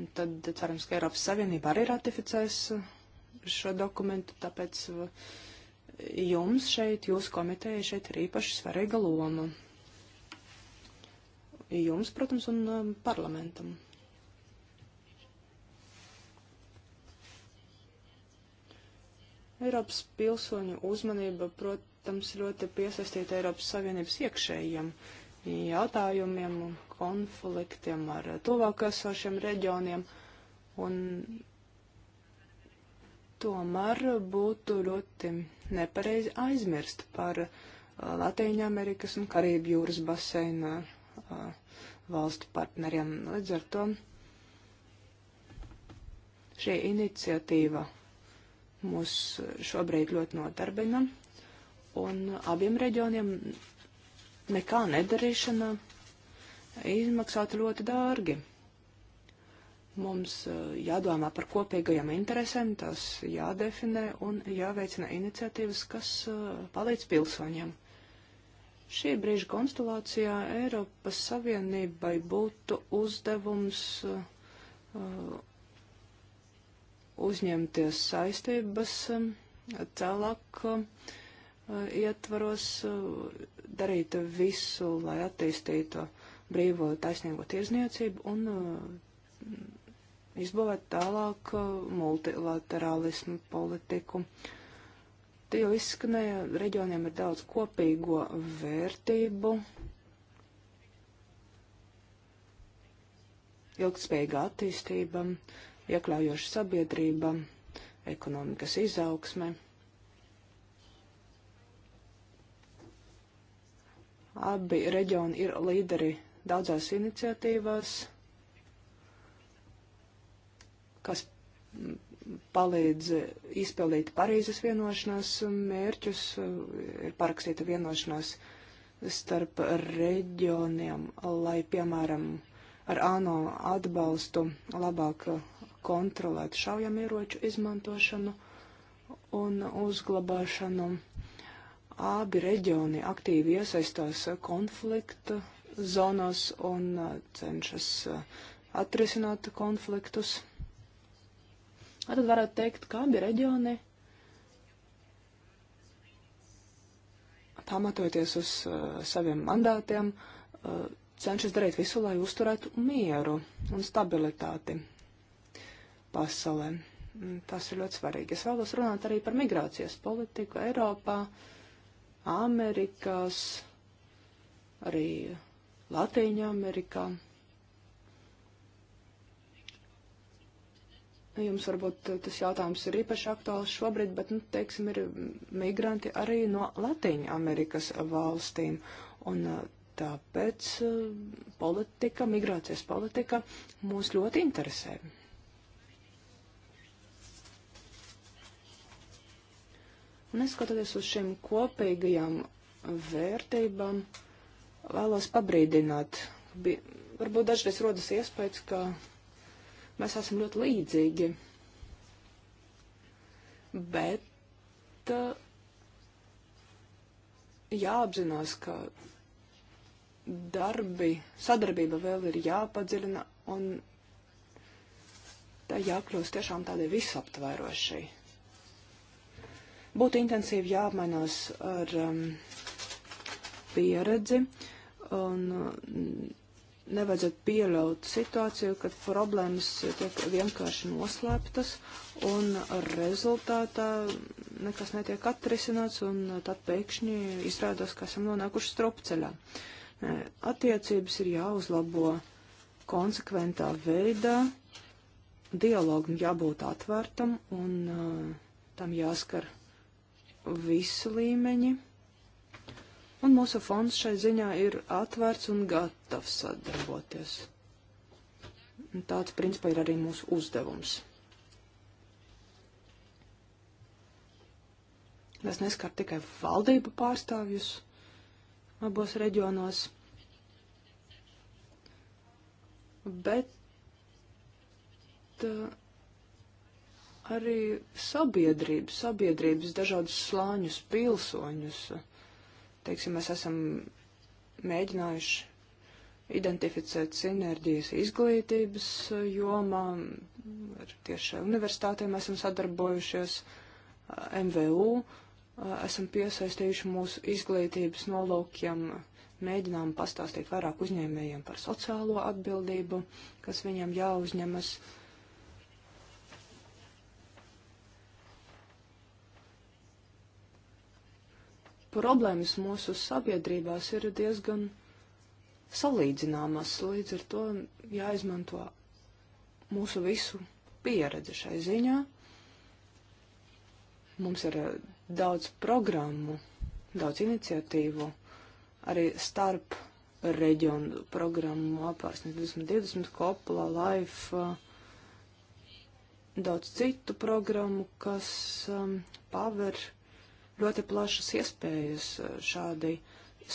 S3: Un tad cerams, ka Eiropas Savienība arī ratificēs uh, šo dokumentu, tāpēc uh, jums šeit, jūsu komiteja šeit ir īpaši svarīga loma. Jums, protams, un parlamentam. Eiropas pilsoņu uzmanība, protams, ļoti piesaistīta Eiropas Savienības iekšējiem jautājumiem un konfliktiem ar tuvāk esošiem reģioniem. Un tomēr būtu ļoti nepareizi aizmirst par uh, Latīņa Amerikas un Karību jūras baseina uh, valstu partneriem. Līdz ar to šī iniciatīva mūs šobrīd ļoti nodarbina, un abiem reģioniem nekā nedarīšana izmaksātu ļoti dārgi. Mums eh, jādomā par kopīgajiem interesēm, tas jādefinē un jāveicina iniciatīvas, kas eh, palīdz pilsoņiem. Šī brīža konstelācijā Eiropas Savienībai būtu uzdevums uh, uzņemties saistības um, celāk um, ietvaros, uh, darīt visu, lai attīstītu brīvo taisnīgo tirzniecību un uh, izbūvēt tālāk uh, multilaterālismu politiku. Tie jau izskanēja, reģioniem ir daudz kopīgo vērtību, ilgspējīga attīstība. Uh, iekļaujoša sabiedrība, ekonomikas izaugsme. Abi reģioni ir līderi daudzās iniciatīvās, kas palīdz izpildīt Parīzes vienošanās mērķus, ir parakstīta vienošanās starp reģioniem, lai, piemēram, ar ANO atbalstu labāk kontrolēt šaujamieroču izmantošanu un uzglabāšanu. Abi reģioni aktīvi iesaistās konflikta zonas un uh, cenšas uh, atrisināt konfliktus. A, tad varētu teikt, ka abi reģioni, pamatoties uz uh, saviem mandātiem, uh, cenšas darīt visu, lai uzturētu mieru un stabilitāti pasaulē. Mm, tas ir ļoti svarīgi. Es vēlos runāt arī par migrācijas politiku Eiropā, Amerikās, arī Latīņa Amerikā. Jums varbūt tas jautājums ir īpaši aktuāls šobrīd, bet, nu, teiksim, ir migranti arī no Latīņa Amerikas valstīm. Un uh, tāpēc uh, politika, migrācijas politika mūs ļoti interesē. Neskatoties uz šiem kopīgajām vērtībām, vēlos pabrīdināt, bija, varbūt dažreiz rodas iespējas, ka mēs esam ļoti līdzīgi. Bet eh, jāapzinās, ka darbi, sadarbība vēl ir jāpadziļina un tā jākļūst tiešām tādai visaptvērošai. Būtu intensīvi jāapmainās ar um, pieredzi un mm, nevajadzētu pieļaut situāciju, kad problēmas tiek vienkārši noslēptas un rezultātā nekas netiek atrisināts un tad pēkšņi izrādās, ka esam nonākuši stropceļā. Attiecības ir jāuzlabo konsekventā veidā, dialogam jābūt atvērtam un uh, tam jāskar visi līmeņi. Un mūsu fonds šai ziņā ir atvērts un gatavs sadarboties. Un tāds, principā, ir arī mūsu uzdevums. Tas neskar tikai valdību pārstāvjus abos reģionos, bet uh, arī sabiedrību, sabiedrības dažādus slāņus, pilsoņus. Teiksim, mēs esam mēģinājuši identificēt sinerģijas izglītības jomā, ar tieši universitātēm esam sadarbojušies, MVU, esam piesaistījuši mūsu izglītības nolaukiem, mēģinām pastāstīt vairāk uzņēmējiem par sociālo atbildību, kas viņam jāuzņemas. Uh, problēmas mūsu sabiedrībās ir diezgan salīdzināmas, līdz ar to jāizmanto mūsu visu pieredze šai ziņā. Mums ir eh, daudz programmu, daudz iniciatīvu, arī starp reģionu programmu apārsnes 2020, Kopla, Life, daudz citu programmu, kas um, paver ļoti plašas iespējas eh, šādi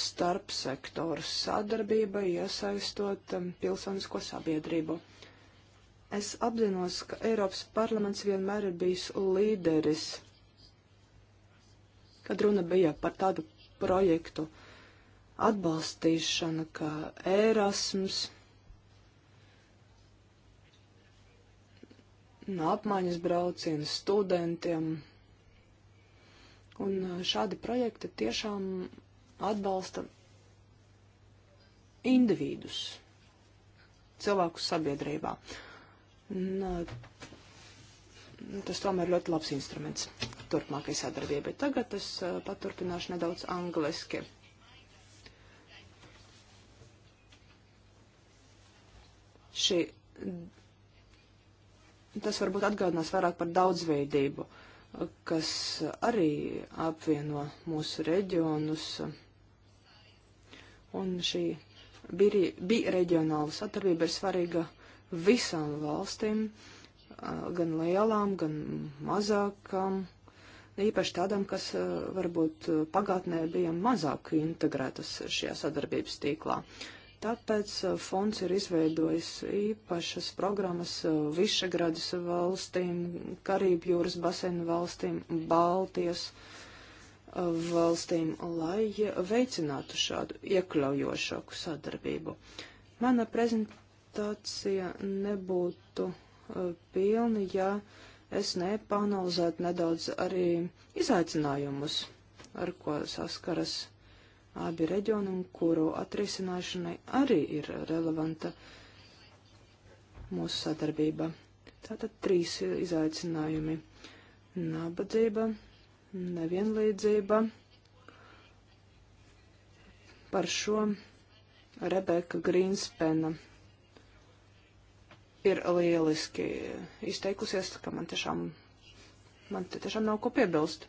S3: starpsektoru sadarbība, iesaistot eh, pilsonisko sabiedrību. Es apzinos, ka Eiropas parlaments vienmēr ir bijis līderis, kad runa bija par tādu projektu atbalstīšanu, kā Erasmus, apmaiņas braucienu studentiem Un uh, šādi projekti tiešām atbalsta individus, cilvēkus sabiedrībā. Un, uh, tas tomēr ļoti labs instruments turpmākai sadarbībai. Tagad es uh, paturpināšu nedaudz angliski. Šī, tas varbūt atgādinās vairāk par daudzveidību. Uh, kas arī apvieno mūsu reģionus. Un šī bireģionāla bi satarbība ir svarīga visām valstīm, gan lielām, gan mazākām, īpaši tādām, kas varbūt pagātnē bija mazāk integrētas šajā sadarbības tīklā. Tāpēc uh, fonds ir izveidojis īpašas programmas uh, Višegradas valstīm, Karību jūras basēnu valstīm, Baltijas uh, valstīm, lai veicinātu šādu iekļaujošāku sadarbību. Mana prezentācija nebūtu pilna, ja es nepanalizētu nedaudz arī izaicinājumus, ar ko saskaras abi reģioni, un kuru atrisināšanai arī ir relevanta mūsu sadarbība. Tātad trīs izaicinājumi - nabadzība, nevienlīdzība. Par šo Rebeka Grīnspena ir lieliski izteikusies, ka man tiešām, man tiešām nav ko piebilst.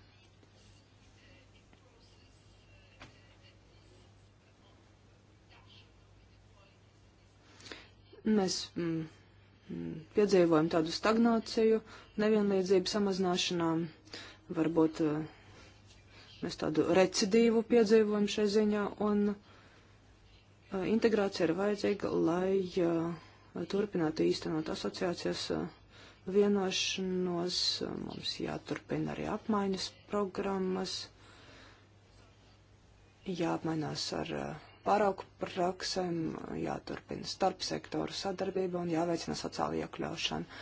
S3: Mēs mm, mm, piedzīvojam tādu stagnāciju, nevienlīdzību samazināšanā, varbūt eh, mēs tādu recidīvu piedzīvojam šai ziņā, un eh, integrācija ir vajadzīga, lai eh, turpinātu īstenot asociācijas vienošanos, mums jāturpina arī apmaiņas programmas, jāapmainās ar uh, Pārauku praksēm jāturpina starpsektoru sadarbība un jāveicina sociāla iekļaušana.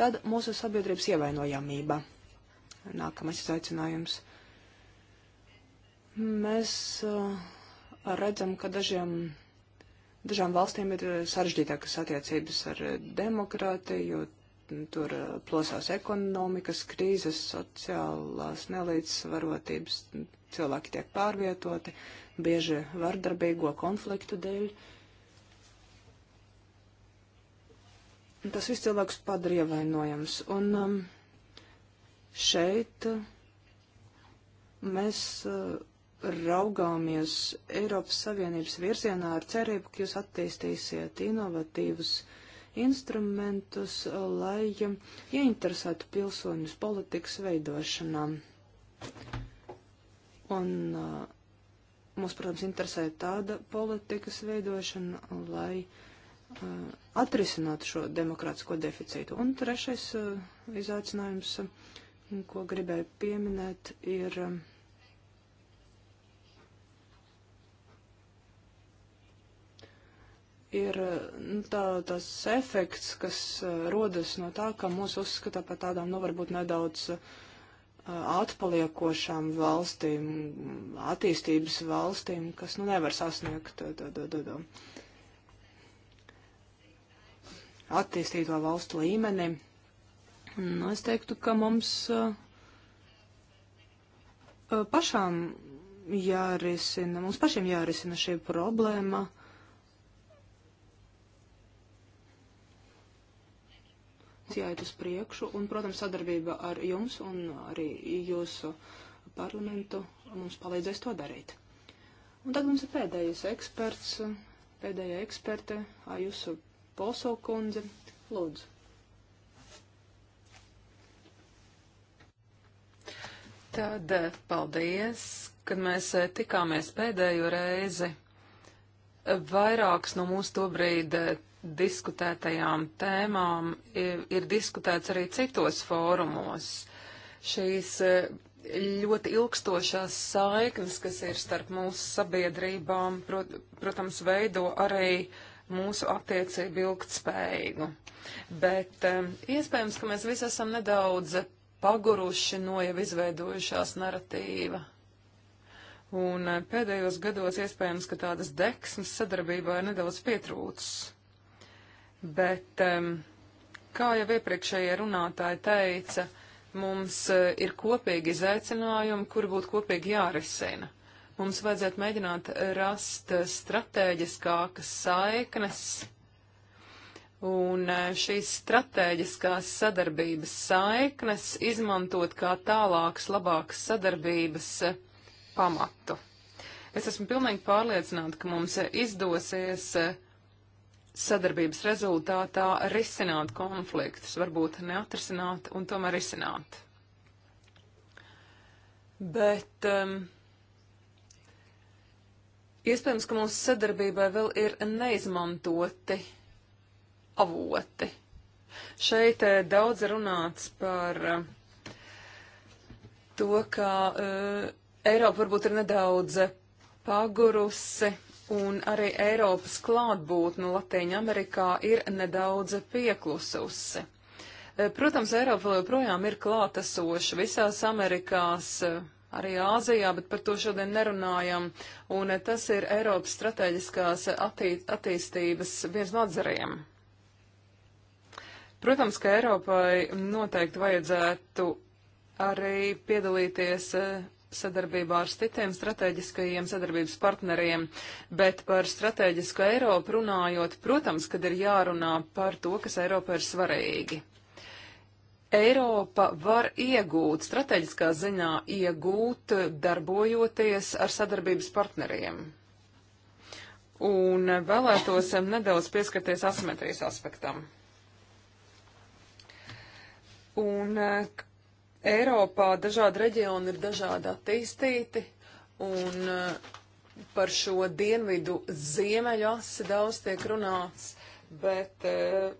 S3: Tad mūsu sabiedrības ievainojamība. Nākamais izaicinājums. Mēs uh, redzam, ka dažiem, dažām valstīm ir sarežģītākas attiecības ar demokrātiju, tur uh, plosās ekonomikas krīzes, sociālās nelīdzsvarotības, cilvēki tiek pārvietoti, bieži vardarbīgo konfliktu dēļ. Tas viss cilvēks padara ievainojams. Un um, šeit uh, mēs uh, raugāmies Eiropas Savienības virzienā ar cerību, ka jūs attīstīsiet inovatīvus instrumentus, lai ieinteresētu pilsoņus politikas veidošanā. Un uh, Mums, protams, interesē tāda politikas veidošana, lai uh, atrisinātu šo demokrātisko deficītu. Un trešais uh, izaicinājums, uh, ko gribēju pieminēt, ir um, ir uh, nu, tā, tas efekts, kas uh, rodas no tā, ka mūs uzskata par tādām, nu, varbūt nedaudz uh, atpaliekošām valstīm, attīstības valstīm, kas nu nevar sasniegt do, do, do, do. attīstīto valstu līmeni. Nu, es teiktu, ka mums uh, pašām jārisina, mums pašiem jārisina šī problēma. Uh, jāiet uz priekšu, un, protams, sadarbība ar jums un arī jūsu parlamentu mums palīdzēs to darīt. Un tagad mums ir pēdējais eksperts, pēdējā eksperte, Ajusu Polsokundze.
S2: Lūdzu. Tad eh, paldies, kad mēs eh, tikāmies pēdējo reizi. Vairākas no mūsu tobrīd eh, diskutētajām tēmām ir, ir diskutēts arī citos fórumos. Šīs e, ļoti ilgstošās saiknes, kas ir starp mūsu sabiedrībām, prot, protams, veido arī mūsu attiecību ilgtspējīgu. Bet e, iespējams, ka mēs visi esam nedaudz paguruši no jau izveidojušās narratīva. Un e, pēdējos gados iespējams, ka tādas deksmas sadarbībā ir nedaudz pietrūcis. Bet, kā jau iepriekšējie runātāji teica, mums e, ir kopīgi izaicinājumi, kuri būtu kopīgi jārisina. Mums vajadzētu mēģināt rast stratēģiskākas saiknes un e, šīs stratēģiskās sadarbības saiknes izmantot kā tālākas, labākas sadarbības e, pamatu. Es esmu pilnīgi pārliecināta, ka mums izdosies sadarbības rezultātā risināt konfliktus, varbūt neatrisināt un tomēr risināt. Bet um, iespējams, ka mūsu sadarbībai vēl ir neizmantoti avoti. Šeit eh, daudz runāts par eh, to, ka eh, Eiropa varbūt ir nedaudz pagurusi un arī Eiropas klātbūtne Latīņa Amerikā ir nedaudz pieklususi. E, protams, Eiropa vēl joprojām ir klātesoša visās Amerikās, e, arī Āzijā, bet par to šodien nerunājam, un e, tas ir Eiropas strateģiskās attī attīstības viens no atzariem. Protams, ka Eiropai noteikti vajadzētu arī piedalīties sadarbībā ar citiem strateģiskajiem sadarbības partneriem, bet par strateģisku Eiropu runājot, protams, kad ir jārunā par to, kas Eiropā ir svarīgi. Eiropa var iegūt, strateģiskā ziņā iegūt, darbojoties ar sadarbības partneriem. Un vēlētos nedaudz pieskarties asimetrijas aspektam. Un Eiropā dažādi reģioni ir dažādi attīstīti, un eh, par šo dienvidu ziemeļu asi daudz tiek runāts, bet eh,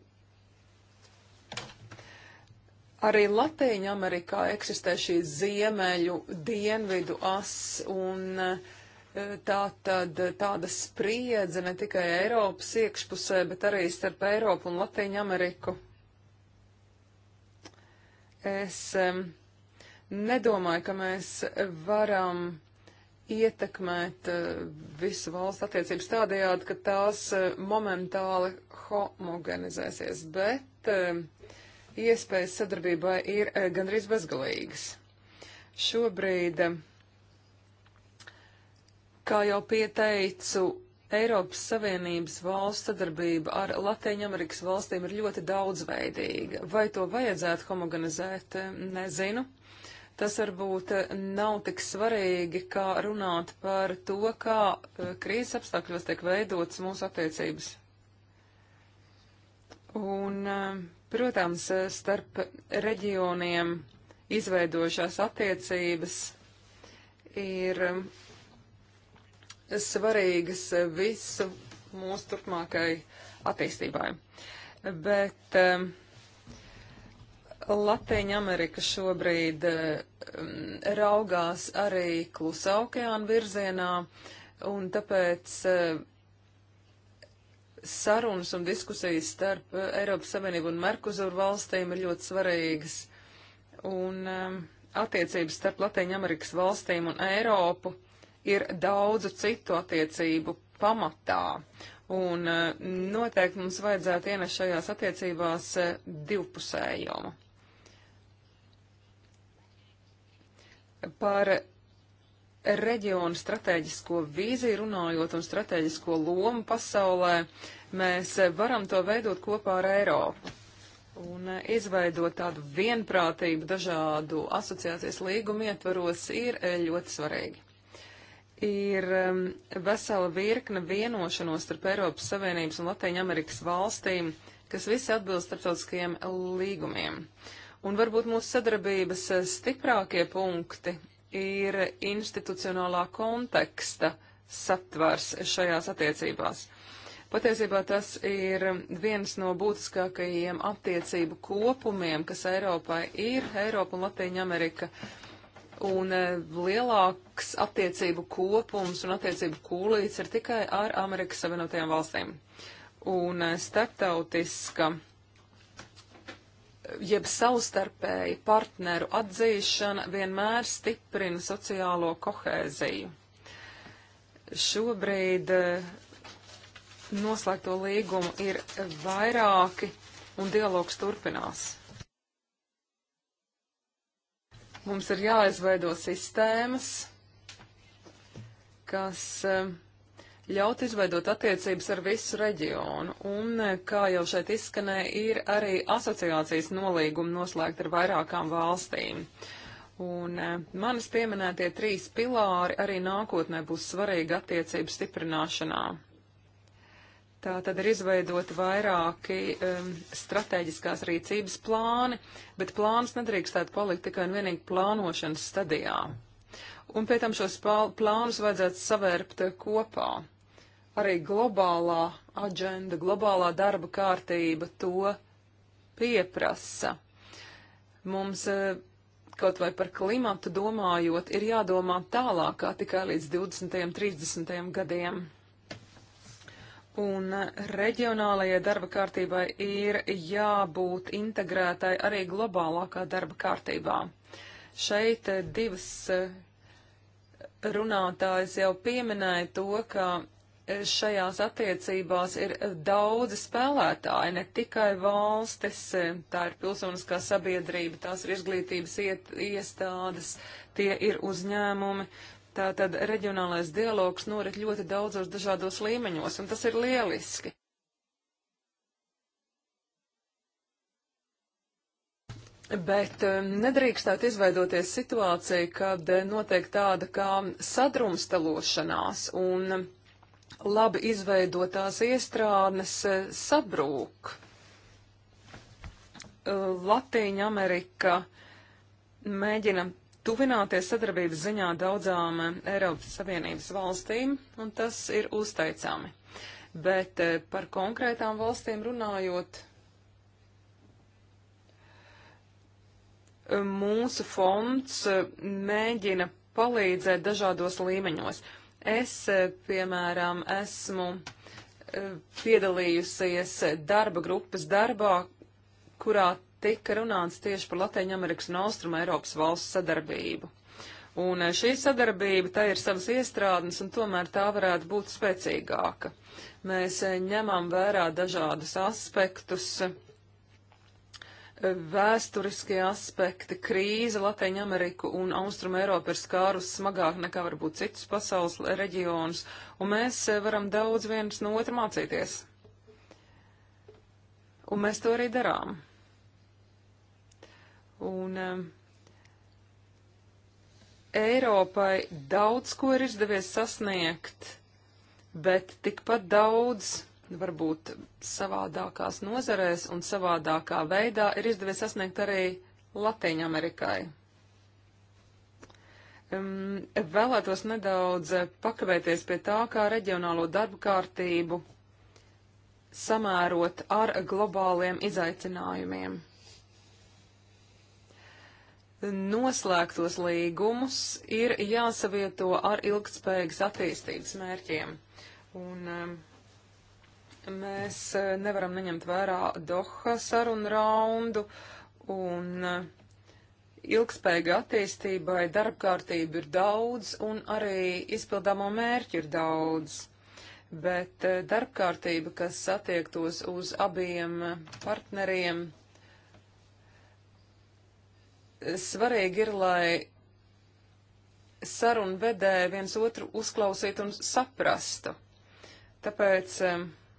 S2: arī Latīņa Amerikā eksistē šī ziemeļu dienvidu as, un eh, tā tad tāda spriedze ne tikai Eiropas iekšpusē, bet arī starp Eiropu un Latīņu Ameriku Es nedomāju, ka mēs varam ietekmēt eh, visu valsts attiecības tādējādi, ka tās eh, momentāli homogenizēsies, bet iespējas sadarbībai ir eh, gandrīz bezgalīgas. Šobrīd, kā jau pieteicu, Eiropas Savienības valsts sadarbība ar Latviju-Amerikas valstīm ir ļoti daudzveidīga. Vai to vajadzētu homogenizēt, nezinu. Tas varbūt nav tik svarīgi, kā runāt par to, kā eh, krīzes apstākļos tiek veidotas mūsu attiecības. Un, eh, protams, starp reģioniem izveidojušās attiecības ir svarīgas visu mūsu turpmākai attīstībai. Bet um, Latīņa Amerika šobrīd um, raugās arī klusa okeāna virzienā, un tāpēc um, sarunas un diskusijas starp Eiropas Savienību un Merkuzuru valstīm ir ļoti svarīgas. Un um, attiecības starp Latīņa Amerikas valstīm un Eiropu ir daudzu citu attiecību pamatā. Un eh, noteikti mums vajadzētu ienest šajās attiecībās eh, divpusējumu. Par reģionu strateģisko vīziju runājot un strateģisko lomu pasaulē, mēs eh, varam to veidot kopā ar Eiropu un izveidot tādu vienprātību dažādu asociācijas līgumu ietvaros ir ļoti svarīgi ir um, vesela virkne vienošanos starp Eiropas Savienības un Latviju Amerikas valstīm, kas visi atbilst starptautiskajiem līgumiem. Un varbūt mūsu sadarbības eh, stiprākie punkti ir institucionālā konteksta satvars šajās attiecībās. Patiesībā tas ir viens no būtiskākajiem attiecību kopumiem, kas Eiropai ir, Eiropa un Latīņa Amerika. Uh, un eh, lielāks attiecību kopums un attiecību kūlīts ir tikai ar Amerikas Savienotajām valstīm. Un eh, starptautiska, jeb savstarpēji partneru atzīšana vienmēr stiprina sociālo kohēziju. Šobrīd eh, noslēgto līgumu ir vairāki un dialogs turpinās. Mums ir jāizveido sistēmas, kas eh, ļaut izveidot attiecības ar visu reģionu. Un, eh, kā jau šeit izskanēja, ir arī asociācijas nolīguma noslēgt ar vairākām valstīm. Un eh, manas pieminētie trīs pilāri arī nākotnē būs svarīgi attiecību stiprināšanā. Tā tad ir izveidoti vairāki um, strateģiskās rīcības plāni, bet plāns nedrīkstētu palikt tikai un vienīgi plānošanas stadijā. Un pēc tam šos plānus vajadzētu savērpt kopā. Arī globālā aģenda, globālā darba kārtība to pieprasa. Mums uh, kaut vai par klimatu domājot, ir jādomā tālākā tikai līdz 20. un 30. gadiem. Un reģionālajai darba kārtībai ir jābūt integrētai arī globālākā darba kārtībā. Šeit divas eh, runātājs jau pieminēja to, ka eh, šajās attiecībās ir daudzi spēlētāji, ne tikai valstis, eh, tā ir pilsoniskā sabiedrība, tās ir izglītības iet, iestādes, tie ir uzņēmumi, Tātad reģionālais dialogs norit ļoti daudzos dažādos līmeņos, un tas ir lieliski. Bet um, nedrīkstētu izveidoties situācija, kad uh, notiek tāda kā sadrumstalošanās un um, labi izveidotās iestrādnes uh, sabrūk. Uh, Latīņa Amerika mēģina tuvināties sadarbības ziņā daudzām eh, Eiropas Savienības valstīm, un tas ir uzteicami. Bet eh, par konkrētām valstīm runājot, eh, mūsu fonds mēģina palīdzēt dažādos līmeņos. Es, piemēram, esmu piedalījusies darba grupas darbā, kurā tika runāts tieši par Latviju Amerikas un Austrumu Eiropas valsts sadarbību. Un eh, šī sadarbība, tai ir savas iestrādnes, un tomēr tā varētu būt spēcīgāka. Mēs eh, ņemam vērā dažādus aspektus, eh, vēsturiskie aspekti, krīze Latviju Ameriku un Austrumu Eiropu ir skārus smagāk nekā varbūt citus pasaules reģionus, un mēs varam daudz viens no otra mācīties. Un mēs to arī darām. Un um, Eiropai daudz ko ir izdevies sasniegt, bet tikpat daudz varbūt savādākās nozarēs un savādākā veidā ir izdevies sasniegt arī Latīņa Amerikai. Um, vēlētos nedaudz pakavēties pie tā, kā reģionālo darbu kārtību samērot ar globāliem izaicinājumiem noslēgtos līgumus ir jāsavieto ar ilgtspējīgas attīstības mērķiem. Un um, mēs uh, nevaram neņemt vērā Doha sarunu raundu un uh, ilgspējīga attīstībai darbkārtība ir daudz un arī izpildāmo mērķu ir daudz. Bet uh, darbkārtība, kas attiektos uz abiem partneriem, svarīgi ir, lai sarunu vedēji viens otru uzklausītu un saprastu. Tāpēc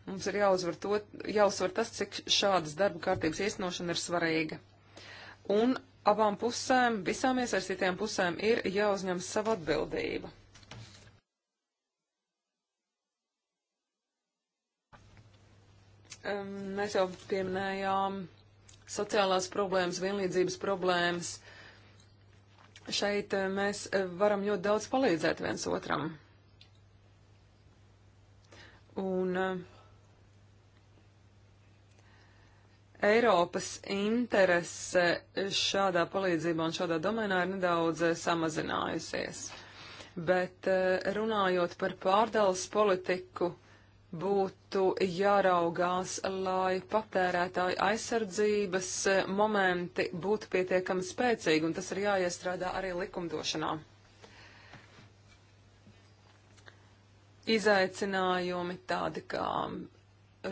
S2: mums ir jāuzvar, to, jāuzvar tas, cik šādas darba kārtības iesnošana ir svarīga. Un abām pusēm, visām iesaistītajām pusēm ir jāuzņem sava atbildība. Mēs jau pieminējām sociālās problēmas, vienlīdzības problēmas. Šeit eh, mēs eh, varam ļoti daudz palīdzēt viens otram. Un eh, Eiropas interese šādā palīdzībā un šādā domēnā ir nedaudz samazinājusies. Bet runājot par pārdales politiku, uh, būtu jāraugās, lai patērētāju aizsardzības momenti būtu pietiekami spēcīgi, un tas ir jāiestrādā arī likumdošanā. Izaicinājumi tādi kā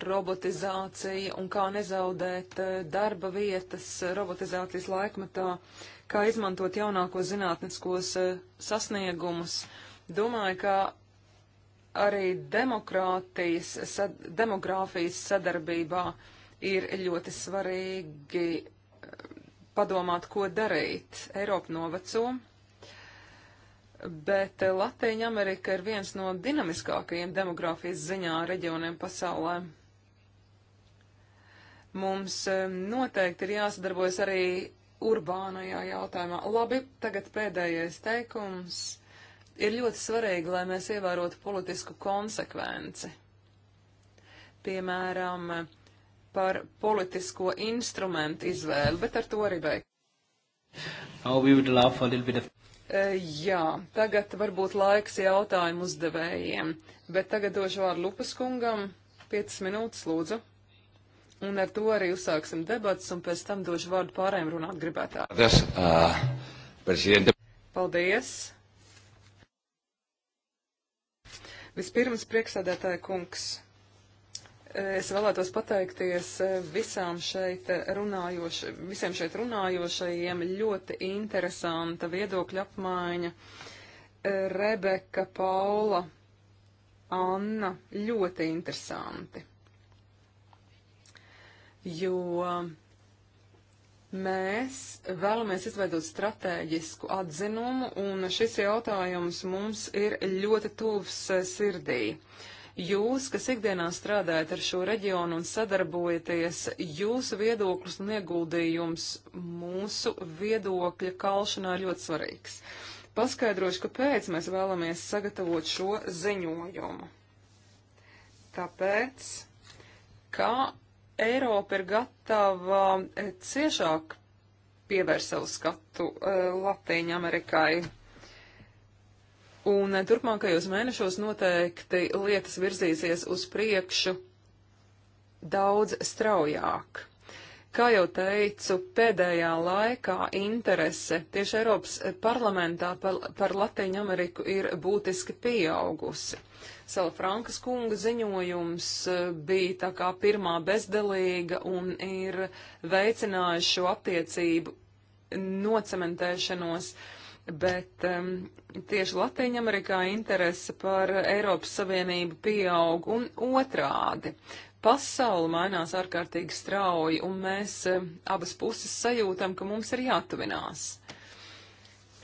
S2: robotizācija un kā nezaudēt eh, darba vietas robotizācijas laikmatā, kā izmantot jaunākos zinātniskos eh, sasniegumus. Domāju, ka arī demokrātijas, sad, demogrāfijas sadarbībā ir ļoti svarīgi eh, padomāt, ko darīt. Eiropa noveco, bet Latīņa Amerika ir viens no dinamiskākajiem demogrāfijas ziņā reģioniem pasaulē. Mums eh, noteikti ir jāsadarbojas arī urbānajā jautājumā. Labi, tagad pēdējais teikums. Ir ļoti svarīgi, lai mēs ievērotu politisku konsekvenci. Piemēram, par politisko instrumentu izvēli, bet ar to arī beig.
S1: Oh, of... E,
S2: jā, tagad varbūt laiks jautājumu uzdevējiem, bet tagad došu vārdu Lupas kungam, 5 minūtes lūdzu. Un ar to arī uzsāksim debats, un pēc tam došu vārdu pārējiem runāt gribētājiem. Uh,
S1: ah,
S2: Paldies! Vispirms, priekšsēdētāja kungs, es vēlētos pateikties eh, visām šeit runājoši, visiem šeit runājošajiem ļoti interesanta viedokļa apmaiņa. Rebeka, Paula, Anna ļoti interesanti. Jo Mēs vēlamies izveidot stratēģisku atzinumu, un šis jautājums mums ir ļoti tuvs e, sirdī. Jūs, kas ikdienā strādājat ar šo reģionu un sadarbojaties, jūsu viedoklis un ieguldījums mūsu viedokļa kalšanā ir ļoti svarīgs. Paskaidrošu, kāpēc mēs vēlamies sagatavot šo ziņojumu. Tāpēc, kā Eiropa ir gatava eh, ciešāk pievērst savu skatu eh, Latīņa Amerikai. Un eh, turpmākajos mēnešos noteikti lietas virzīsies uz priekšu daudz straujāk. Kā jau teicu, pēdējā laikā interese tieši Eiropas parlamentā par, par Latīņu Ameriku ir būtiski pieaugusi. Uh, Sala Frankas kunga ziņojums e, bija tā kā pirmā bezdelīga un ir veicinājuši šo attiecību nocementēšanos. Bet um, tieši Latvijā-Amerikā interese par Eiropas Savienību pieaug un otrādi. Pasaule mainās ārkārtīgi strauji, un mēs abas puses sajūtam, ka mums ir jātuvinās.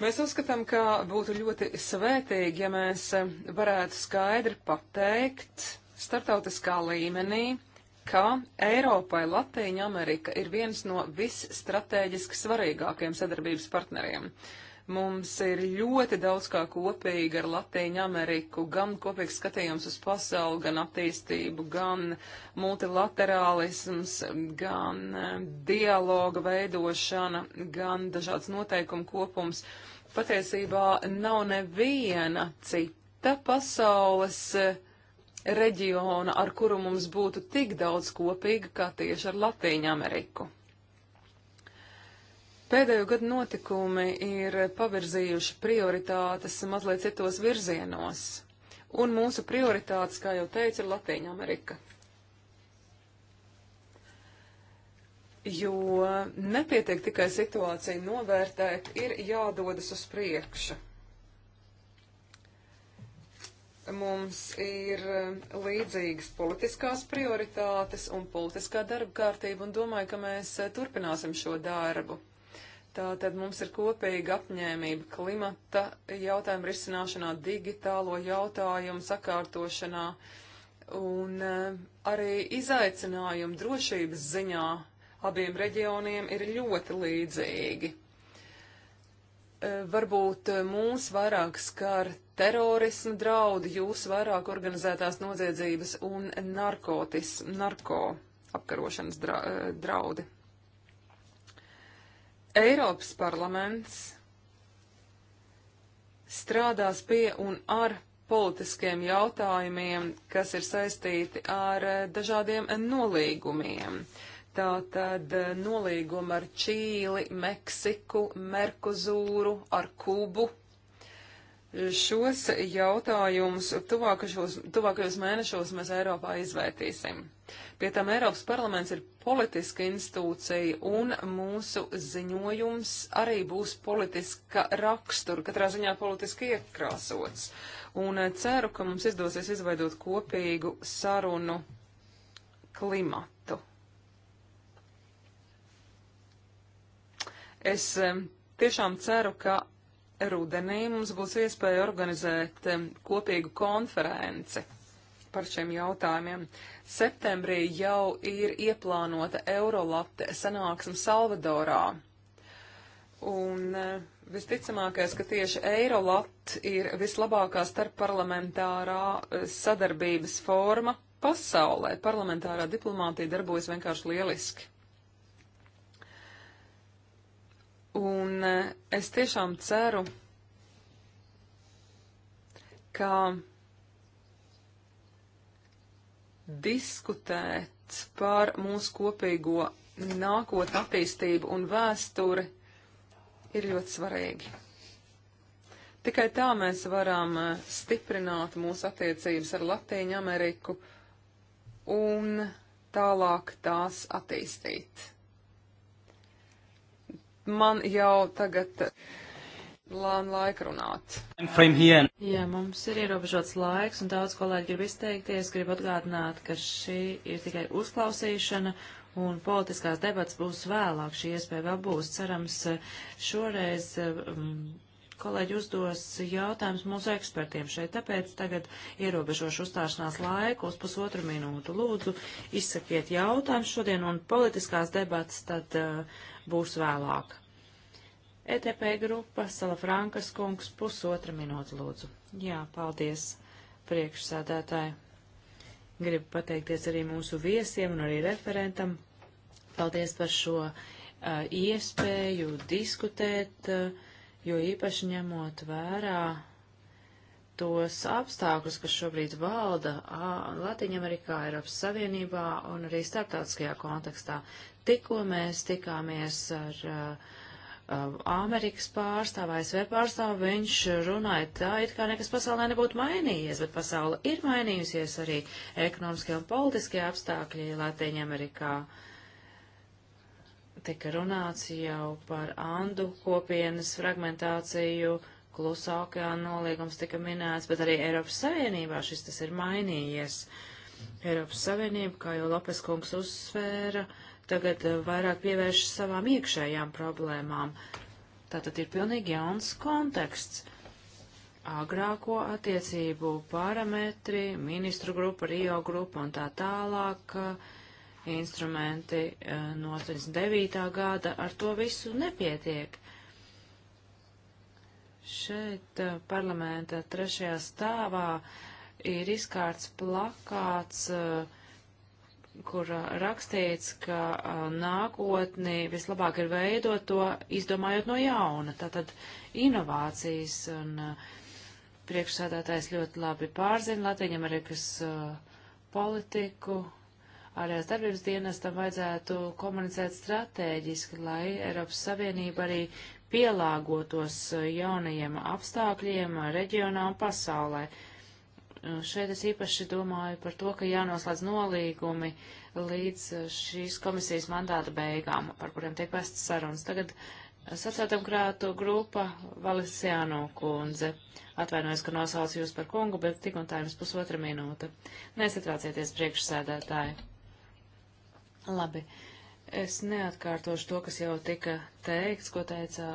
S2: Mēs uzskatām, ka būtu ļoti svētīgi, ja mēs varētu skaidri pateikt starptautiskā līmenī, ka Eiropai Latīņa Amerika ir viens no visstrateģiski svarīgākajiem sadarbības partneriem. Uh, Mums ir ļoti daudz kā kopīga ar Latīņu Ameriku, gan kopīgs skatījums uz pasauli, gan attīstību, gan multilaterālisms, gan e, dialoga veidošana, gan dažāds noteikumu kopums. Patiesībā nav neviena cita pasaules e, reģiona, ar kuru mums būtu tik daudz kopīga kā tieši ar Latīņu Ameriku. Pēdējo gadu notikumi ir pavirzījuši prioritātes mazliet citos virzienos, un mūsu prioritātes, kā jau teicu, ir Latīņa Amerika. Jo nepietiek tikai situāciju novērtēt, ir jādodas uz priekšu mums ir līdzīgas politiskās prioritātes un politiskā darba kārtība, un domāju, ka mēs turpināsim šo darbu. Tātad mums ir kopīga apņēmība klimata jautājumu risināšanā, digitālo jautājumu sakārtošanā un eh, arī izaicinājumu drošības ziņā abiem reģioniem ir ļoti līdzīgi. Eh, varbūt eh, mūs vairāk skar terorismu draudi, jūs vairāk organizētās noziedzības un narkotis, narko apkarošanas draudi. Eiropas parlaments strādās pie un ar politiskiem jautājumiem, kas ir saistīti ar eh, dažādiem eh, nolīgumiem. Tātad eh, nolīgumi ar Čīli, Meksiku, Merkuzūru, ar Kubu. Šos jautājumus tuvākajos, tuvākajos mēnešos mēs Eiropā izvērtīsim. Pie tam Eiropas parlaments ir politiska institūcija, un mūsu ziņojums arī būs politiska rakstura, katrā ziņā politiski iekrāsots. Un eh, ceru, ka mums izdosies izveidot kopīgu sarunu klimatu. Es eh, tiešām ceru, ka rudenī mums būs iespēja organizēt eh, kopīgu konferenci par šiem jautājumiem. Septembrī jau ir ieplānota Eurolapte sanāksme Salvadorā. Un eh, visticamākais, ka tieši Eirolat ir vislabākā starpparlamentārā eh, sadarbības forma pasaulē. Parlamentārā diplomātija darbojas vienkārši lieliski. Un eh, es tiešām ceru, ka diskutēt par mūsu kopīgo nākotnē attīstību un vēsturi ir ļoti svarīgi. Tikai tā mēs varam eh, stiprināt mūsu attiecības ar Latīņu Ameriku un tālāk tās attīstīt. Man jau tagad lēnu laiku runāt. Jā,
S1: mums ir ierobežots laiks, un daudz kolēģi grib izteikties. Gribu atgādināt, ka šī ir tikai uzklausīšana, un politiskās debats būs vēlāk. Šī iespēja vēl būs. Cerams, šoreiz um, kolēģi uzdos jautājumus mūsu ekspertiem šeit, tāpēc tagad ierobežošu uzstāšanās laiku uz pusotru minūtu. Lūdzu, izsakiet jautājumus šodien, un politiskās debats tad uh, būs vēlāk. ETP grupa Salafrankas kungs pusotra minūte lūdzu. Jā, paldies priekšsādātāji. Gribu pateikties arī mūsu viesiem un arī referentam. Paldies par šo uh, iespēju diskutēt, uh, jo īpaši ņemot vērā tos apstākļus, kas šobrīd valda Latviņamerikā, Eiropas Savienībā un arī starptautiskajā kontekstā. Tikko mēs tikāmies ar uh, Uh, Amerikas pārstāva, ASV pārstāva, viņš runāja tā, it kā nekas pasaulē nebūtu mainījies, bet pasaule ir mainījusies arī ekonomiskie un politiskie apstākļi Latvijā Amerikā. Tika runāts jau par Andu kopienas fragmentāciju, klusā okeāna noliegums tika minēts, bet arī Eiropas Savienībā šis tas ir mainījies. Eiropas Savienība, kā jau Lopes kungs uzsvēra, uh, tagad eh, vairāk pievēršas savām iekšējām problēmām. Tātad ir pilnīgi jauns konteksts. Agrāko attiecību parametri, ministru grupa, Rio grupa un tā tālāk, eh, instrumenti eh, no 89. gada, ar to visu nepietiek. Šeit parlamenta trešajā stāvā ir izkārts plakāts uh, kur uh, rakstīts, ka uh, nākotni vislabāk ir veidot to, izdomājot no jauna. Tātad inovācijas un uh, priekšsādātājs ļoti labi pārzina Latviju Amerikas politiku, ārējās darbības dienestam vajadzētu komunicēt strateģiski, lai Eiropas Savienība arī pielāgotos jaunajiem apstākļiem reģionā un pasaulē. Eh, šeit es īpaši domāju par to, ka jānoslēdz nolīgumi līdz eh, šīs komisijas mandāta beigām, par kuriem tiek vestas sarunas. Tagad eh, sociāldemokrātu grupa Valisiāno kundze. Atvainojos, ka nosaucu jūs par kungu, bet tik un tā jums pusotra minūte. Nesatrācieties priekšsēdētāji. Labi. Es neatkārtošu to, kas jau tika teikts, ko teica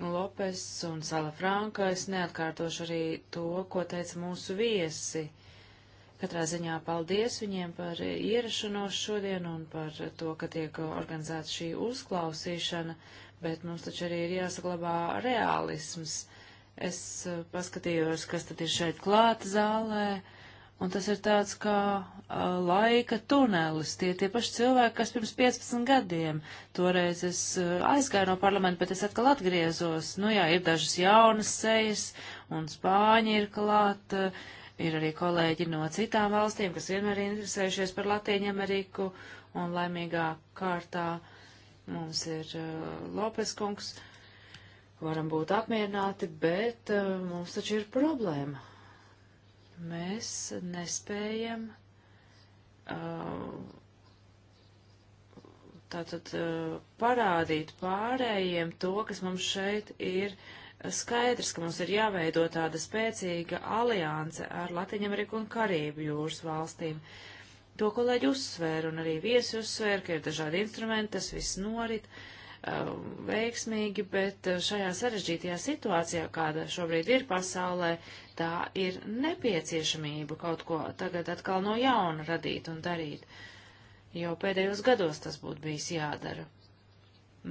S1: Lopes un Salafranka. Es neatkārtošu arī to, ko teica mūsu viesi. Katrā ziņā paldies viņiem par ierašanos šodien un par to, ka tiek organizēta šī uzklausīšana, bet mums taču arī ir jāsaglabā reālisms. Es eh, paskatījos, kas tad ir šeit klāta zālē. Uh, Un tas ir tāds kā uh, laika tunelis. Tie tie paši cilvēki, kas pirms 15 gadiem. Toreiz es uh, aizgāju no parlamenta, bet es atkal atgriezos. Nu jā, ir dažas jaunas sejas, un spāņi ir klāt. Uh, ir arī kolēģi no citām valstīm, kas vienmēr ir interesējušies par Latīņu Ameriku, un laimīgā kārtā mums ir uh, Lopes kungs. Varam būt apmierināti, bet uh, mums taču ir problēma mēs nespējam uh, tātad uh, parādīt pārējiem to, kas mums šeit ir skaidrs, ka mums ir jāveido tāda spēcīga alianse ar Latviņameriku un Karību jūras valstīm. To kolēģi uzsvēra un arī viesi uzsvēra, ka ir dažādi instrumenti, tas viss norit uh, veiksmīgi, bet uh, šajā sarežģītajā situācijā, kāda šobrīd ir pasaulē, tā ir nepieciešamība kaut ko tagad atkal no jauna radīt un darīt, jo pēdējos gados tas būtu bijis jādara.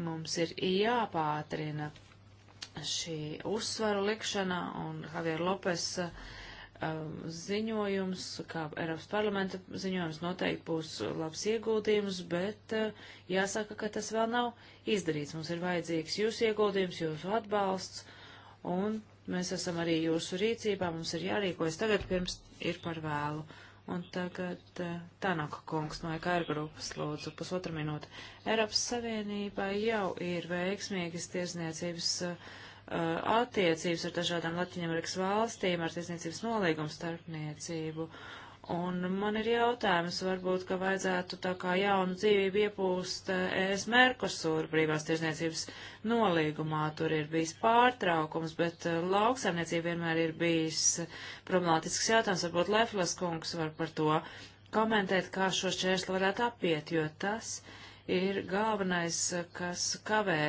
S1: Mums ir jāpātrina šī uzsvaru likšana un Javier Lopes uh, ziņojums, kā Eiropas parlamenta ziņojums noteikti būs labs ieguldījums, bet uh, jāsaka, ka tas vēl nav izdarīts. Mums ir vajadzīgs jūsu ieguldījums, jūsu atbalsts un Mēs esam arī jūsu rīcībā, mums ir jārīkojas tagad, pirms ir par vēlu. Un tagad eh, Tanaka kungs no EKR grupas lūdzu pusotru minūti. Eiropas Savienībai jau ir veiksmīgas tirzniecības uh, attiecības ar dažādām Latvijas valstīm, ar tirzniecības nolīgumu starpniecību. Uh, un man ir jautājums, varbūt, ka vajadzētu tā kā jaunu dzīvību iepūst ES eh, Merkosūra brīvās tirzniecības nolīgumā. Tur ir bijis pārtraukums, bet eh, lauksaimniecība vienmēr ir bijis eh, problemātisks jautājums. Varbūt Leflas kungs var par to komentēt, kā šo šķērsli varētu apiet, jo tas ir galvenais, kas kavē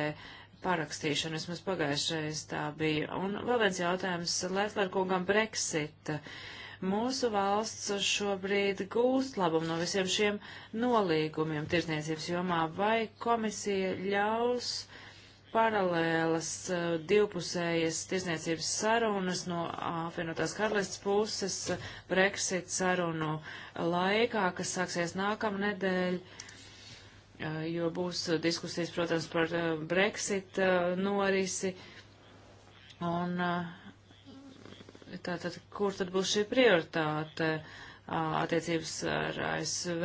S1: parakstīšanu, vismaz pagājušajā tā bija. Un vēl viens jautājums Lefler kungam Brexit. Uh, Mūsu valsts šobrīd gūst labumu no visiem šiem nolīgumiem tirzniecības jomā, vai komisija ļaus paralēlas eh, divpusējas tirzniecības sarunas no apvienotās karalists puses Brexit sarunu laikā, kas sāksies nākamnedēļ eh, jo būs diskusijas, protams, par eh, Brexit norisi. Un uh, Tātad, kur tad būs šī prioritāte? Attiecības ar ASV,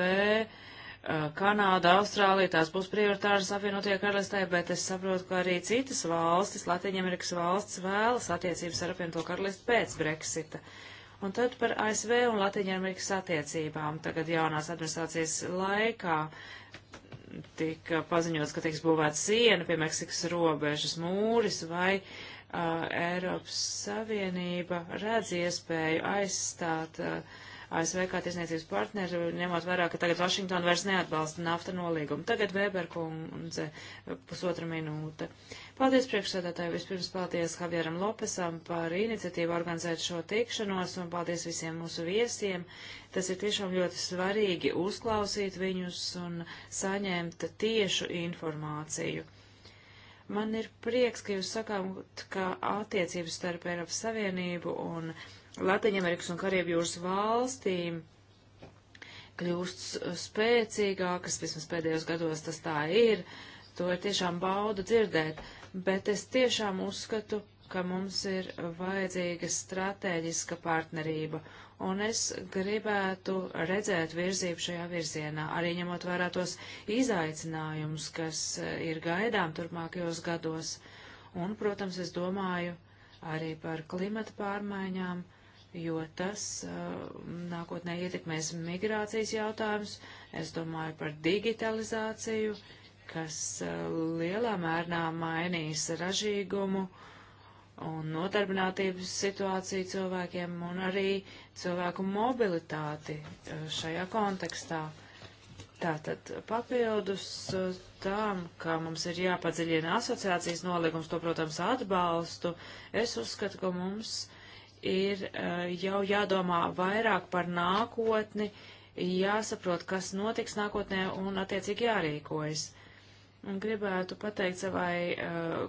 S1: Kanāda, Austrālija, tās būs prioritāras apvienotie karalistē, bet es saprotu, ka arī citas valstis, Latviņamerikas valsts vēlas attiecības ar apvienoto karalistu pēc Brexita. Un tad par ASV un Latviņamerikas attiecībām. Tagad jaunās administrācijas laikā tika paziņots, ka tiks būvēta siena pie Meksikas robežas mūris vai uh, Eiropas Savienība redz iespēju aizstāt ASV kā tiesniecības partneri, ņemot vērā, ka tagad Vašingtona vairs neatbalsta nafta nolīgumu. Tagad Weberkundze pusotra minūte. Paldies priekšsēdētāji, vispirms paldies Javieram Lopesam par iniciatīvu organizēt šo tikšanos un paldies visiem mūsu viesiem. Tas ir tiešām ļoti svarīgi uzklausīt viņus un saņemt tiešu informāciju. Man ir prieks, ka jūs sakāt, ka attiecības starp Eiropas Savienību un Latviju-Amerikas un Karību jūras valstīm kļūst spēcīgākas, vismaz pēdējos gados tas tā ir, to ir tiešām bauda dzirdēt, bet es tiešām uzskatu, ka mums ir vajadzīga stratēģiska partnerība, un es gribētu redzēt virzību šajā virzienā, arī ņemot vērā tos izaicinājumus, kas eh, ir gaidām turpmākajos gados. Un, protams, es domāju arī par klimata pārmaiņām, jo tas eh, nākotnē ietekmēs migrācijas jautājumus. Es domāju par digitalizāciju, kas eh, lielā mērnā mainīs ražīgumu un nodarbinātības situāciju cilvēkiem un arī cilvēku mobilitāti e, šajā kontekstā. Tātad papildus e, tam, kā mums ir jāpadziļina asociācijas nolīgums, to, protams, atbalstu, es uzskatu, ka mums ir e, jau jādomā vairāk par nākotni, jāsaprot, kas notiks nākotnē un attiecīgi jārīkojas. Un gribētu pateikt savai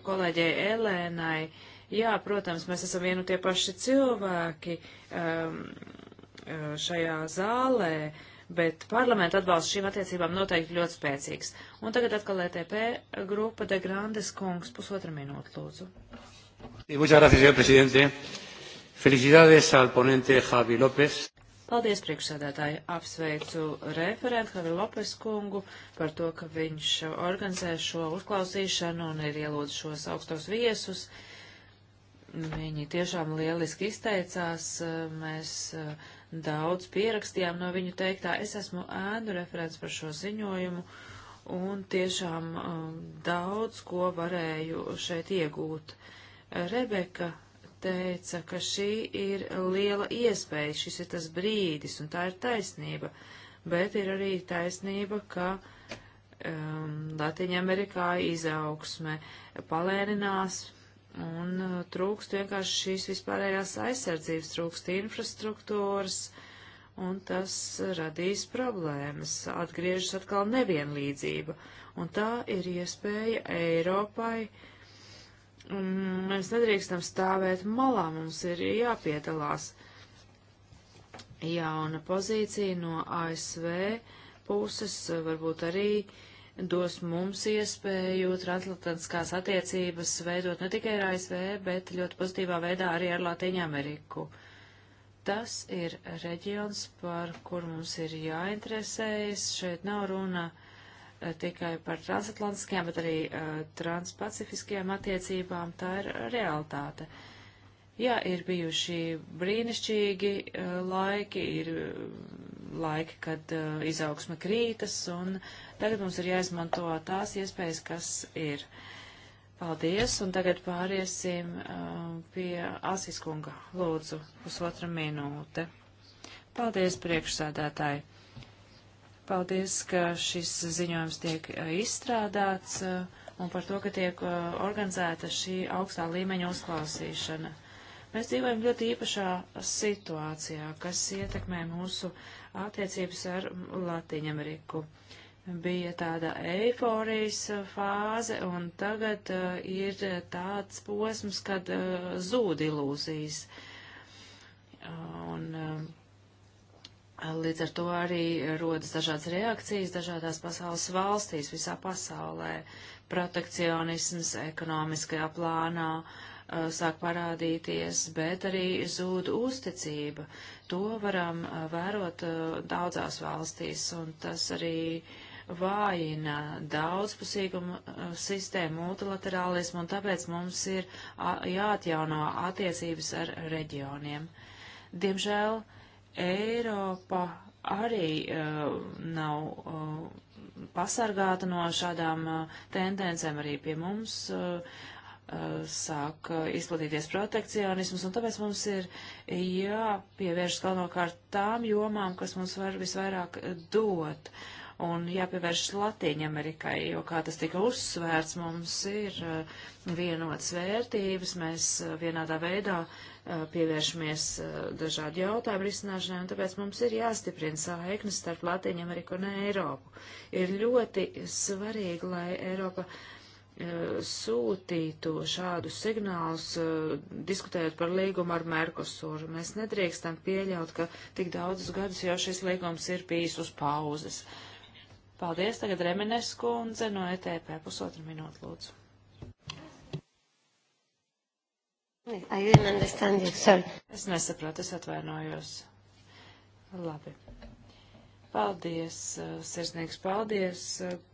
S1: kolēģei Elēnai, uh, Jā, protams, mēs esam vienu tie paši cilvēki um, uh, šajā zālē, bet parlamenta atbalsts šīm attiecībām noteikti ļoti spēcīgs. Un tagad atkal ETP grupa De Grandes kungs, pusotra minūte, lūdzu. Muchas
S2: gracias, señor presidente. Felicidades al ponente Javi López.
S1: Paldies, priekšsēdētāji. Apsveicu referentu Havi Lopes kungu par to, ka viņš organizē šo uzklausīšanu un ir ielūdz šos augstos viesus. Uh, Viņi tiešām lieliski izteicās, eh, mēs eh, daudz pierakstījām no viņu teiktā. Es esmu ēnu referents par šo ziņojumu un tiešām eh, daudz ko varēju šeit iegūt. Rebeka teica, ka šī ir liela iespēja, šis ir tas brīdis, un tā ir taisnība. Bet ir arī taisnība, ka um, Latvijā Amerikā izaugsme palēninās, Un uh, trūkst vienkārši šīs vispārējās aizsardzības, trūkst infrastruktūras, un tas radīs problēmas. Atgriežas atkal nevienlīdzība, un tā ir iespēja Eiropai. Mēs nedrīkstam stāvēt malā, mums ir jāpiedalās. Jauna pozīcija no ASV puses varbūt arī uh, dos mums iespēju transatlantiskās attiecības veidot ne tikai ar ASV, bet ļoti pozitīvā veidā arī ar Latīņu Ameriku. Tas ir reģions, par kur mums ir jāinteresējas. Šeit nav runa eh, tikai par transatlantiskajām, bet arī uh, transpacifiskajām attiecībām. Tā ir realitāte. Jā, ir bijuši brīnišķīgi uh, laiki, ir uh, laiki, kad uh, izaugsme krītas, un tagad mums ir jāizmanto tās iespējas, kas ir. Paldies, un tagad pāriesim uh, pie Asiskunga. Lūdzu, pusotra minūte. Paldies, priekšsēdētāji. Paldies, ka šis ziņojums tiek uh, izstrādāts uh, un par to, ka tiek uh, organizēta šī augstā līmeņa uzklausīšana. Uh, Mēs dzīvojam ļoti īpašā situācijā, kas ietekmē mūsu attiecības ar Latīņameriku. Bija tāda eiforijas fāze, un tagad uh, ir tāds posms, kad uh, zūd ilūzijas. Uh, un, uh, Līdz ar to arī rodas dažādas reakcijas dažādās pasaules valstīs, visā pasaulē - protekcionisms ekonomiskajā plānā, Uh, sāk parādīties, bet arī zūd uzticība. To varam uh, vērot uh, daudzās valstīs, un tas arī vājina daudzpusīgumu sistēmu, multilaterālismu, un tāpēc mums ir jāatjauno attiecības ar reģioniem. Diemžēl Eiropa arī uh, nav uh, pasargāta no šādām uh, tendencēm arī pie mums. Uh, sāk eh, izplatīties protekcionisms, un tāpēc mums ir jāpievēršas galvenokārt tām jomām, kas mums var visvairāk eh, dot, un jāpievēršas Latīņamerikai, jo, kā tas tika uzsvērts, mums ir eh, vienotas vērtības, mēs vienādā veidā pievēršamies dažādu jautājumu risināšanai, un tāpēc mums ir jāstiprina saiknes starp Latīņameriku un Eiropu. Ir ļoti svarīgi, lai Eiropa Eh, sūtītu šādus signālus, eh, diskutējot par līgumu ar Merkosuru. Mēs nedrīkstam pieļaut, ka tik daudzus gadus jau šis līgums ir bijis uz pauzes. Paldies, tagad Remines kundze no ETP, pusotru minūtu lūdzu. Es nesaprotu, es atvainojos. Labi. Paldies, eh, sirsnīgs paldies,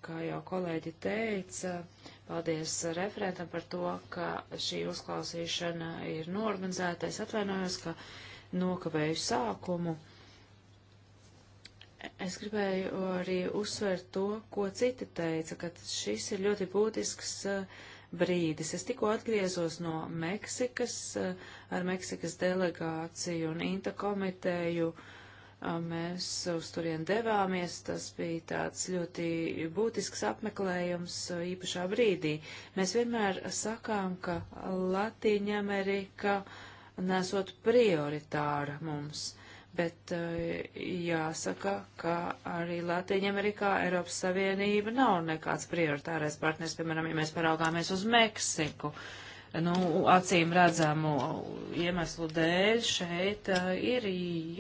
S1: kā jau kolēģi teica Paldies referētam par to, ka šī uzklausīšana ir norganizēta. Es atvainojos, ka nokavēju sākumu. Es gribēju arī uzsvērt to, ko citi teica, ka šis ir ļoti būtisks uh, brīdis. Es tikko atgriezos no Meksikas uh, ar Meksikas delegāciju un Inta komiteju. Uh, mēs uz turien devāmies. Tas bija tāds ļoti būtisks apmeklējums īpašā brīdī. Mēs vienmēr sakām, ka Latīņa Amerika nesot prioritāra mums. Bet jāsaka, ka arī Latvijā, Amerikā Eiropas Savienība nav nekāds prioritārais partners. Piemēram, ja mēs paraugāmies uz Meksiku, nu, acīm redzamu iemeslu dēļ šeit uh, ir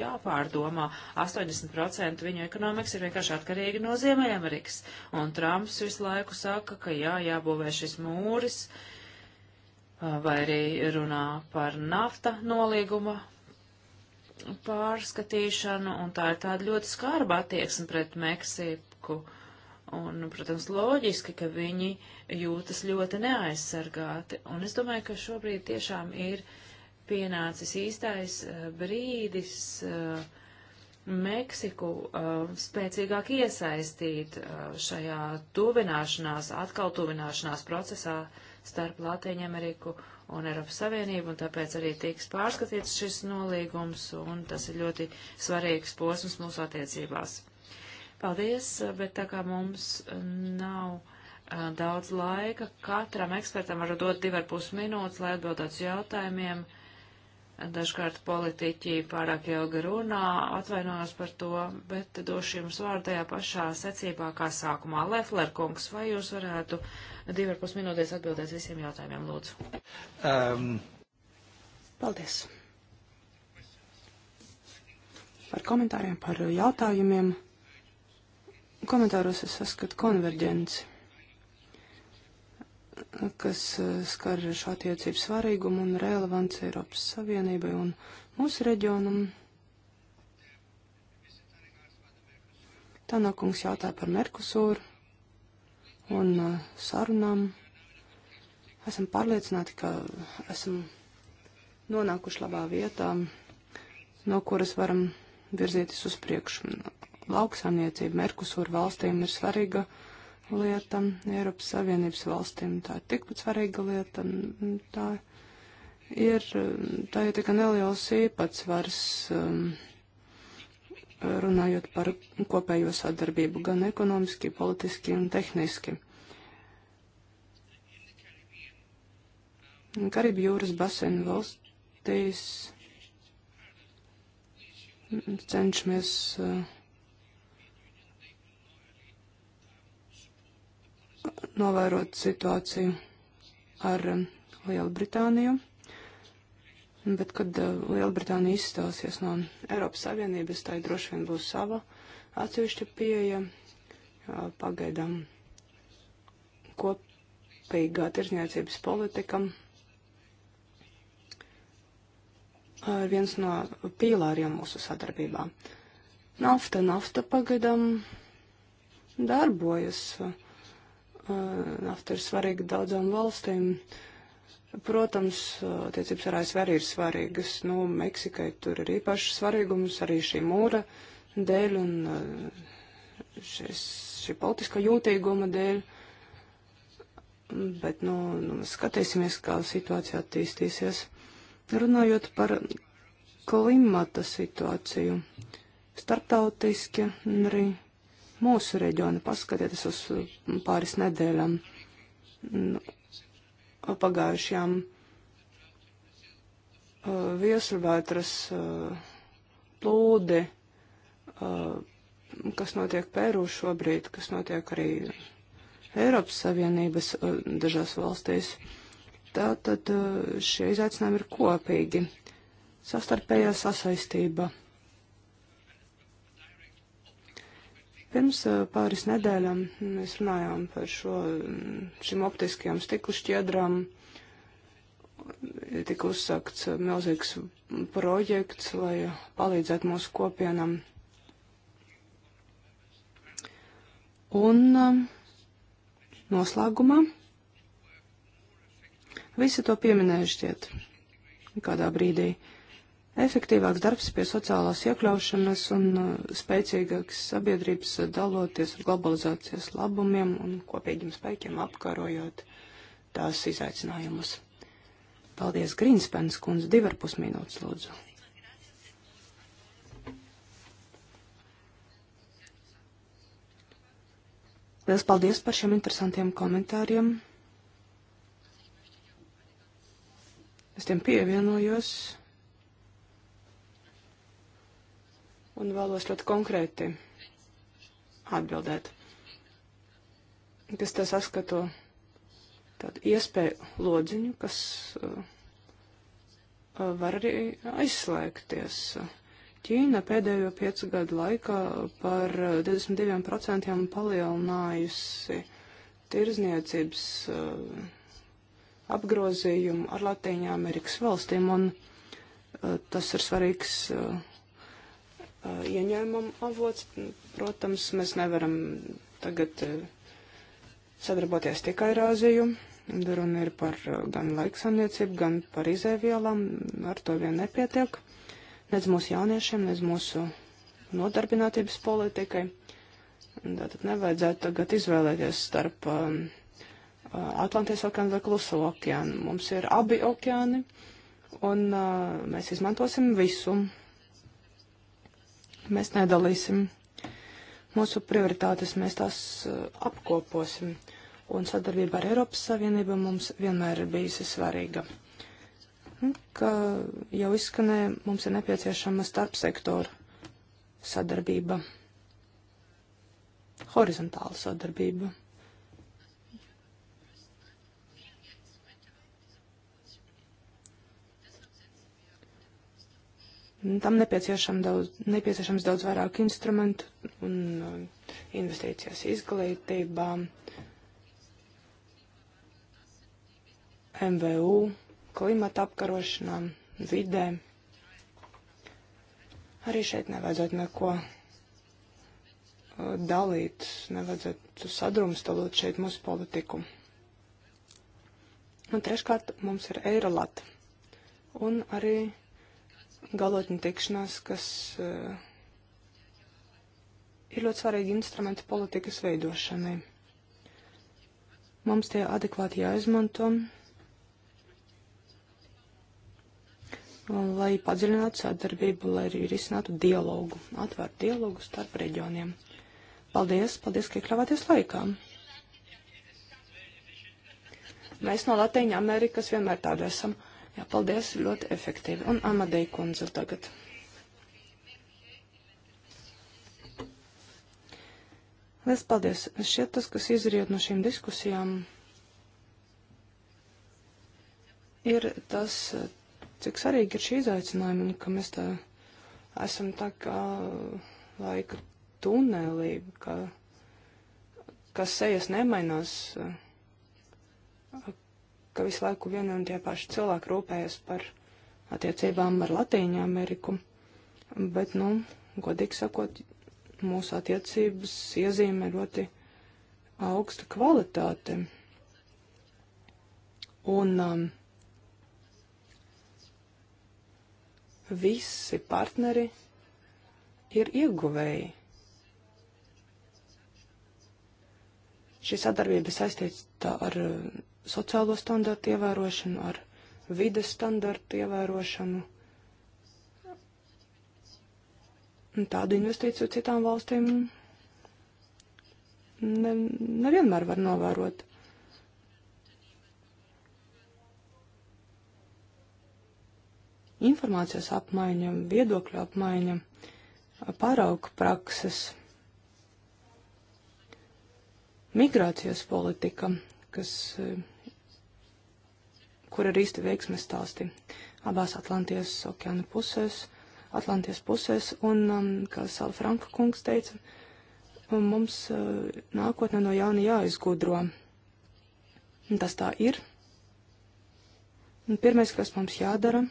S1: jāpārdomā. 80% viņu ekonomikas ir vienkārši atkarīgi no Ziemeļamerikas. Un Trumps visu laiku saka, ka jā, jābūvē šis mūris, uh, vai arī runā par nafta nolīguma pārskatīšanu, un tā ir tāda ļoti skarba attieksme pret Meksiku. Un, protams, loģiski, ka viņi jūtas ļoti neaizsargāti. Un es domāju, ka šobrīd tiešām ir pienācis īstais eh, brīdis eh, Meksiku eh, spēcīgāk iesaistīt šajā tuvināšanās, atkal tuvināšanās procesā starp Latviju Ameriku un Eiropas Savienību, un tāpēc arī tiks pārskatīts šis nolīgums, un tas ir ļoti svarīgs posms mūsu attiecībās. Paldies, bet tā kā mums nav uh, daudz laika, katram ekspertam var dot divi ar pus minūtes, lai atbildētu uz jautājumiem. Dažkārt politiķi pārāk ilgi runā, atvainojos par to, bet došu jums vārdu tajā pašā secībā kā sākumā. Lefler kungs, vai jūs varētu divi ar pus minūtēs atbildēt visiem jautājumiem, lūdzu? Um. Paldies!
S3: Par komentāriem, par jautājumiem. Komentāros es saskatu konverģenci, kas eh, skar šo attiecību svarīgumu un relevanci Eiropas Savienībai un mūsu reģionam. Tanakungs jautā par Merkusūru un eh, sarunām. Esam pārliecināti, ka esam nonākuši labā vietā, no kuras varam virzieties uz priekšu lauksaimniecība Merkusūra valstīm ir svarīga lieta, Eiropas Savienības valstīm tā ir tikpat svarīga lieta. Tā ir, tā ir tikai neliels īpatsvars, um, runājot par kopējo sadarbību gan ekonomiski, politiski un tehniski. Karību jūras basēnu valstīs cenšamies uh, novērot situāciju ar um, Lielbritāniju. Bet, kad uh, Lielbritānija izstāsies no Eiropas Savienības, tā droši vien būs sava atsevišķa pieeja. Pagaidām kopīgā tirzniecības politika ir viens no pīlāriem mūsu sadarbībā. Nafta, nafta pagaidām darbojas. Uh, Eh, nafta ir svarīga daudzām valstīm. Protams, attiecības ar ASV arī ir svarīgas. Nu, Meksikai tur ir īpaši svarīgums arī šī mūra dēļ un eh, šis, šī politiskā jūtīguma dēļ. Bet, nu, nu, skatīsimies, kā situācija attīstīsies. Runājot par klimata situāciju, starptautiski arī mūsu reģiona. Paskatieties uz pāris nedēļām nu, pagājušajām uh, viesulvētras uh, plūdi, uh, kas notiek Pērū šobrīd, kas notiek arī Eiropas Savienības dažās valstīs. Tātad šie izaicinājumi ir kopīgi. Sastarpējā sasaistība. Pirms eh, pāris nedēļām mēs runājām par šo, mm, šīm optiskajām stiklu šķiedrām. Tika uzsākts milzīgs projekts, lai palīdzētu mūsu kopienam. Un eh, noslēgumā visi to pieminēja šķiet kādā brīdī. Uh, efektīvāks darbs pie sociālās iekļaušanas un uh, spēcīgāks sabiedrības daloties ar globalizācijas labumiem un kopīgiem spēkiem apkarojot tās izaicinājumus. Paldies, Grīnspēns kundze, divi ar pus minūtes lūdzu. Liels paldies par šiem interesantiem komentāriem. Es tiem pievienojos. un vēlos ļoti konkrēti atbildēt. Kas tas saskato tādu iespēju lodziņu, kas uh, uh var arī aizslēgties. Ķīna pēdējo piecu gadu laikā par 22% palielinājusi tirzniecības uh, apgrozījumu ar Latīņu Amerikas valstīm, un uh, tas ir svarīgs uh, ieņēmumu avots. Protams, mēs nevaram tagad sadarboties tikai ar Āziju. Runa ir par gan laiksamniecību, gan par izēvielām. Ar to vien nepietiek. Nec mūsu jauniešiem, nec mūsu nodarbinātības politikai. Tātad nevajadzētu tagad izvēlēties starp um, Atlantijas okeānu vai Kluso okeānu. Mums ir abi okeāni, un uh, mēs izmantosim visu mēs nedalīsim. Mūsu prioritātes mēs tās eh, apkoposim, un sadarbība ar Eiropas Savienību mums vienmēr ir bijusi svarīga. Nu, kā jau izskanēja, mums ir nepieciešama starpsektoru sadarbība, horizontāla sadarbība. Tam nepieciešam daudz, nepieciešams daudz vairāk instrumentu un uh, investīcijas izglītībā, MVU, klimata apkarošanā, vidē. Arī šeit nevajadzētu neko uh, dalīt, nevajadzētu sadrumstalot šeit mūsu politiku. Un treškārt mums ir Eirolata un arī galotņu tikšanās, kas eh, ir ļoti svarīgi instrumenti politikas veidošanai. Mums tie adekvāti jāizmanto, lai padziļinātu sadarbību, lai arī risinātu dialogu, atvērtu dialogu starp reģioniem. Paldies, paldies, ka iekļāvāties laikā. Mēs no Latīņa Amerikas vienmēr tādu esam. Jā, paldies, ļoti efektīvi. Un Amadei kundze tagad. Liels paldies. Šķiet tas, kas izriet no šīm diskusijām, ir tas, cik svarīgi ir šī izaicinājuma un ka mēs tā esam tā kā laika tunelī, ka, ka sejas nemainās, ka visu laiku vieni un tie paši cilvēki rūpējas par attiecībām ar Latīņu Ameriku. Bet, nu, godīgi sakot, mūsu attiecības iezīmē ļoti augsta kvalitāte. Un um, visi partneri ir ieguvēji. Šī sadarbība saistīta ar sociālo standartu ievērošanu, ar vides standartu ievērošanu. Un tādu investīciju citām valstīm ne, nevienmēr var novērot. Informācijas apmaiņa, viedokļu apmaiņa, paraugu prakses, migrācijas politika, kas eh, kur ir īsti veiksmes stāsti abās Atlantijas okeāna pusēs, Atlantijas pusēs, un, um, kā Sala Franka kungs teica, mums uh, nākotnē no jauna jāizgudro. Un tas tā ir. Un pirmais, kas mums jādara,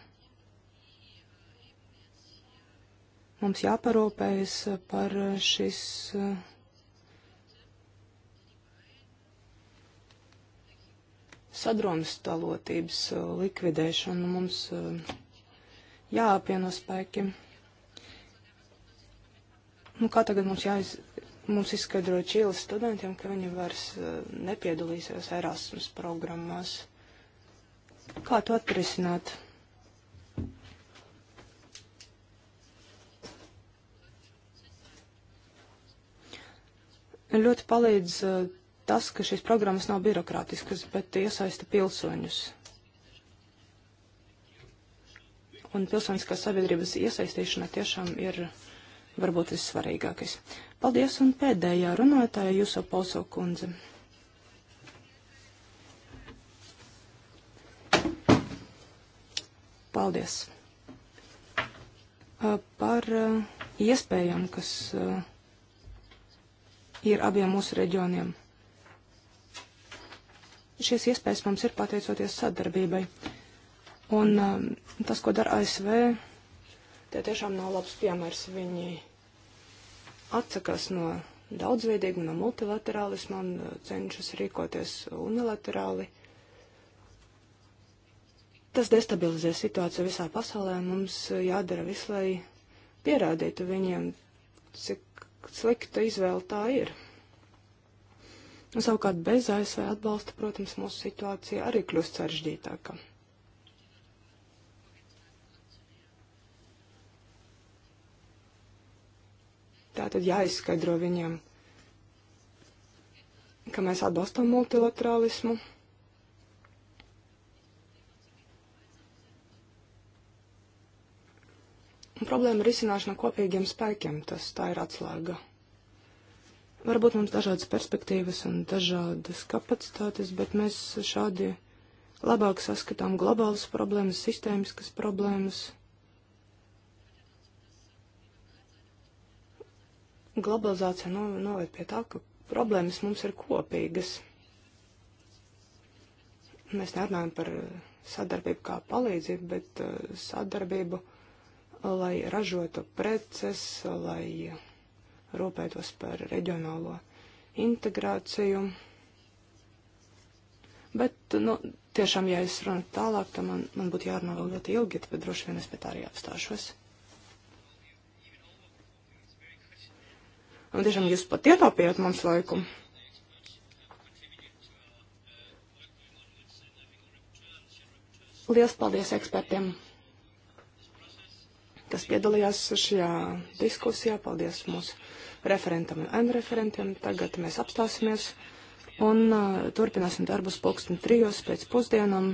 S3: mums jāparūpējas par šis. Uh, sadrumstalotības uh, likvidēšanu mums uh, jāapvieno spēki. Nu, kā tagad mums, jāiz, mums izskaidro Čīles studentiem, ka viņi vairs uh, nepiedalīsies Erasmus programmās? Kā to atrisināt? Ļoti palīdz uh, tas, ka šīs programmas nav birokrātiskas, bet iesaista pilsoņus. Un pilsoniskās sabiedrības iesaistīšana tiešām ir varbūt vissvarīgākais. Paldies, un pēdējā runātāja Juso Pauso kundze. Paldies. Par iespējām, kas ir abiem mūsu reģioniem. Šīs iespējas mums ir pateicoties sadarbībai. Un um, tas, ko dara ASV, tie tiešām nav labs piemērs. Viņi atsakās no daudzveidīguma, no multilaterālisma un uh, cenšas rīkoties unilaterāli. Tas destabilizē situāciju visā pasaulē, un mums uh, jādara viss, lai pierādītu viņiem, cik slikta izvēle tā ir. Savukārt bez ASV atbalsta, protams, mūsu situācija arī kļūst sarežģītāka. Tātad jāizskaidro viņiem, ka mēs atbalstam multilaterālismu. Un problēma ir izcināšana kopīgiem spēkiem, tas tā ir atslēga. Varbūt mums dažādas perspektīvas un dažādas kapacitātes, bet mēs šādi labāk saskatām globālas problēmas, sistēmiskas problēmas. Globalizācija noved no, pie tā, ka problēmas mums ir kopīgas. Mēs nerunājam par eh, sadarbību kā palīdzību, bet eh, sadarbību, lai ražotu preces, lai rūpētos par reģionālo integrāciju. Bet, nu, tiešām, ja es runu tālāk, tad man, man būtu jārunā vēl ļoti ilgi, tad droši vien es pēc tā arī apstāšos. Un tiešām jūs pat ietaupījāt mums laiku. Liels paldies ekspertiem! kas piedalījās šajā diskusijā. Paldies mūsu referentam un referentiem. Tagad mēs apstāsimies un uh, turpināsim darbus pulksten trijos pēc pusdienam.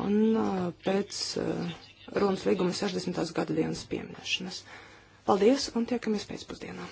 S3: Un uh, pēc uh, Romas līguma 60. gada dienas pieminēšanas. Paldies un tiekamies pēcpusdienā.